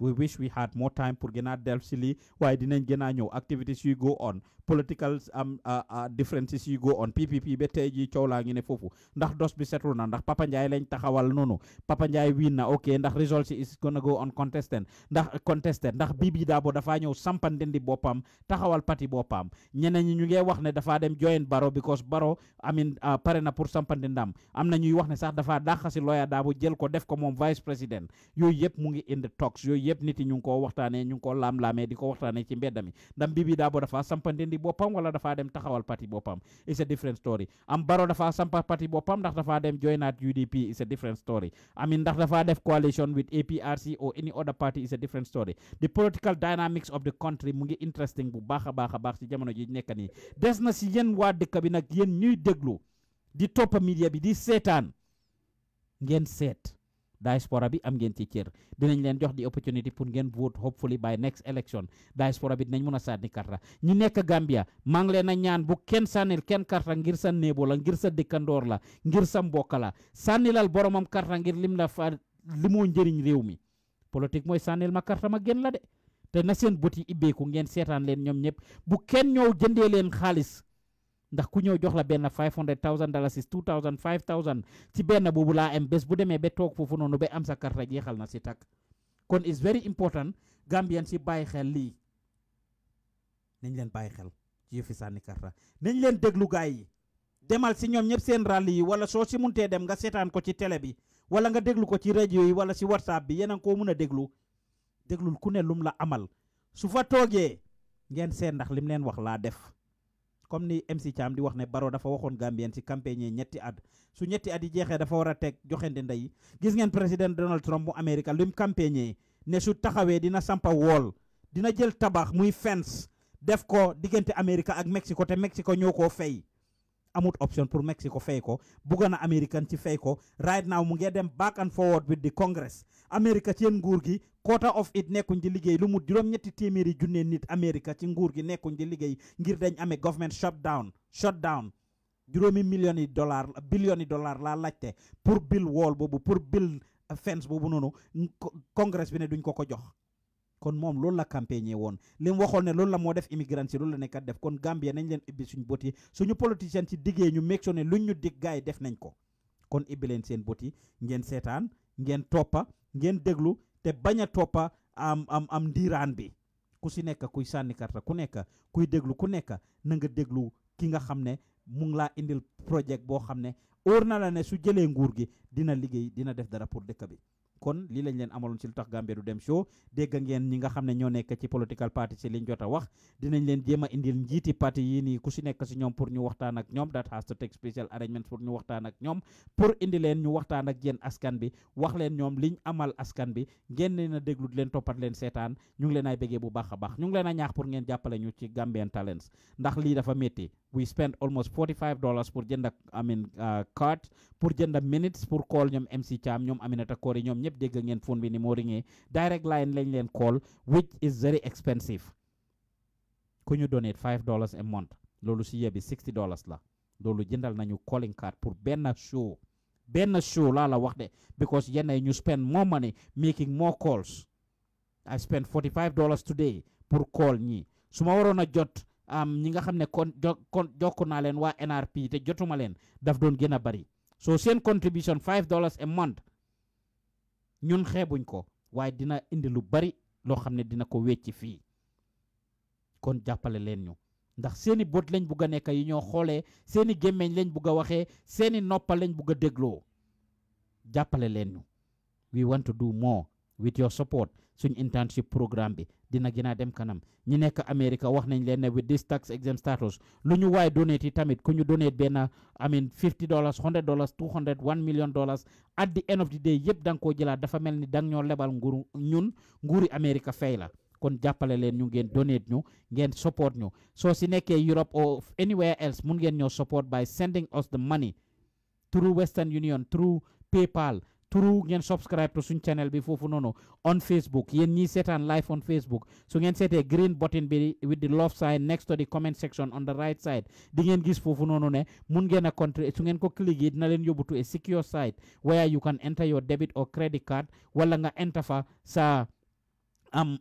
we wish we had more time pour gën a dellu si lii waaye dinañ gën ñëw activities yu go on political um, uh, uh, differences yu go on PPP ba tey jii coow laa ngi ne foofu ndax dos bi setul na ndax Papa Ndiaye lañ taxawal noonu Papa Ndiaye win na ok ndax results is gonna go on contested ndax contestant. ndax Bibi Dabo dafaa ñëw sampandindi boppam taxawal pati boppam ñeneen ñi ñu ngi wax ne dafaa dem join baro because baro amin uh, pare na pour sampandindam am na ñuy wax ne sax dafaa dàq si lawyer Dabo jël ko def ko moom vice président yooyu yëpp mu ngi the talks yooyu yëpp nit yi ñu ngi koo waxtaanee ñu ngi koo laam-laamee di ko waxtaanee ci mbedd mi ndam Bibi Dabo dafaa sampandindi boppam wala dafaa dem taxawal parti boppam it's a different story am baro dafaa sampa parti boppam ndax joinaat UDP it's a different story amin ndax dafaa def coalition with APRC or any other party it's a different story the political dynamics of the country mu ngi interesting bu baax a baax a baax ci jamono ji nekk nii des na si yéen waa dëkk bi nag yéen ñuy diaspora bi am ngeen ci cër dinañ leen jox di opportunity pour ngeen vote hopefully by next election diaspora bi dinañ mën a sànni karta ñu nekk Gambia maa ngi leen a ñaan bu kenn sànnil kenn karta ngir sa néebo la ngir sa dëkkandoor la ngir sa mbokk la sànnilal boromam karta ngir lim la fa li moo njëriñ réew mi politique mooy sànnil ma karta ma gën la de te na seen bët yi ibbeeku ngeen seetaan leen ñoom ñëpp bu kenn ñëw jëndee leen xaalis ndax ku ñëw jox la benn 500000 dalasis 2000 5000 ci benn boobu laa am bés bu demee ba toog foofu noonu ba am sa karta jeexal na si takk kon is very important Gambian si bàyyi xel lii nañ leen bàyyi xel ci yëfi sànni karta nañ leen déglu gaay yi demal si ñoom ñëpp seen ràll yi wala soo si muntee dem nga seetaan ko ci tele bi wala nga déglu ko ci rajo yi wala si whatsapp bi yéen a koo mun a déglu déglul ku ne lum la amal su fa toogee ngeen seen ndax lim leen wax laa def. comme ni MC Thiam di wax ne Baro dafa waxoon Gambien ci campagne ñetti at su ñetti at yi jeexee dafa war a teg joxendi ndey gis ngeen président Donald Trump mu Amérique lim campagne ne su taxawee dina sampa wool dina jël tabax muy fence def ko diggante Amérique ak Mexico te Mexico ñoo koo fay amut option pour Mexico fay ko bugg na American ci fay ko right now mu ngi dem back and forward with the Congress America ci yéen nguur gi quarter of it nekkuñ di liggéey lu mu juróom-ñetti téeméeri junne nit America ci nguur gi nekkuñ di liggéey ngir dañ amee government shutdown shutdown juróomi millions yi dollars billions yi dollars laa laajte pour bill wall boobu pour bill fence boobu noonu Congress bi ne duñ ko ko jox. kon moom loolu la campagne woon li mu waxoon ne loolu la moo def immigrant si loolu la nekkat def kon Gambia nañ leen ibbi suñ bët suñu politicien si diggee ñu make sure ne luñ ñu dig gars def nañ ko kon ibbi leen seen bët yi ngeen seetaan ngeen toppa ngeen déglu te bañ a toppa am am am ndiiraan bi ku si nekk kuy sànni karta ku nekk kuy déglu ku nekk na nga déglu ki nga xam ne mu ngi laa indil projet boo xam ne óor na la ne su jëlee nguur gi dina liggéey dina def dara pour dëkk bi kon li lañ leen amalon ci lutax gambe du dem show dégg ngeen ñi nga xamne ñoo ci political party ci liñ jota wax dinañ leen jema a indil party parti yi ni ku ci nekk ci ñom pour ñu waxtaan ak ñom that has to take special arrangement pour ñu waxtaan ak ñom pour indi leen ñu waxtaan ak yeen askan bi wax leen ñom liñ amal askan bi ngeen leen a déglu leen topat leen setan ñu ngi leen ay bu baaxa baax ñu ngi leen ngen ñaax pour ngeen jappalé ñu ci Gambian Talents ndax li dafa metti we spend almost 45 dollars pour jënd I mean uh, card pour jënd minutes pour call ñom MC Cham ñoom Aminata Kori ñom ñëpp dégg ngeen phone bi ni mo ringé direct line lañ leen call which is very expensive ku ñu donate five dollars a month lolu ci yebi sixty dollars la lolu jëndal nañu calling card pour ben show ben show la la wax de because yene ñu spend more money making more calls I spent forty five dollars today pour call ñi suma ma jot am ñi nga xam kon jokku na leen wa NRP te jotuma leen daf doon gëna bari so seen contribution five dollars a month ñun xeebuñ ko waaye dina indi lu bari loo xam ne dina ko wecci fii kon jàppale leen ñu ndax seeni bët lañ bugg a nekk yi ñoo xoolee seeni gémmeñ lañ bugg a waxee seeni noppal lañ bugg a dégloo jàppale leen ñu we want to do more with support suñ internship programme bi dina gën a dem kanam ñi nekk Amérique wax nañ leen ne with this tax exempt status lu ñu waay donate yi tamit ku ñu donate benn amin 50 dollars 100 dollars 200 1 million dollars at the end of the day yëpp da nga koo jëlaat dafa mel ni da ñoo lebal nguuru ñun nguuri Amérique fay la kon jàppale leen ñu ngeen donate ñu ngeen support ñu soo si nekkee Europe or anywhere else mun ngeen ñoo support by sending us the money through Western Union through PayPal turu ngeen subscribe to suñ channel bi foofu noonu on facebook yéen ñi seetaan live on facebook su ngeen seetee green button bi with the love sign next to the comment section on the right side di ngeen gis foofu noonu ne mun ngeen a contribute su ngeen ko click yi dina leen yóbbu to a secure site where you can enter your debit or credit card wala nga enter fa sa am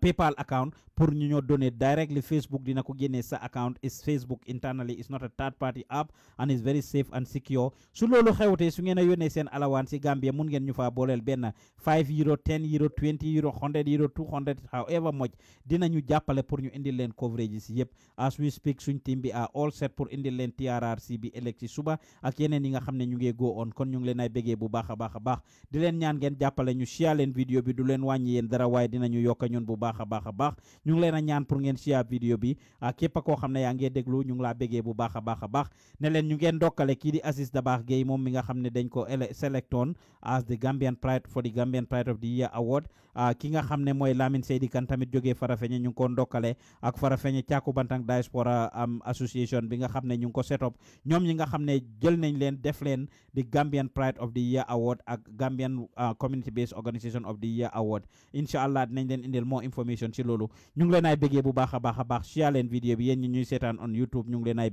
PayPal account pour ñu ñoo donate directly Facebook dina ko génnee sa account is Facebook internally is not a third party app and is very safe and secure su loolu xewtee su ngeen a yónnee seen alawaan si Gambia mun ngeen ñu faa booleel benn 5 euro 10 jàppale pour ñu indi leen coverage yi si yëpp as we speak suñ team a all set pour indil leen TRRC bi ëllëg suba ak yeneen yi nga xam ne ñu ngee go on kon ñu ngi leen ay bu baax a baax a baax di leen ñaan ngeen jàppale ñu share leen vidéo bi du leen wàññi dara waaye dina nañu yokk ñun bu baax a baax a baax ñu ngi leen a ñaan pour ngeen siyaa vidéo bi ah, képp koo xam ne yaa ngee déglu ñu a baax a ngeen dokkale kii di Aziz Dabakh Gaye moom mi nga xam ne dañ ko selectoon as the Gambian Pride for the Gambian Pride of the Year Award ah, ki nga xam ne mooy Lamin Seydi Kan tamit jógee Farafeñe ñu ngi ko ndokkale ak Farafeñe Cakubantang Diaspora am association bi nga xam ne ñu ngi ko set up ñoom ñi nga xam ne jël nañ leen def leen di Gambian Pride of the Year Award ak Gambian ah, dinañ leen indil mo information ci lolu ñu ngi leen ay bu baaxa baaxa baax share video bi yeen ñuy on youtube ñu ngi leen ay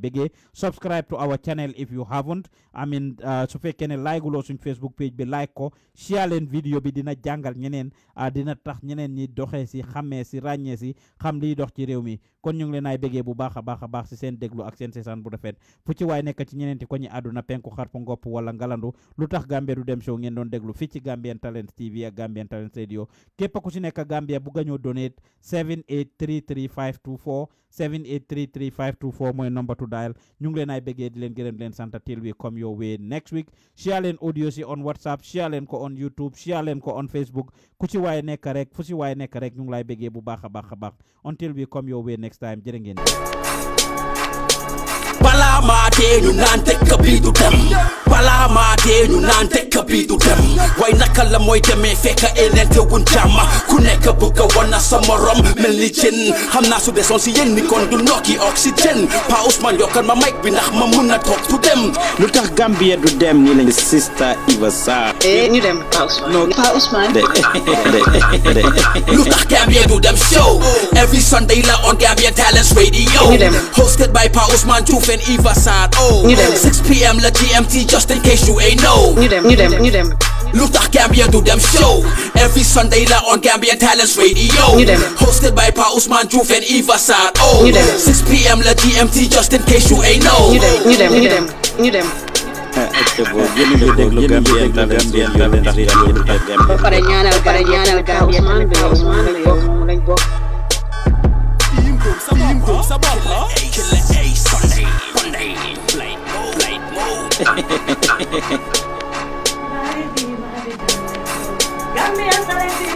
subscribe to our channel if you haven't I mean uh, su fekkee like gulo suñ facebook page bi like ko share leen video bi dina jangal ñeneen uh, dina tax ñeneen ñi doxé ci xamé ci ragné ci xam li dox ci réew mi kon ñu ngi leen ay bëggee bu baaxa baaxa baax ci seen déglu ak seen seetaan bu rafet fu ci way nekk ci ti ko ñi aduna penku xarpu ngop wala ngalandu lutax tax du dem show ngeen doon déglu fi ci Gambian Talent TV ak Gambian Talent Radio képp ku ci nekk Gambia bugg a ñoo donate 7833524 7833524 mooy number to dial ñu ngi leen ay bëggee di leen gërëm leen sant till we come your way next week share leen audio si on whatsapp share leen ko on youtube share leen ko on facebook ku ci waaye nekk rek fu ci waaye nekk rek ñu ngi laay bëggee bu baax a baax a baax until we come your next time jërë ngeen Wala ma dee ñu naan dëkk bi du dem wala ma dee ñu naan dëkk bi du dem way naka la mooy demee fekk elente wuñ jàmm ku nekk bëgg a wan na sa morom mel ni jën xam si yéen ni kondu noki oxygen. Pa Usman yokkal ma mic bi ndax ma mun na toog dem lu tax Gambia du dem ñi lañ Sister Eva Eh ni dem Pa Ousmane Pa Usman. De de. lu tax Gambia du dem show every Sunday la on Gambia Talents Radio hosted by Pa Usman, Diouf and Eva Riverside, oh New them. 6 p.m. the GMT just in case you ain't know New them, new them, new them Luther Gambia do them show Every Sunday la on Gambian Talents Radio Hosted by Pa Usman Juf and Eva Sad Oh 6 p.m. la GMT just in case you ain't know New them, new them, new them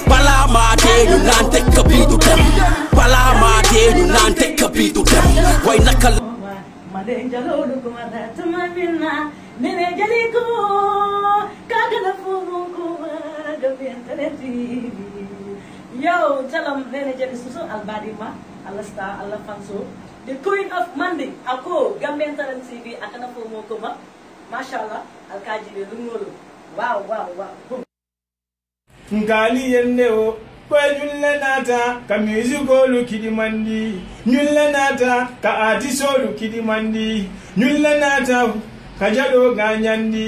Palamade, ñu naan teg ka bii du dem Palamate ñu naan teg Yo nene albadima alasta alafanso the queen of Monday ako akana kuma macha allah alkaaji ɓe ɗum no ɗum waw waw waw nkaali yennde o koye ñulle naata ka musikolu kiɗimandi ñulle naata ka atisolu kiɗimandi ñulle naata ka jaɗo gañandi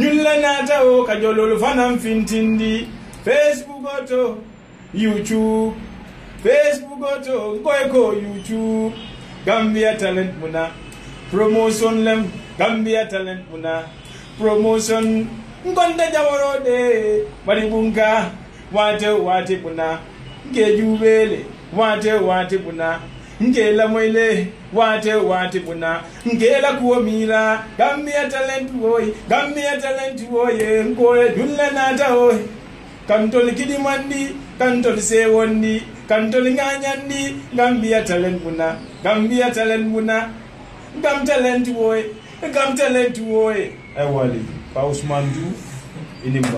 ñulle naata ka jolol fanan fintindi facebook o youtube facebook o to youtube gambia mbiya talent muna promotion lem Gambia talent promotion na promotion ngwanda jawarode maribunga wate wate puna ngejubele wate wate puna la moile wate wate puna ngela kuomila Gambia talent boy Gambia talent boy ngoye dulle nata oy kantoli kidimandi kantoli sewondi kantoli nganyandi Gambia talent muna Gambia talent muna Gam talent boy nkamtɛlɛ nti wɔ ye ɛwale pa usman du inimba